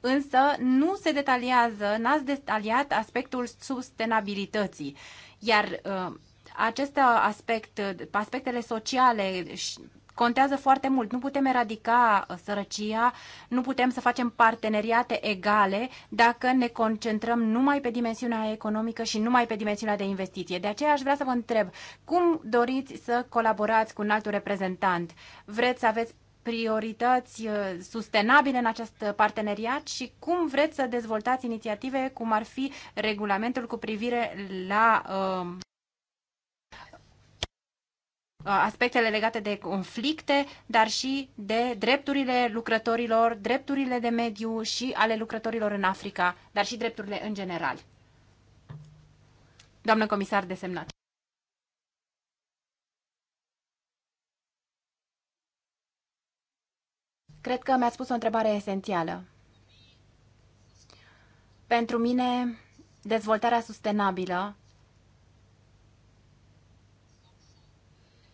Însă nu se detaliază, n-ați detaliat aspectul sustenabilității. Iar eh, acest aspect, aspectele sociale contează foarte mult. Nu putem eradica uh, sărăcia, nu putem să facem parteneriate egale dacă ne concentrăm numai pe dimensiunea economică și numai pe dimensiunea de investiție. De aceea aș vrea să vă întreb, cum doriți să colaborați cu un altul reprezentant? Vreți să aveți priorități uh, sustenabile în acest parteneriat și cum vreți să dezvoltați inițiative cum ar fi regulamentul cu privire la uh, Uh, aspectele legate de conflicte, dar și de drepturile lucrătorilor, drepturile de mediu și ale lucrătorilor în Africa, dar și drepturile în general. Doamnă comisar desemnat. Cred că mi-ați pus o întrebare esențială. Pentru mine, dezvoltarea sustenabilă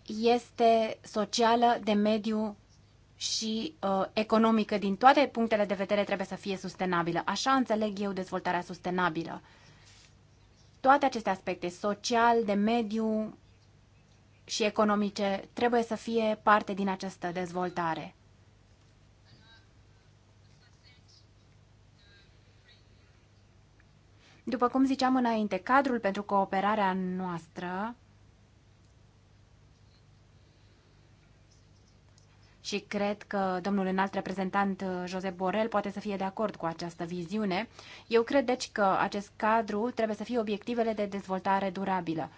este socială, de mediu și uh, economică. Din toate punctele de vedere trebuie să fie sustenabilă. Așa înțeleg eu dezvoltarea sustenabilă. Toate aceste aspecte, social, de mediu și economice, trebuie să fie parte din această dezvoltare. După cum ziceam înainte, cadrul pentru cooperarea noastră și cred că domnul înalt reprezentant uh, Josep Borel poate să fie de acord cu această viziune. Eu cred deci că acest cadru trebuie să fie obiectivele de dezvoltare durabilă.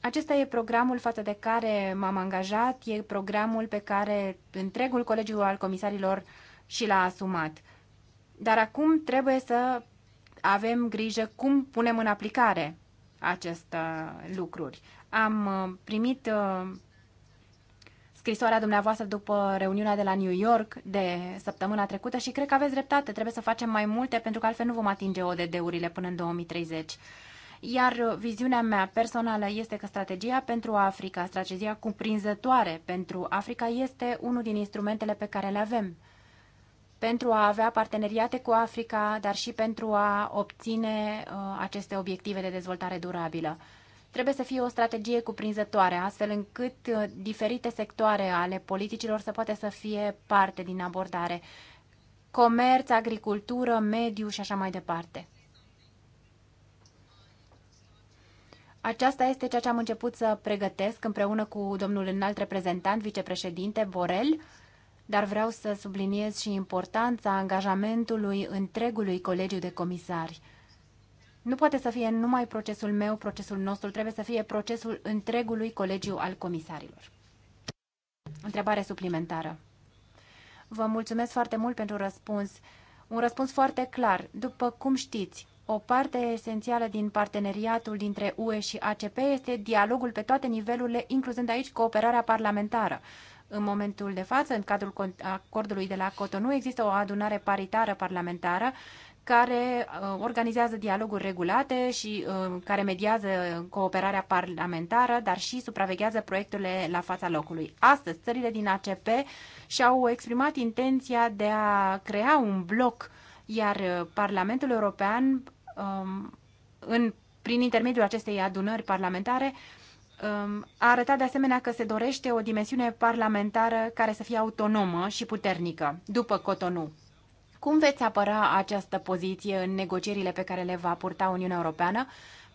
Acesta e programul față de care m-am angajat, e programul pe care întregul colegiu al comisarilor și l-a asumat. Dar acum trebuie să avem grijă cum punem în aplicare aceste lucruri. Am uh, primit uh, scrisoarea dumneavoastră după reuniunea de la New York de săptămâna trecută și cred că aveți dreptate, trebuie să facem mai multe pentru că altfel nu vom atinge ODD-urile până în 2030. Iar viziunea mea personală este că strategia pentru Africa, strategia cuprinzătoare pentru Africa este unul din instrumentele pe care le avem pentru a avea parteneriate cu Africa, dar și pentru a obține uh, aceste obiective de dezvoltare durabilă. Trebuie să fie o strategie cuprinzătoare, astfel încât uh, diferite sectoare ale politicilor să poată să fie parte din abordare. Comerț, agricultură, mediu și așa mai departe. Aceasta este ceea ce am început să pregătesc împreună cu domnul înalt reprezentant, vicepreședinte Borel, dar vreau să subliniez și importanța angajamentului întregului colegiu de comisari – nu poate să fie numai procesul meu, procesul nostru, trebuie să fie procesul întregului colegiu al comisarilor. Întrebare suplimentară. Vă mulțumesc foarte mult pentru răspuns. Un răspuns foarte clar. După cum știți, o parte esențială din parteneriatul dintre UE și ACP este dialogul pe toate nivelurile, incluzând aici cooperarea parlamentară. În momentul de față, în cadrul acordului de la Cotonou, există o adunare paritară parlamentară care uh, organizează dialoguri regulate și uh, care mediază cooperarea parlamentară, dar și supraveghează proiectele la fața locului. Astăzi, țările din ACP și-au exprimat intenția de a crea un bloc, iar uh, Parlamentul European, um, în, prin intermediul acestei adunări parlamentare, um, a arătat de asemenea că se dorește o dimensiune parlamentară care să fie autonomă și puternică, după Cotonou. Cum veți apăra această poziție în negocierile pe care le va purta Uniunea Europeană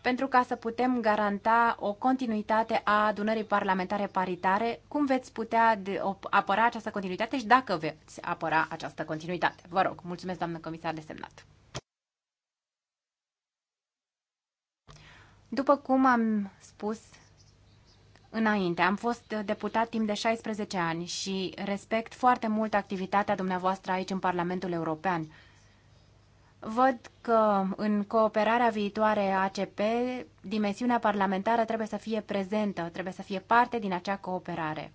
pentru ca să putem garanta o continuitate a adunării parlamentare paritare? Cum veți putea apăra această continuitate și dacă veți apăra această continuitate? Vă rog, mulțumesc, doamnă comisar de Semnat. După cum am spus înainte. Am fost deputat timp de 16 ani și respect foarte mult activitatea dumneavoastră aici în Parlamentul European. Văd că în cooperarea viitoare ACP, dimensiunea parlamentară trebuie să fie prezentă, trebuie să fie parte din acea cooperare.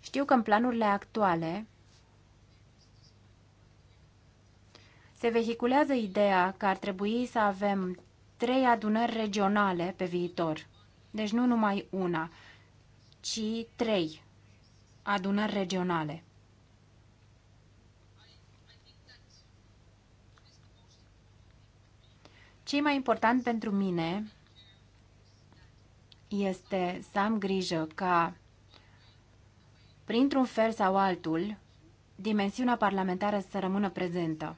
Știu că în planurile actuale Se vehiculează ideea că ar trebui să avem trei adunări regionale pe viitor. Deci nu numai una, ci trei adunări regionale. Ce mai important pentru mine este să am grijă ca, printr-un fel sau altul, dimensiunea parlamentară să rămână prezentă.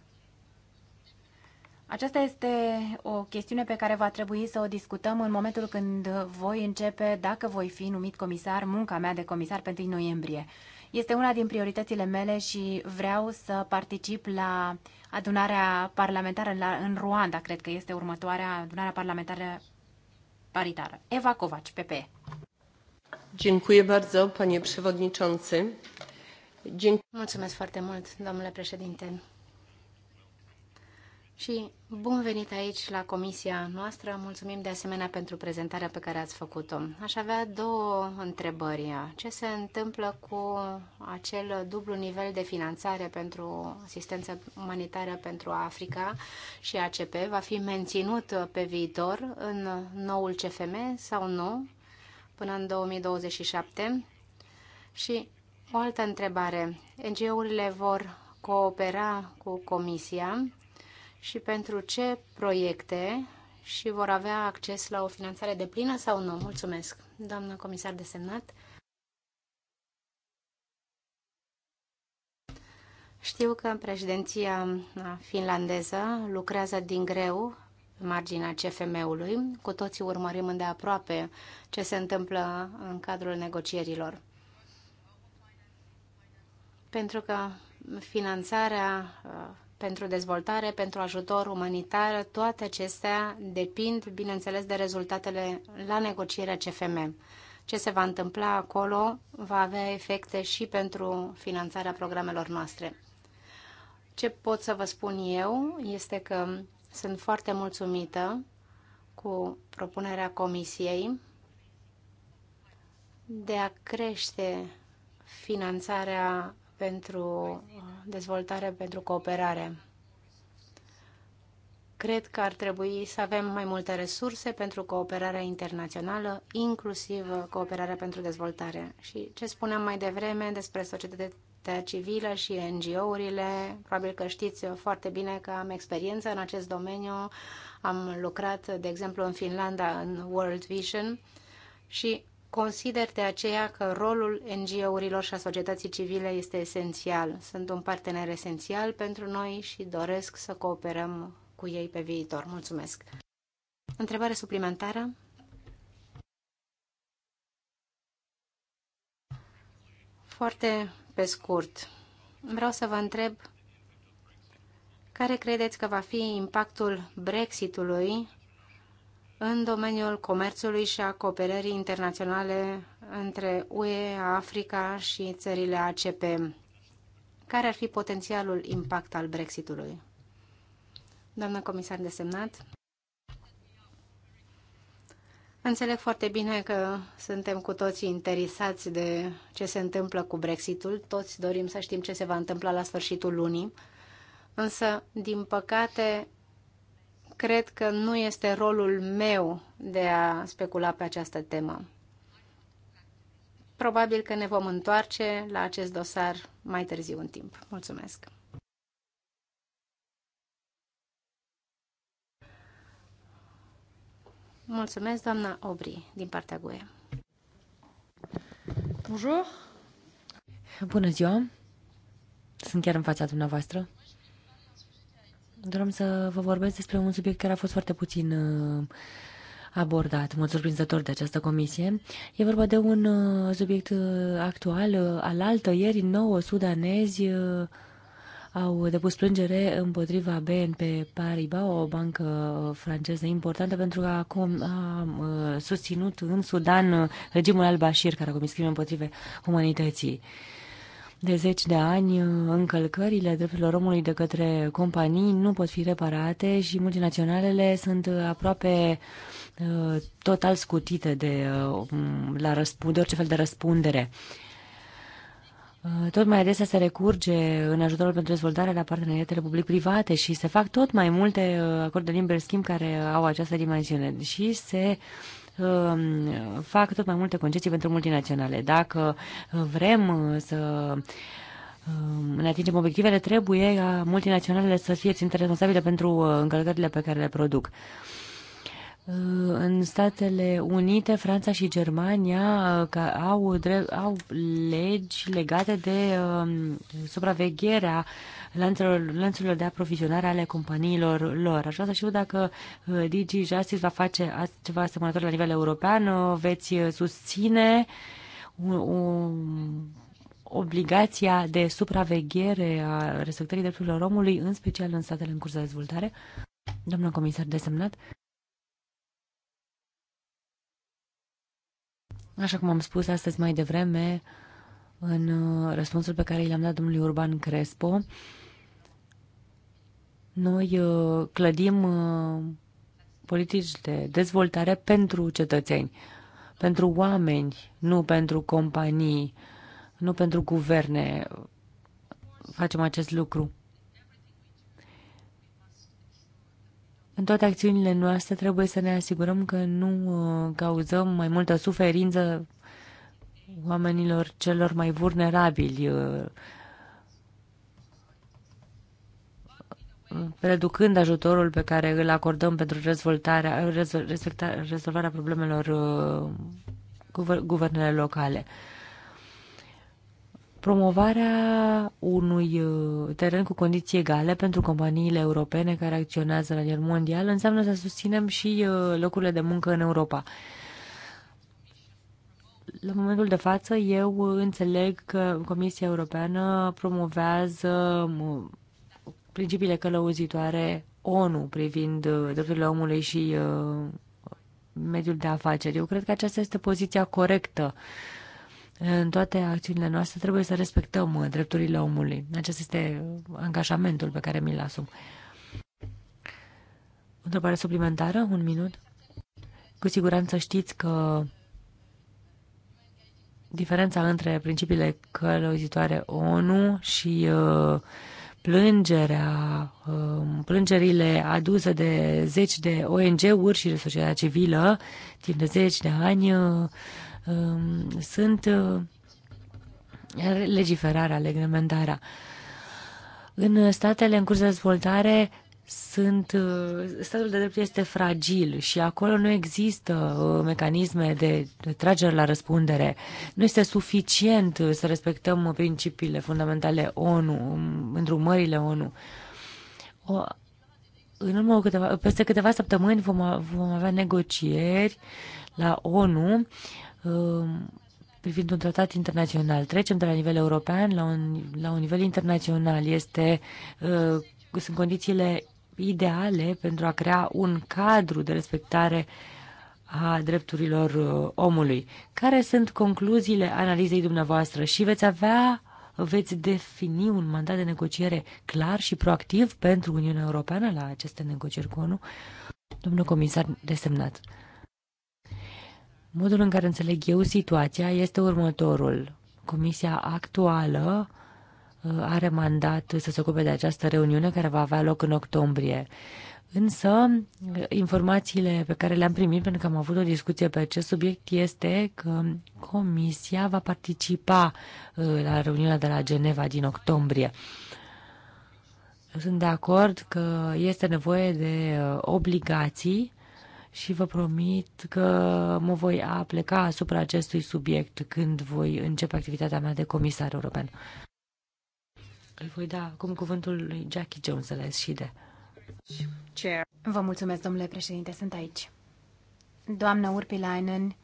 Aceasta este o chestiune pe care va trebui să o discutăm în momentul când voi începe, dacă voi fi numit comisar, munca mea de comisar pentru noiembrie. Este una din prioritățile mele și vreau să particip la adunarea parlamentară în Ruanda, cred că este următoarea adunarea parlamentară paritară. Eva Kovac, PP. Dziękuję bardzo, panie przewodniczący. Mulțumesc foarte mult, domnule președinte și bun venit aici la comisia noastră. Mulțumim de asemenea pentru prezentarea pe care ați făcut-o. Aș avea două întrebări. Ce se întâmplă cu acel dublu nivel de finanțare pentru asistență umanitară pentru Africa și ACP? Va fi menținut pe viitor în noul CFM sau nu până în 2027? Și o altă întrebare. NGO-urile vor coopera cu Comisia și pentru ce proiecte și vor avea acces la o finanțare de plină sau nu? Mulțumesc, doamnă comisar desemnat. Știu că președinția finlandeză lucrează din greu pe marginea CFM-ului. Cu toții urmărim îndeaproape ce se întâmplă în cadrul negocierilor. Pentru că finanțarea pentru dezvoltare, pentru ajutor umanitar, toate acestea depind, bineînțeles, de rezultatele la negocierea CFM. Ce se va întâmpla acolo va avea efecte și pentru finanțarea programelor noastre. Ce pot să vă spun eu este că sunt foarte mulțumită cu propunerea Comisiei de a crește finanțarea pentru dezvoltare, pentru cooperare. Cred că ar trebui să avem mai multe resurse pentru cooperarea internațională, inclusiv cooperarea pentru dezvoltare. Și ce spuneam mai devreme despre societatea civilă și NGO-urile, probabil că știți foarte bine că am experiență în acest domeniu. Am lucrat, de exemplu, în Finlanda, în World Vision și Consider de aceea că rolul NGO-urilor și a societății civile este esențial. Sunt un partener esențial pentru noi și doresc să cooperăm cu ei pe viitor. Mulțumesc! Întrebare suplimentară? Foarte pe scurt, vreau să vă întreb care credeți că va fi impactul Brexitului în domeniul comerțului și a cooperării internaționale între UE, Africa și țările ACP. Care ar fi potențialul impact al Brexitului? Doamnă comisar desemnat, Înțeleg foarte bine că suntem cu toții interesați de ce se întâmplă cu Brexitul. Toți dorim să știm ce se va întâmpla la sfârșitul lunii. Însă, din păcate, cred că nu este rolul meu de a specula pe această temă. Probabil că ne vom întoarce la acest dosar mai târziu în timp. Mulțumesc! Mulțumesc, doamna Obri, din partea GUE. Bonjour! Bună ziua! Sunt chiar în fața dumneavoastră doream să vă vorbesc despre un subiect care a fost foarte puțin uh, abordat, mult surprinzător de această comisie. E vorba de un uh, subiect uh, actual. altă. ieri, nouă sudanezi au depus plângere împotriva BNP Paribas, o bancă franceză importantă, pentru că acum a susținut în Sudan regimul al Bashir, care a comis crime împotriva umanității de zeci de ani, încălcările drepturilor omului de către companii nu pot fi reparate și multinaționalele sunt aproape uh, total scutite de, uh, la răspund, de orice fel de răspundere. Uh, tot mai adesea se recurge în ajutorul pentru dezvoltare la parteneriatele public-private și se fac tot mai multe acorduri de liber schimb care au această dimensiune și se uh, Um, fac tot mai multe concesii pentru multinaționale. Dacă vrem uh, să um, ne atingem obiectivele, trebuie ca multinaționalele să fie ținte responsabile pentru uh, încălcările pe care le produc. Uh, în Statele Unite, Franța și Germania uh, au, au legi legate de um, supravegherea lanțurilor, lanțurilor de aprovizionare ale companiilor lor. Aș vrea să știu dacă uh, Digi Justice va face ceva asemănător la nivel european. Veți susține o obligația de supraveghere a respectării drepturilor omului, în special în statele în curs de dezvoltare? domnul comisar desemnat, Așa cum am spus astăzi mai devreme, în uh, răspunsul pe care i l-am dat domnului Urban Crespo, noi uh, clădim uh, politici de dezvoltare pentru cetățeni, pentru oameni, nu pentru companii, nu pentru guverne. Facem acest lucru. În toate acțiunile noastre trebuie să ne asigurăm că nu uh, cauzăm mai multă suferință oamenilor celor mai vulnerabili, uh, reducând ajutorul pe care îl acordăm pentru rezolvarea, rezolvarea problemelor uh, guvernele locale promovarea unui uh, teren cu condiții egale pentru companiile europene care acționează la nivel mondial înseamnă să susținem și uh, locurile de muncă în Europa. La momentul de față, eu înțeleg că Comisia Europeană promovează uh, principiile călăuzitoare ONU privind drepturile omului și mediul de afaceri. Eu cred că aceasta este poziția corectă uh, în toate acțiunile noastre trebuie să respectăm uh, drepturile omului. Acesta este uh, angajamentul pe care mi-l asum. întrebare suplimentară? Un minut? Cu siguranță știți că diferența între principiile călăuzitoare ONU și uh, plângerea, um, plângerile aduse de zeci de ONG-uri și de societatea civilă timp de zeci de ani Ehm, sunt eh, legiferarea, reglementarea. În statele în curs de dezvoltare sunt, eh, statul de drept este fragil și acolo nu există eh, mecanisme de tragere la răspundere. Nu este suficient să respectăm principiile fundamentale ONU, îndrumările ONU. O, în urmă câteva, peste câteva săptămâni vom, vom avea negocieri la ONU Um, privind un tratat internațional. Trecem de la nivel european la un, la un nivel internațional. Este, uh, sunt condițiile ideale pentru a crea un cadru de respectare a drepturilor uh, omului. Care sunt concluziile analizei dumneavoastră și veți avea veți defini un mandat de negociere clar și proactiv pentru Uniunea Europeană la aceste negocieri cu ONU? Domnul comisar desemnat. Modul în care înțeleg eu situația este următorul. Comisia actuală uh, are mandat să se ocupe de această reuniune care va avea loc în octombrie. Însă, uh, informațiile pe care le-am primit, pentru că am avut o discuție pe acest subiect, este că Comisia va participa uh, la reuniunea de la Geneva din octombrie. Sunt de acord că este nevoie de obligații și vă promit că mă voi apleca asupra acestui subiect când voi începe activitatea mea de comisar european. Îl voi da acum cuvântul lui Jackie Jones de la SHIDE. Chair. Vă mulțumesc, domnule președinte, sunt aici. Doamna Urpilainen,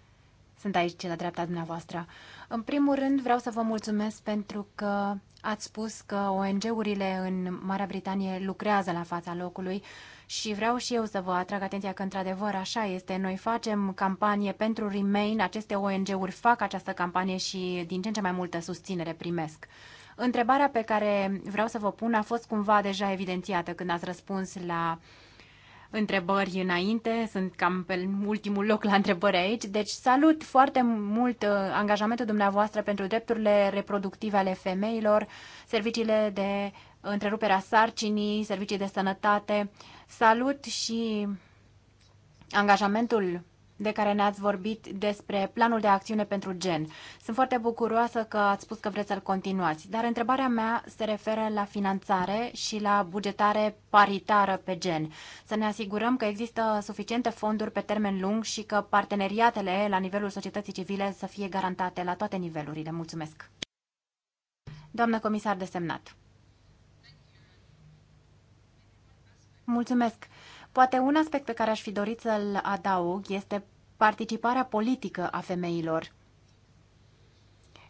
sunt aici la dreapta dumneavoastră. În primul rând vreau să vă mulțumesc pentru că ați spus că ONG-urile în Marea Britanie lucrează la fața locului și vreau și eu să vă atrag atenția că într-adevăr așa este. Noi facem campanie pentru Remain, aceste ONG-uri fac această campanie și din ce în ce mai multă susținere primesc. Întrebarea pe care vreau să vă pun a fost cumva deja evidențiată când ați răspuns la întrebări înainte, sunt cam pe ultimul loc la întrebări aici, deci salut foarte mult uh, angajamentul dumneavoastră pentru drepturile reproductive ale femeilor, serviciile de întreruperea sarcinii, servicii de sănătate, Salut și angajamentul de care ne-ați vorbit despre planul de acțiune pentru gen. Sunt foarte bucuroasă că ați spus că vreți să-l continuați, dar întrebarea mea se referă la finanțare și la bugetare paritară pe gen. Să ne asigurăm că există suficiente fonduri pe termen lung și că parteneriatele la nivelul societății civile să fie garantate la toate nivelurile. Mulțumesc! Doamnă comisar desemnat! Mulțumesc. Poate un aspect pe care aș fi dorit să-l adaug este participarea politică a femeilor.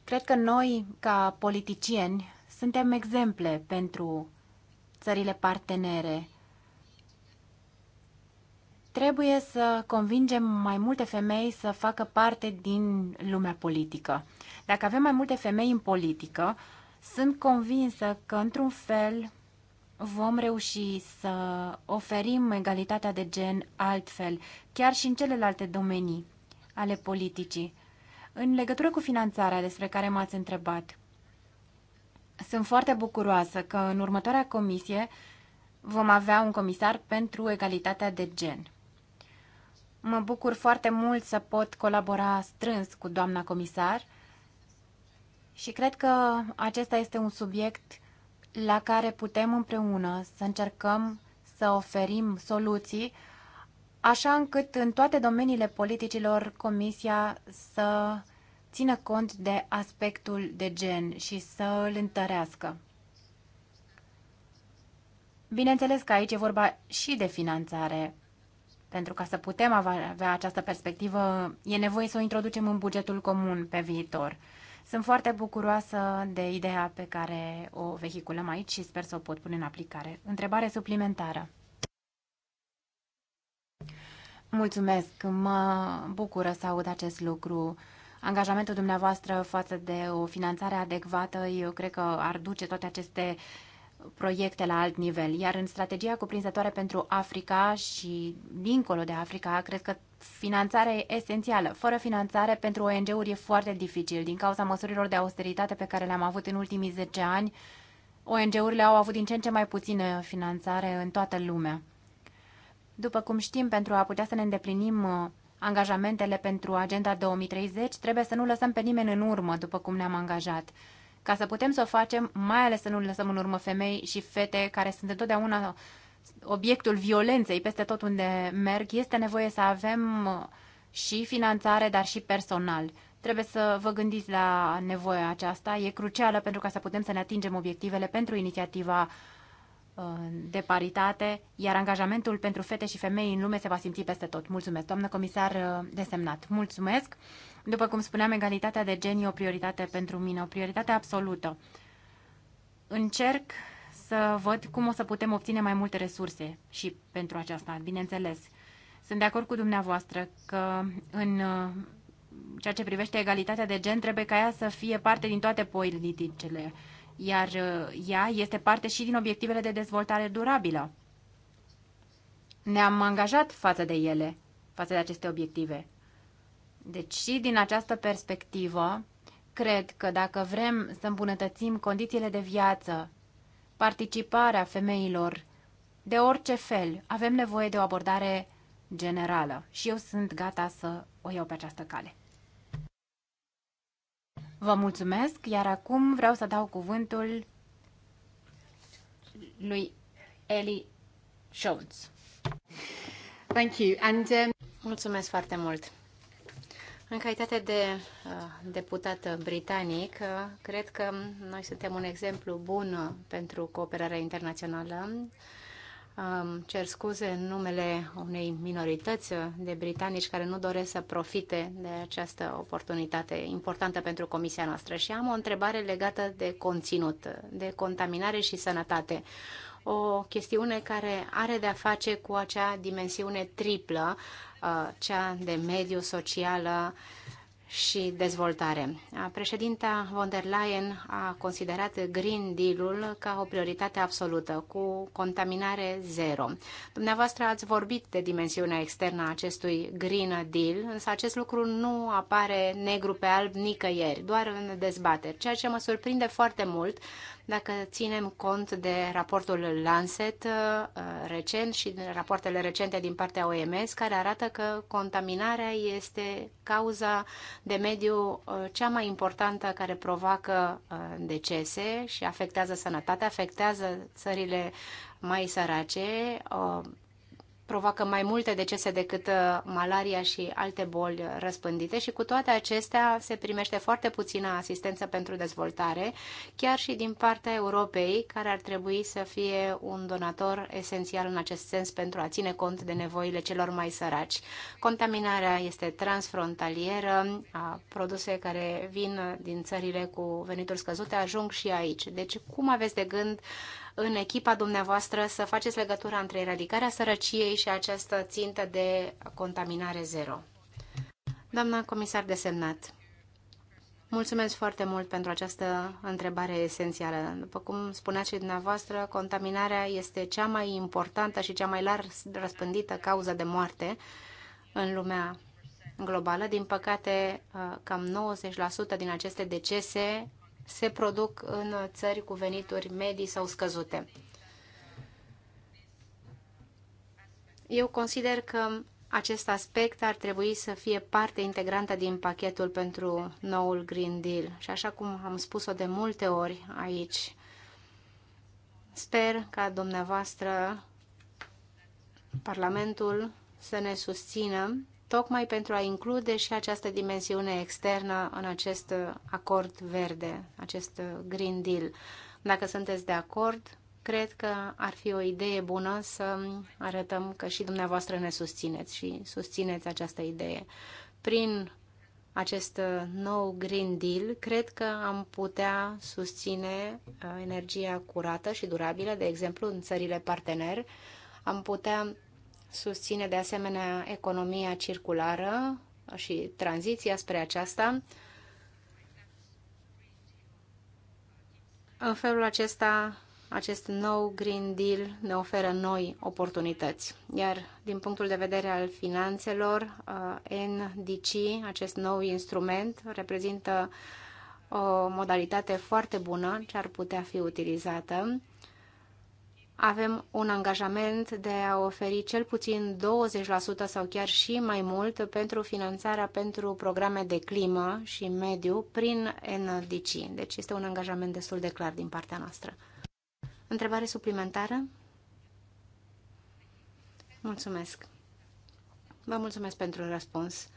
Cred că noi, ca politicieni, suntem exemple pentru țările partenere. Trebuie să convingem mai multe femei să facă parte din lumea politică. Dacă avem mai multe femei în politică, sunt convinsă că, într-un fel, vom reuși să oferim egalitatea de gen altfel, chiar și în celelalte domenii ale politicii. În legătură cu finanțarea despre care m-ați întrebat, sunt foarte bucuroasă că în următoarea comisie vom avea un comisar pentru egalitatea de gen. Mă bucur foarte mult să pot colabora strâns cu doamna comisar și cred că acesta este un subiect la care putem împreună să încercăm să oferim soluții, așa încât în toate domeniile politicilor Comisia să țină cont de aspectul de gen și să îl întărească. Bineînțeles că aici e vorba și de finanțare. Pentru ca să putem avea această perspectivă, e nevoie să o introducem în bugetul comun pe viitor. Sunt foarte bucuroasă de ideea pe care o vehiculăm aici și sper să o pot pune în aplicare. Întrebare suplimentară. Mulțumesc, mă bucură să aud acest lucru. Angajamentul dumneavoastră față de o finanțare adecvată, eu cred că ar duce toate aceste uh, proiecte la alt nivel. Iar în strategia cuprinzătoare pentru Africa și dincolo de Africa, cred că finanțarea e esențială. Fără finanțare pentru ONG-uri e foarte dificil. Din cauza măsurilor de austeritate pe care le-am avut în ultimii 10 ani, ONG-urile au avut din ce în ce mai puțină finanțare în toată lumea. După cum știm, pentru a putea să ne îndeplinim uh, angajamentele pentru Agenda 2030, trebuie să nu lăsăm pe nimeni în urmă, după cum ne-am angajat. Ca să putem să o facem, mai ales să nu lăsăm în urmă femei și fete care sunt întotdeauna obiectul violenței peste tot unde merg, este nevoie să avem uh, și finanțare, dar și personal. Trebuie să vă gândiți la nevoia aceasta. E crucială pentru ca să putem să ne atingem obiectivele pentru inițiativa uh, de paritate, iar angajamentul pentru fete și femei în lume se va simți peste tot. Mulțumesc, doamnă comisar uh, desemnat. Mulțumesc! După cum spuneam, egalitatea de gen e o prioritate pentru mine, o prioritate absolută. Încerc să văd cum o să putem obține mai multe resurse și pentru aceasta, bineînțeles. Sunt de acord cu dumneavoastră că în uh, ceea ce privește egalitatea de gen trebuie ca ea să fie parte din toate politicele, iar uh, ea este parte și din obiectivele de dezvoltare durabilă. Ne-am angajat față de ele, față de aceste obiective. Deci și din această perspectivă, cred că dacă vrem să îmbunătățim condițiile de viață, participarea femeilor, de orice fel, avem nevoie de o abordare generală și eu sunt gata să o iau pe această cale. Vă mulțumesc, iar acum vreau să dau cuvântul lui Eli Jones. Thank you. And, um... Mulțumesc foarte mult. În calitate de uh, deputat britanic, uh, cred că noi suntem un exemplu bun pentru cooperarea internațională. Uh, cer scuze în numele unei minorități de britanici care nu doresc să profite de această oportunitate importantă pentru comisia noastră. Și am o întrebare legată de conținut, de contaminare și sănătate. Uh, o chestiune care are de-a face cu acea dimensiune triplă, uh, cea de mediu, socială și dezvoltare. Președinta von der Leyen a considerat Green Deal-ul ca o prioritate absolută, cu contaminare zero. Dumneavoastră ați vorbit de dimensiunea externă a acestui Green Deal, însă acest lucru nu apare negru pe alb nicăieri, doar în dezbateri, ceea ce mă surprinde foarte mult, dacă ținem cont de raportul Lancet uh, recent și de rapoartele recente din partea OMS, care arată că contaminarea este cauza de mediu uh, cea mai importantă care provoacă uh, decese și afectează sănătatea, afectează țările mai sărace, provoacă mai multe decese decât uh, malaria și alte boli răspândite și cu toate acestea se primește foarte puțină asistență pentru dezvoltare, chiar și din partea Europei, care ar trebui să fie un donator esențial în acest sens pentru a ține cont de nevoile celor mai săraci. Contaminarea este transfrontalieră, a produse care vin din țările cu venituri scăzute ajung și aici. Deci cum aveți de gând în echipa dumneavoastră să faceți legătura între eradicarea sărăciei și această țintă de contaminare zero. Doamna comisar desemnat, mulțumesc foarte mult pentru această întrebare esențială. După cum spuneați și dumneavoastră, contaminarea este cea mai importantă și cea mai larg răspândită cauză de moarte în lumea globală. Din păcate, cam 90% din aceste decese se produc în țări cu venituri medii sau scăzute. Eu consider că acest aspect ar trebui să fie parte integrantă din pachetul pentru noul Green Deal. Și așa cum am spus-o de multe ori aici, sper ca dumneavoastră Parlamentul să ne susțină tocmai pentru a include și această dimensiune externă în acest acord verde, acest Green Deal. Dacă sunteți de acord, cred că ar fi o idee bună să arătăm că și dumneavoastră ne susțineți și susțineți această idee. Prin acest nou Green Deal, cred că am putea susține uh, energia curată și durabilă, de exemplu, în țările partener, am putea susține de asemenea economia circulară și tranziția spre aceasta. În felul acesta, acest nou Green Deal ne oferă noi oportunități. Iar din punctul de vedere al finanțelor, uh, NDC, acest nou instrument, reprezintă o modalitate foarte bună ce ar putea fi utilizată avem un angajament de a oferi cel puțin 20% sau chiar și mai mult pentru finanțarea pentru programe de climă și mediu prin NDC. Deci este un angajament destul de clar din partea noastră. Întrebare suplimentară? Mulțumesc. Vă mulțumesc pentru răspuns.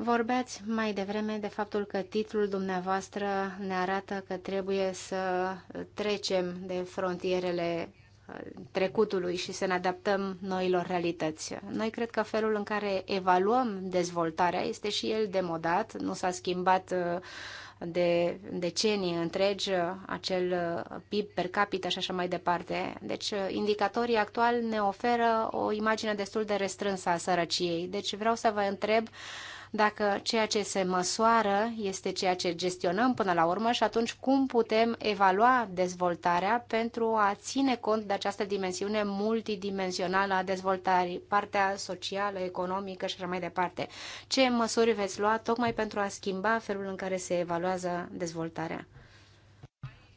Vorbeați mai devreme de faptul că titlul dumneavoastră ne arată că trebuie să trecem de frontierele uh, trecutului și să ne adaptăm noilor realități. Noi cred că felul în care evaluăm dezvoltarea este și el demodat, nu s-a schimbat uh, de decenii întregi uh, acel PIB per capita și așa mai departe. Deci indicatorii actuali ne oferă o imagine destul de restrânsă a sărăciei. Deci vreau să vă întreb uh, dacă ceea ce se măsoară este ceea ce gestionăm până la urmă și atunci cum putem evalua dezvoltarea pentru a ține cont de această dimensiune multidimensională a dezvoltării, partea socială, economică și așa mai departe. Ce măsuri veți lua tocmai pentru a schimba felul în care se evaluează dezvoltarea?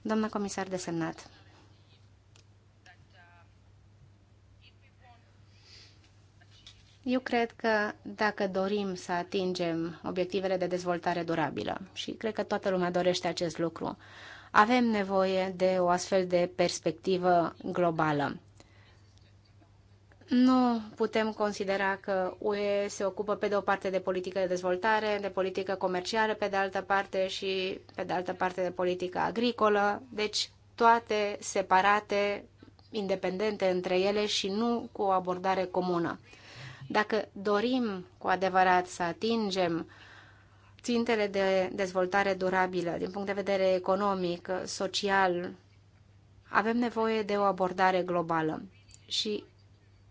Doamna comisar desemnat. Eu cred că dacă dorim să atingem obiectivele de dezvoltare durabilă, și cred că toată lumea dorește acest lucru, avem nevoie de o astfel de perspectivă globală. Nu putem considera că UE se ocupă pe de o parte de politică de dezvoltare, de politică comercială pe de altă parte și pe de altă parte de politică agricolă, deci toate separate, independente între ele și nu cu o abordare comună. Dacă dorim cu adevărat să atingem țintele de dezvoltare durabilă din punct de vedere economic, social, avem nevoie de o abordare globală. Și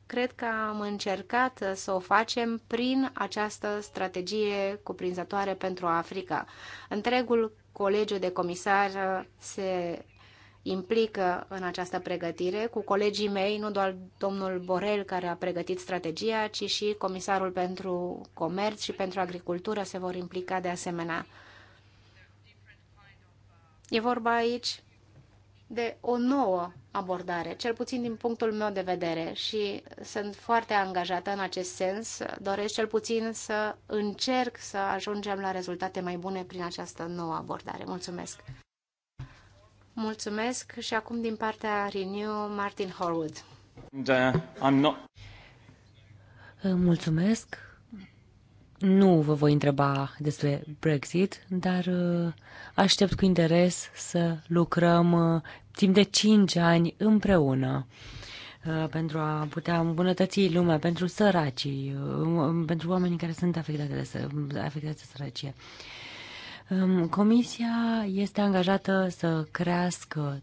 cred că am încercat să o facem prin această strategie cuprinzătoare pentru Africa. Întregul colegiu de comisar se implică în această pregătire, cu colegii mei, nu doar domnul Borel care a pregătit strategia, ci și comisarul pentru comerț și pentru agricultură se vor implica de asemenea. E vorba aici de o nouă abordare, cel puțin din punctul meu de vedere și sunt foarte angajată în acest sens. Doresc cel puțin să încerc să ajungem la rezultate mai bune prin această nouă abordare. Mulțumesc! Mulțumesc și acum din partea Renew, Martin Horwood. And, uh, I'm not... Mulțumesc. Nu vă voi întreba despre Brexit, dar uh, aștept cu interes să lucrăm uh, timp de 5 ani împreună uh, pentru a putea îmbunătăți lumea pentru săracii, pentru oamenii care sunt afectați de, afectați de sărăcie. Comisia este angajată să crească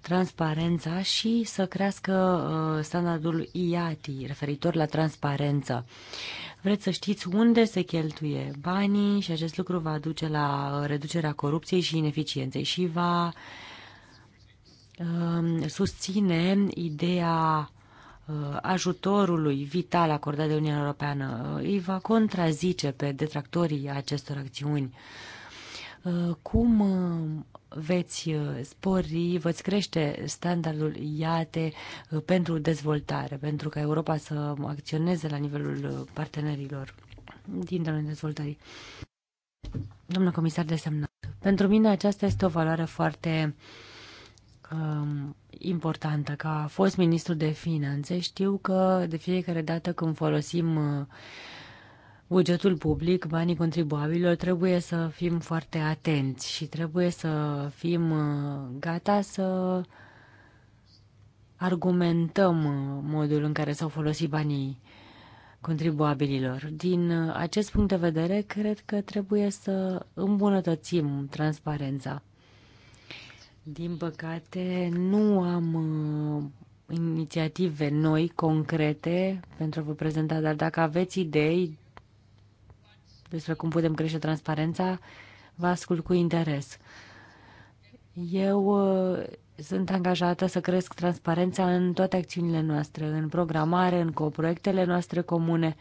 transparența și să crească uh, standardul IATI referitor la transparență. Vreți să știți unde se cheltuie banii și acest lucru va duce la uh, reducerea corupției și ineficienței și va um, susține ideea Uh, ajutorului vital acordat de Uniunea Europeană uh, îi va contrazice pe detractorii acestor acțiuni. Uh, cum veți spori, veți crește standardul IATE pentru dezvoltare, pentru ca Europa să acționeze la nivelul partenerilor din domeniul dezvoltării? Domnul comisar de desemnat, pentru mine aceasta este o valoare foarte um, importantă. Ca fost ministru de finanțe, știu că de fiecare dată când folosim uh, bugetul public, banii contribuabililor, trebuie să fim foarte atenți și trebuie să fim uh, gata să argumentăm uh, modul în care s-au folosit banii contribuabililor. Din uh, acest punct de vedere, cred că trebuie să îmbunătățim transparența. Din păcate, nu am uh, inițiative noi, concrete, pentru a vă prezenta, dar dacă aveți idei despre cum putem crește transparența, vă ascult cu interes. Eu uh, sunt angajată să cresc transparența în toate acțiunile noastre, în programare, în coproiectele noastre comune,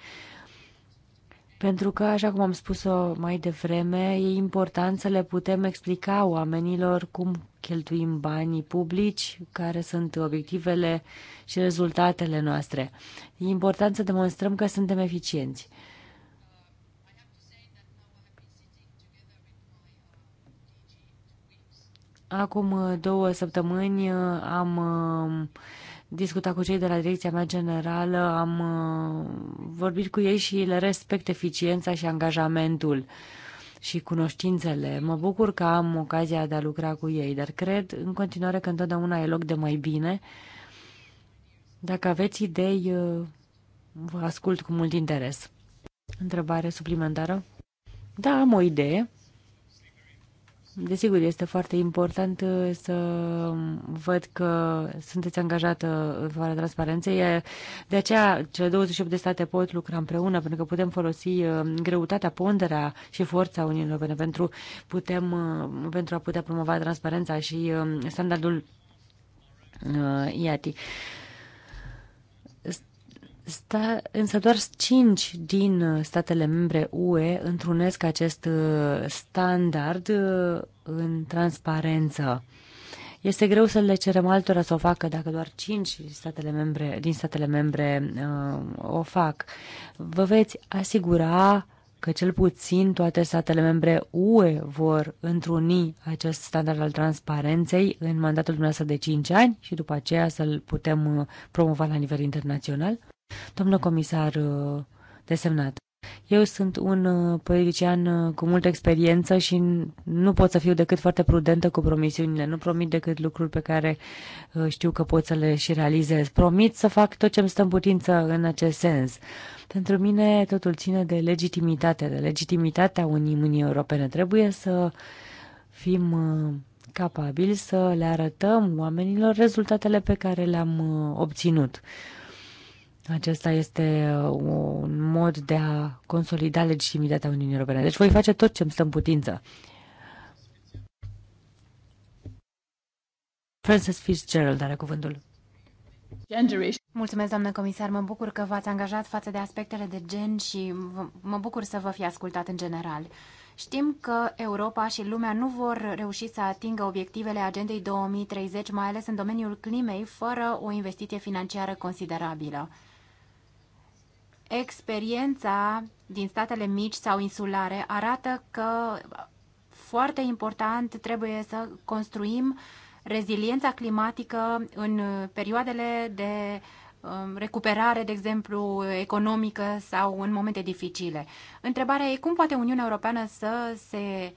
pentru că, așa cum am spus-o mai devreme, e important să le putem explica oamenilor cum cheltuim banii publici, care sunt obiectivele și rezultatele noastre. E important să demonstrăm că suntem eficienți. Acum două săptămâni am uh, discutat cu cei de la direcția mea generală, am uh, vorbit cu ei și le respect eficiența și angajamentul și cunoștințele. Mă bucur că am ocazia de a lucra cu ei, dar cred în continuare că întotdeauna e loc de mai bine. Dacă aveți idei, uh, vă ascult cu mult interes. Întrebare suplimentară? Da, am o idee. Desigur, este foarte important uh, să văd că sunteți angajată în favoarea transparenței. De aceea, cele 28 de state pot lucra împreună, pentru că putem folosi uh, greutatea, ponderea și forța Uniunii Europene pentru, putem, uh, pentru a putea promova transparența și um, standardul IATI. Sta, însă doar 5 din uh, statele membre UE întrunesc acest uh, standard uh, în transparență. Este greu să le cerem altora să o facă dacă doar 5 statele membre, din statele membre uh, o fac. Vă veți asigura că cel puțin toate statele membre UE vor întruni acest standard al transparenței în mandatul dumneavoastră de 5 ani și după aceea să-l putem promova la nivel internațional? Domnul comisar uh, desemnat, eu sunt un uh, politician uh, cu multă experiență și nu pot să fiu decât foarte prudentă cu promisiunile. Nu promit decât lucruri pe care știu că pot să le și realizez. Promit să fac tot ce-mi stă în putință în acest sens. Pentru mine totul ține de legitimitate, de legitimitatea Uniunii Europene. Trebuie să fim capabili să le arătăm oamenilor rezultatele pe care le-am obținut. Acesta este uh, un mod de a consolida legitimitatea Uniunii Europene. Deci voi face tot ce îmi stă în putință. Frances Fitzgerald are cuvântul. Mulțumesc, doamnă comisar. Mă bucur că v-ați angajat față de aspectele de gen și mă bucur să vă fi ascultat în general. Știm că Europa și lumea nu vor reuși să atingă obiectivele Agendei 2030, mai ales în domeniul climei, fără o investiție financiară considerabilă. Experiența din statele mici sau insulare arată că foarte important trebuie să construim reziliența climatică în perioadele de um, recuperare, de exemplu, economică sau în momente dificile. Întrebarea e cum poate Uniunea Europeană să se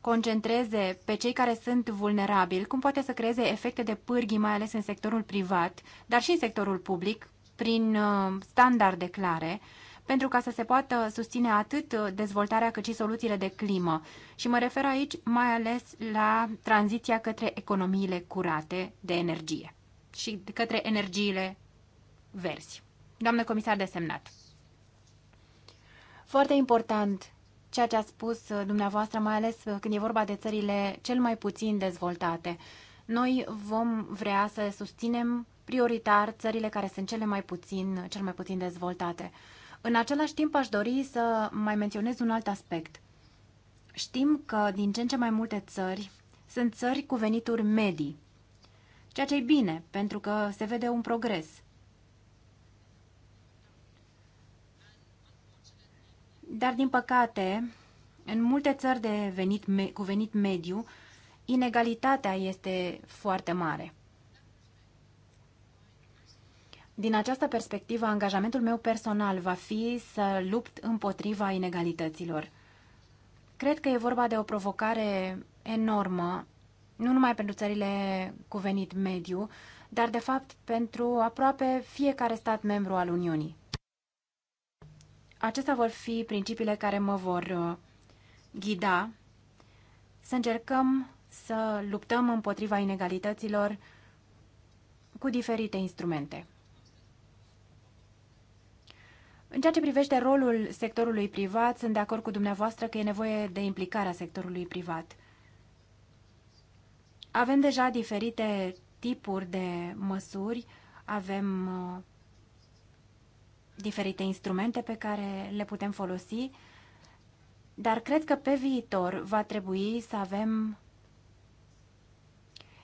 concentreze pe cei care sunt vulnerabili, cum poate să creeze efecte de pârghii, mai ales în sectorul privat, dar și în sectorul public, prin uh, standarde clare pentru ca să se poată susține atât uh, dezvoltarea cât și soluțiile de climă. Și mă refer aici mai ales la tranziția către economiile curate de energie și către energiile verzi. Doamnă comisar desemnat. Foarte important ceea ce a spus uh, dumneavoastră, mai ales când e vorba de țările cel mai puțin dezvoltate. Noi vom vrea să susținem prioritar țările care sunt cele mai puțin, cel mai puțin dezvoltate. În același timp aș dori să mai menționez un alt aspect. Știm că din ce în ce mai multe țări sunt țări cu venituri medii, ceea ce e bine, pentru că se vede un progres. Dar, din păcate, în multe țări de venit, cu venit mediu, inegalitatea este foarte mare. Din această perspectivă, angajamentul meu personal va fi să lupt împotriva inegalităților. Cred că e vorba de o provocare enormă, nu numai pentru țările cu venit mediu, dar de fapt pentru aproape fiecare stat membru al Uniunii. Acestea vor fi principiile care mă vor uh, ghida să încercăm să luptăm împotriva inegalităților cu diferite instrumente. În ceea ce privește rolul sectorului privat, sunt de acord cu dumneavoastră că e nevoie de implicarea sectorului privat. Avem deja diferite tipuri de măsuri, avem uh, diferite instrumente pe care le putem folosi, dar cred că pe viitor va trebui să avem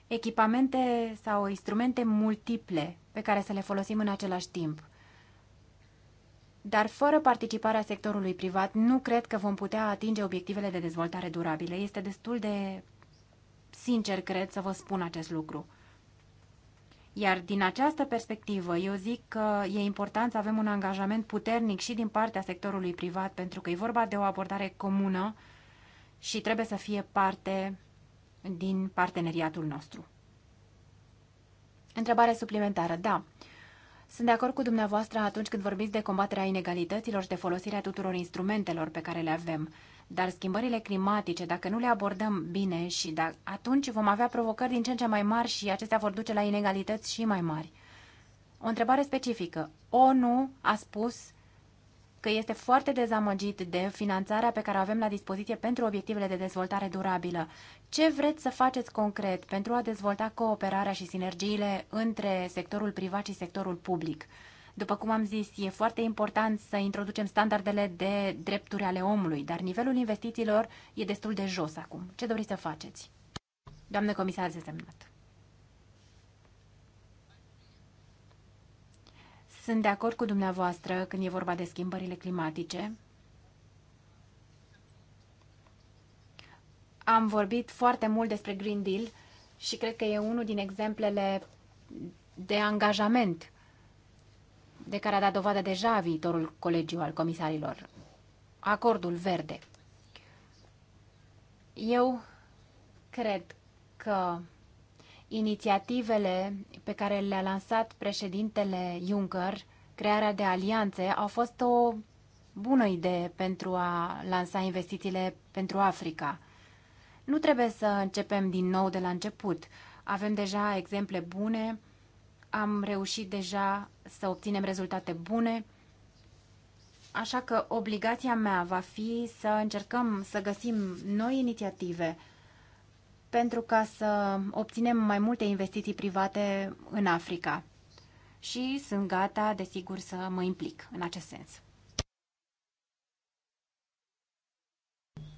echipamente sau instrumente multiple pe care să le folosim în același timp dar fără participarea sectorului privat nu cred că vom putea atinge obiectivele de dezvoltare durabile. Este destul de sincer, cred, să vă spun acest lucru. Iar din această perspectivă, eu zic că e important să avem un angajament puternic și din partea sectorului privat, pentru că e vorba de o abordare comună și trebuie să fie parte din parteneriatul nostru. Întrebare suplimentară. Da, sunt de acord cu dumneavoastră atunci când vorbiți de combaterea inegalităților și de folosirea tuturor instrumentelor pe care le avem. Dar schimbările climatice, dacă nu le abordăm bine și da, atunci vom avea provocări din ce în ce mai mari și acestea vor duce la inegalități și mai mari. O întrebare specifică. ONU a spus că este foarte dezamăgit de finanțarea pe care o avem la dispoziție pentru obiectivele de dezvoltare durabilă. Ce vreți să faceți concret pentru a dezvolta cooperarea și sinergiile între sectorul privat și sectorul public? După cum am zis, e foarte important să introducem standardele de drepturi ale omului, dar nivelul investițiilor e destul de jos acum. Ce doriți să faceți? Doamne comisar desemnat. Sunt de acord cu dumneavoastră când e vorba de schimbările climatice. Am vorbit foarte mult despre Green Deal și cred că e unul din exemplele de angajament de care a dat dovadă deja viitorul colegiu al comisarilor. Acordul verde. Eu cred că inițiativele pe care le-a lansat președintele Juncker, crearea de alianțe, au fost o bună idee pentru a lansa investițiile pentru Africa. Nu trebuie să începem din nou de la început. Avem deja exemple bune, am reușit deja să obținem rezultate bune, așa că obligația mea va fi să încercăm să găsim noi inițiative pentru ca să obținem mai multe investiții private în Africa. Și sunt gata, desigur, să mă implic în acest sens.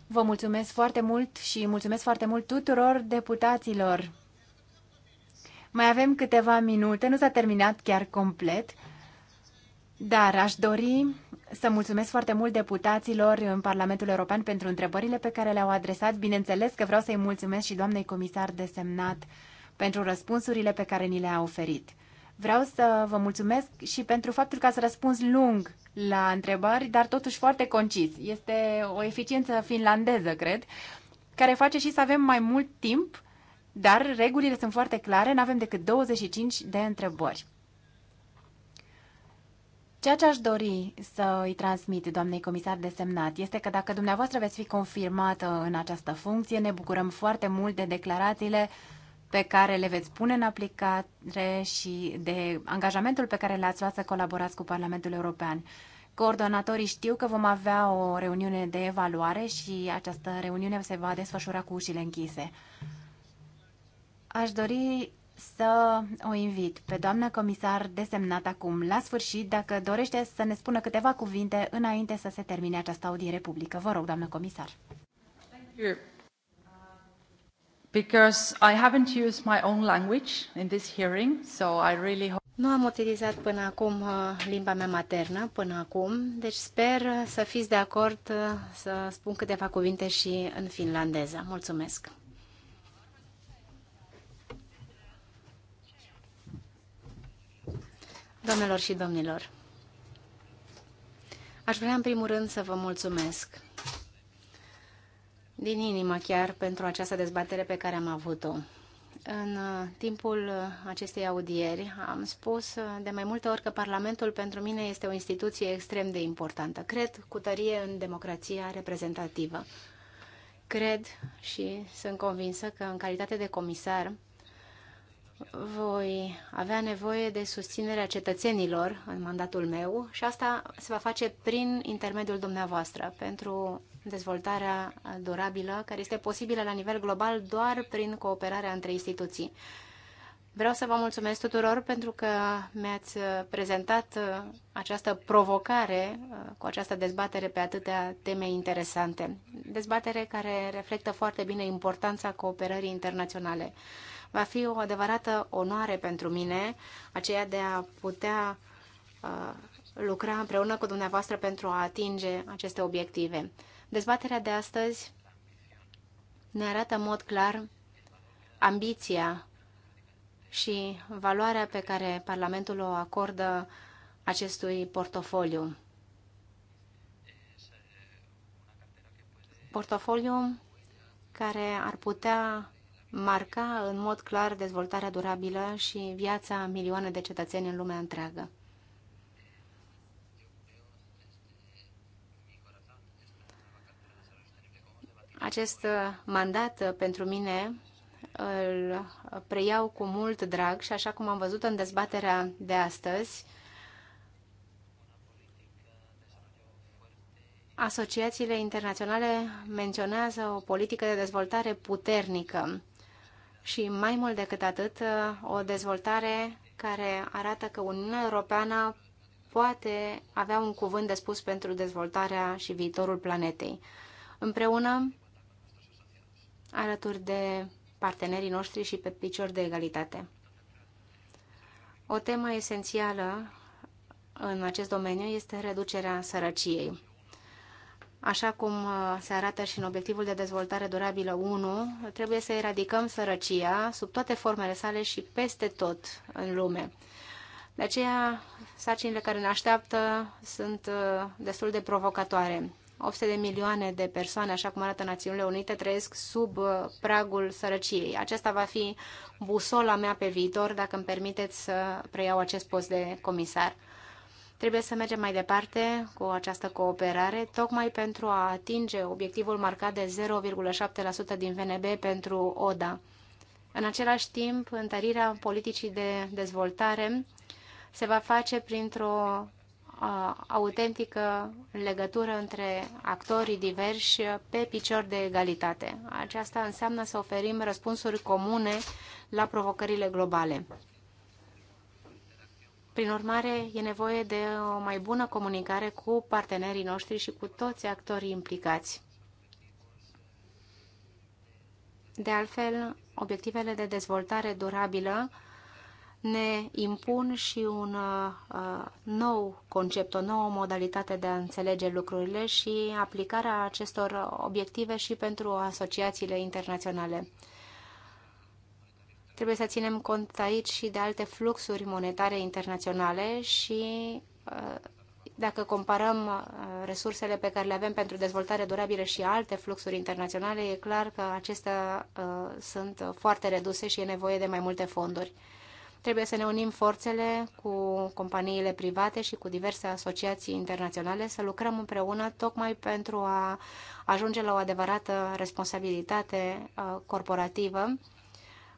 Vă mulțumesc foarte mult și mulțumesc foarte mult tuturor deputaților. Mai avem câteva minute, nu s-a terminat chiar complet. Dar aș dori să mulțumesc foarte mult deputaților în Parlamentul European pentru întrebările pe care le-au adresat. Bineînțeles că vreau să-i mulțumesc și doamnei comisar desemnat pentru răspunsurile pe care ni le-a oferit. Vreau să vă mulțumesc și pentru faptul că ați răspuns lung la întrebări, dar totuși foarte concis. Este o eficiență finlandeză, cred, care face și să avem mai mult timp, dar regulile sunt foarte clare, nu avem decât 25 de întrebări. Ceea ce aș dori să îi transmit doamnei comisar de semnat, este că dacă dumneavoastră veți fi confirmată în această funcție, ne bucurăm foarte mult de declarațiile pe care le veți pune în aplicare și de angajamentul pe care l-ați luat să colaborați cu Parlamentul European. Coordonatorii știu că vom avea o reuniune de evaluare și această reuniune se va desfășura cu ușile închise. Aș dori să o invit pe doamna comisar desemnat acum, la sfârșit, dacă dorește să ne spună câteva cuvinte înainte să se termine această audiere publică. Vă rog, doamna comisar. nu am utilizat până acum uh, limba mea maternă, până acum, deci sper să fiți de acord uh, să spun câteva cuvinte și în finlandeză. Mulțumesc! Doamnelor și domnilor, aș vrea în primul rând să vă mulțumesc din inimă chiar pentru această dezbatere pe care am avut-o. În uh, timpul acestei audieri am spus uh, de mai multe ori că Parlamentul pentru mine este o instituție extrem de importantă. Cred cu tărie în democrația reprezentativă. Cred și sunt convinsă că în calitate de comisar voi avea nevoie de susținerea cetățenilor în mandatul meu și asta se va face prin intermediul dumneavoastră pentru dezvoltarea durabilă, care este posibilă la nivel global doar prin cooperarea între instituții. Vreau să vă mulțumesc tuturor pentru că mi-ați prezentat uh, această provocare uh, cu această dezbatere pe atâtea teme interesante. Dezbatere care reflectă foarte bine importanța cooperării internaționale. Va fi o adevărată onoare pentru mine, aceea de a putea uh, lucra împreună cu dumneavoastră pentru a atinge aceste obiective. Dezbaterea de astăzi ne arată în mod clar ambiția și valoarea pe care Parlamentul o acordă acestui portofoliu. Portofoliu care ar putea marca în mod clar dezvoltarea durabilă și viața a milioane de cetățeni în lumea întreagă. Acest mandat pentru mine îl preiau cu mult drag și așa cum am văzut în dezbaterea de astăzi, asociațiile internaționale menționează o politică de dezvoltare puternică și mai mult decât atât, o dezvoltare care arată că Uniunea Europeană poate avea un cuvânt de spus pentru dezvoltarea și viitorul planetei. Împreună, alături de partenerii noștri și pe picior de egalitate. O temă esențială în acest domeniu este reducerea sărăciei așa cum uh, se arată și în obiectivul de dezvoltare durabilă 1, trebuie să eradicăm sărăcia sub toate formele sale și peste tot în lume. De aceea, sarcinile care ne așteaptă sunt uh, destul de provocatoare. 800 de milioane de persoane, așa cum arată Națiunile Unite, trăiesc sub uh, pragul sărăciei. Acesta va fi busola mea pe viitor, dacă îmi permiteți să preiau acest post de comisar. Trebuie să mergem mai departe cu această cooperare, tocmai pentru a atinge obiectivul marcat de 0,7% din VNB pentru ODA. În același timp, întărirea politicii de dezvoltare se va face printr-o autentică legătură între actorii diversi pe picior de egalitate. Aceasta înseamnă să oferim răspunsuri comune la provocările globale. Prin urmare, e nevoie de o mai bună comunicare cu partenerii noștri și cu toți actorii implicați. De altfel, obiectivele de dezvoltare durabilă ne impun și un uh, nou concept, o nouă modalitate de a înțelege lucrurile și aplicarea acestor obiective și pentru asociațiile internaționale. Trebuie să ținem cont aici și de alte fluxuri monetare internaționale și uh, dacă comparăm uh, resursele pe care le avem pentru dezvoltare durabilă și alte fluxuri internaționale, e clar că acestea uh, sunt foarte reduse și e nevoie de mai multe fonduri. Trebuie să ne unim forțele cu companiile private și cu diverse asociații internaționale, să lucrăm împreună tocmai pentru a ajunge la o adevărată responsabilitate corporativă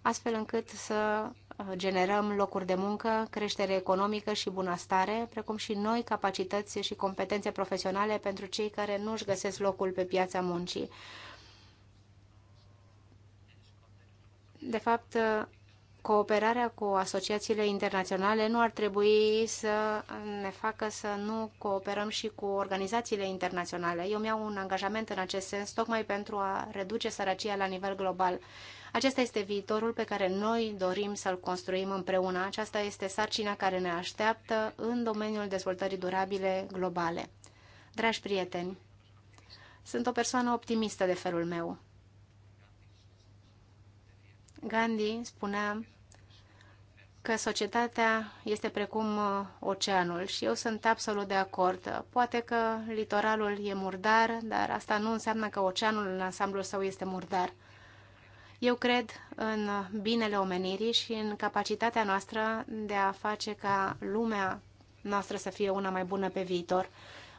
astfel încât să uh, generăm locuri de muncă, creștere economică și bunăstare, precum și noi capacități și competențe profesionale pentru cei care nu își găsesc locul pe piața muncii. De fapt, uh, cooperarea cu asociațiile internaționale nu ar trebui să ne facă să nu cooperăm și cu organizațiile internaționale. Eu mi-au un angajament în acest sens, tocmai pentru a reduce sărăcia la nivel global. Acesta este viitorul pe care noi dorim să-l construim împreună. Aceasta este sarcina care ne așteaptă în domeniul dezvoltării durabile globale. Dragi prieteni, sunt o persoană optimistă de felul meu. Gandhi spunea că societatea este precum uh, oceanul și eu sunt absolut de acord. Poate că litoralul e murdar, dar asta nu înseamnă că oceanul în ansamblul său este murdar. Eu cred în binele omenirii și în capacitatea noastră de a face ca lumea noastră să fie una mai bună pe viitor.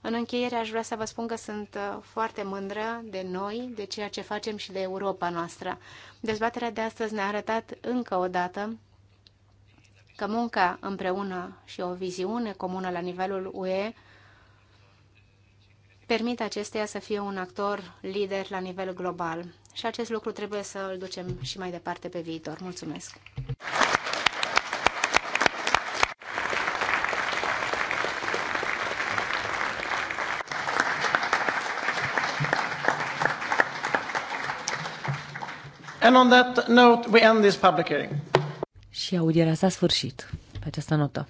În încheiere aș vrea să vă spun că sunt uh, foarte mândră de noi, de ceea ce facem și de Europa noastră. Dezbaterea de astăzi ne-a arătat încă o dată că munca împreună și o viziune comună la nivelul UE permit acesteia să fie un actor lider la nivel global. Și acest lucru trebuie să îl ducem și mai departe pe viitor. Mulțumesc! And on that note, we end this public hearing. Și audierea s-a sfârșit pe această notă.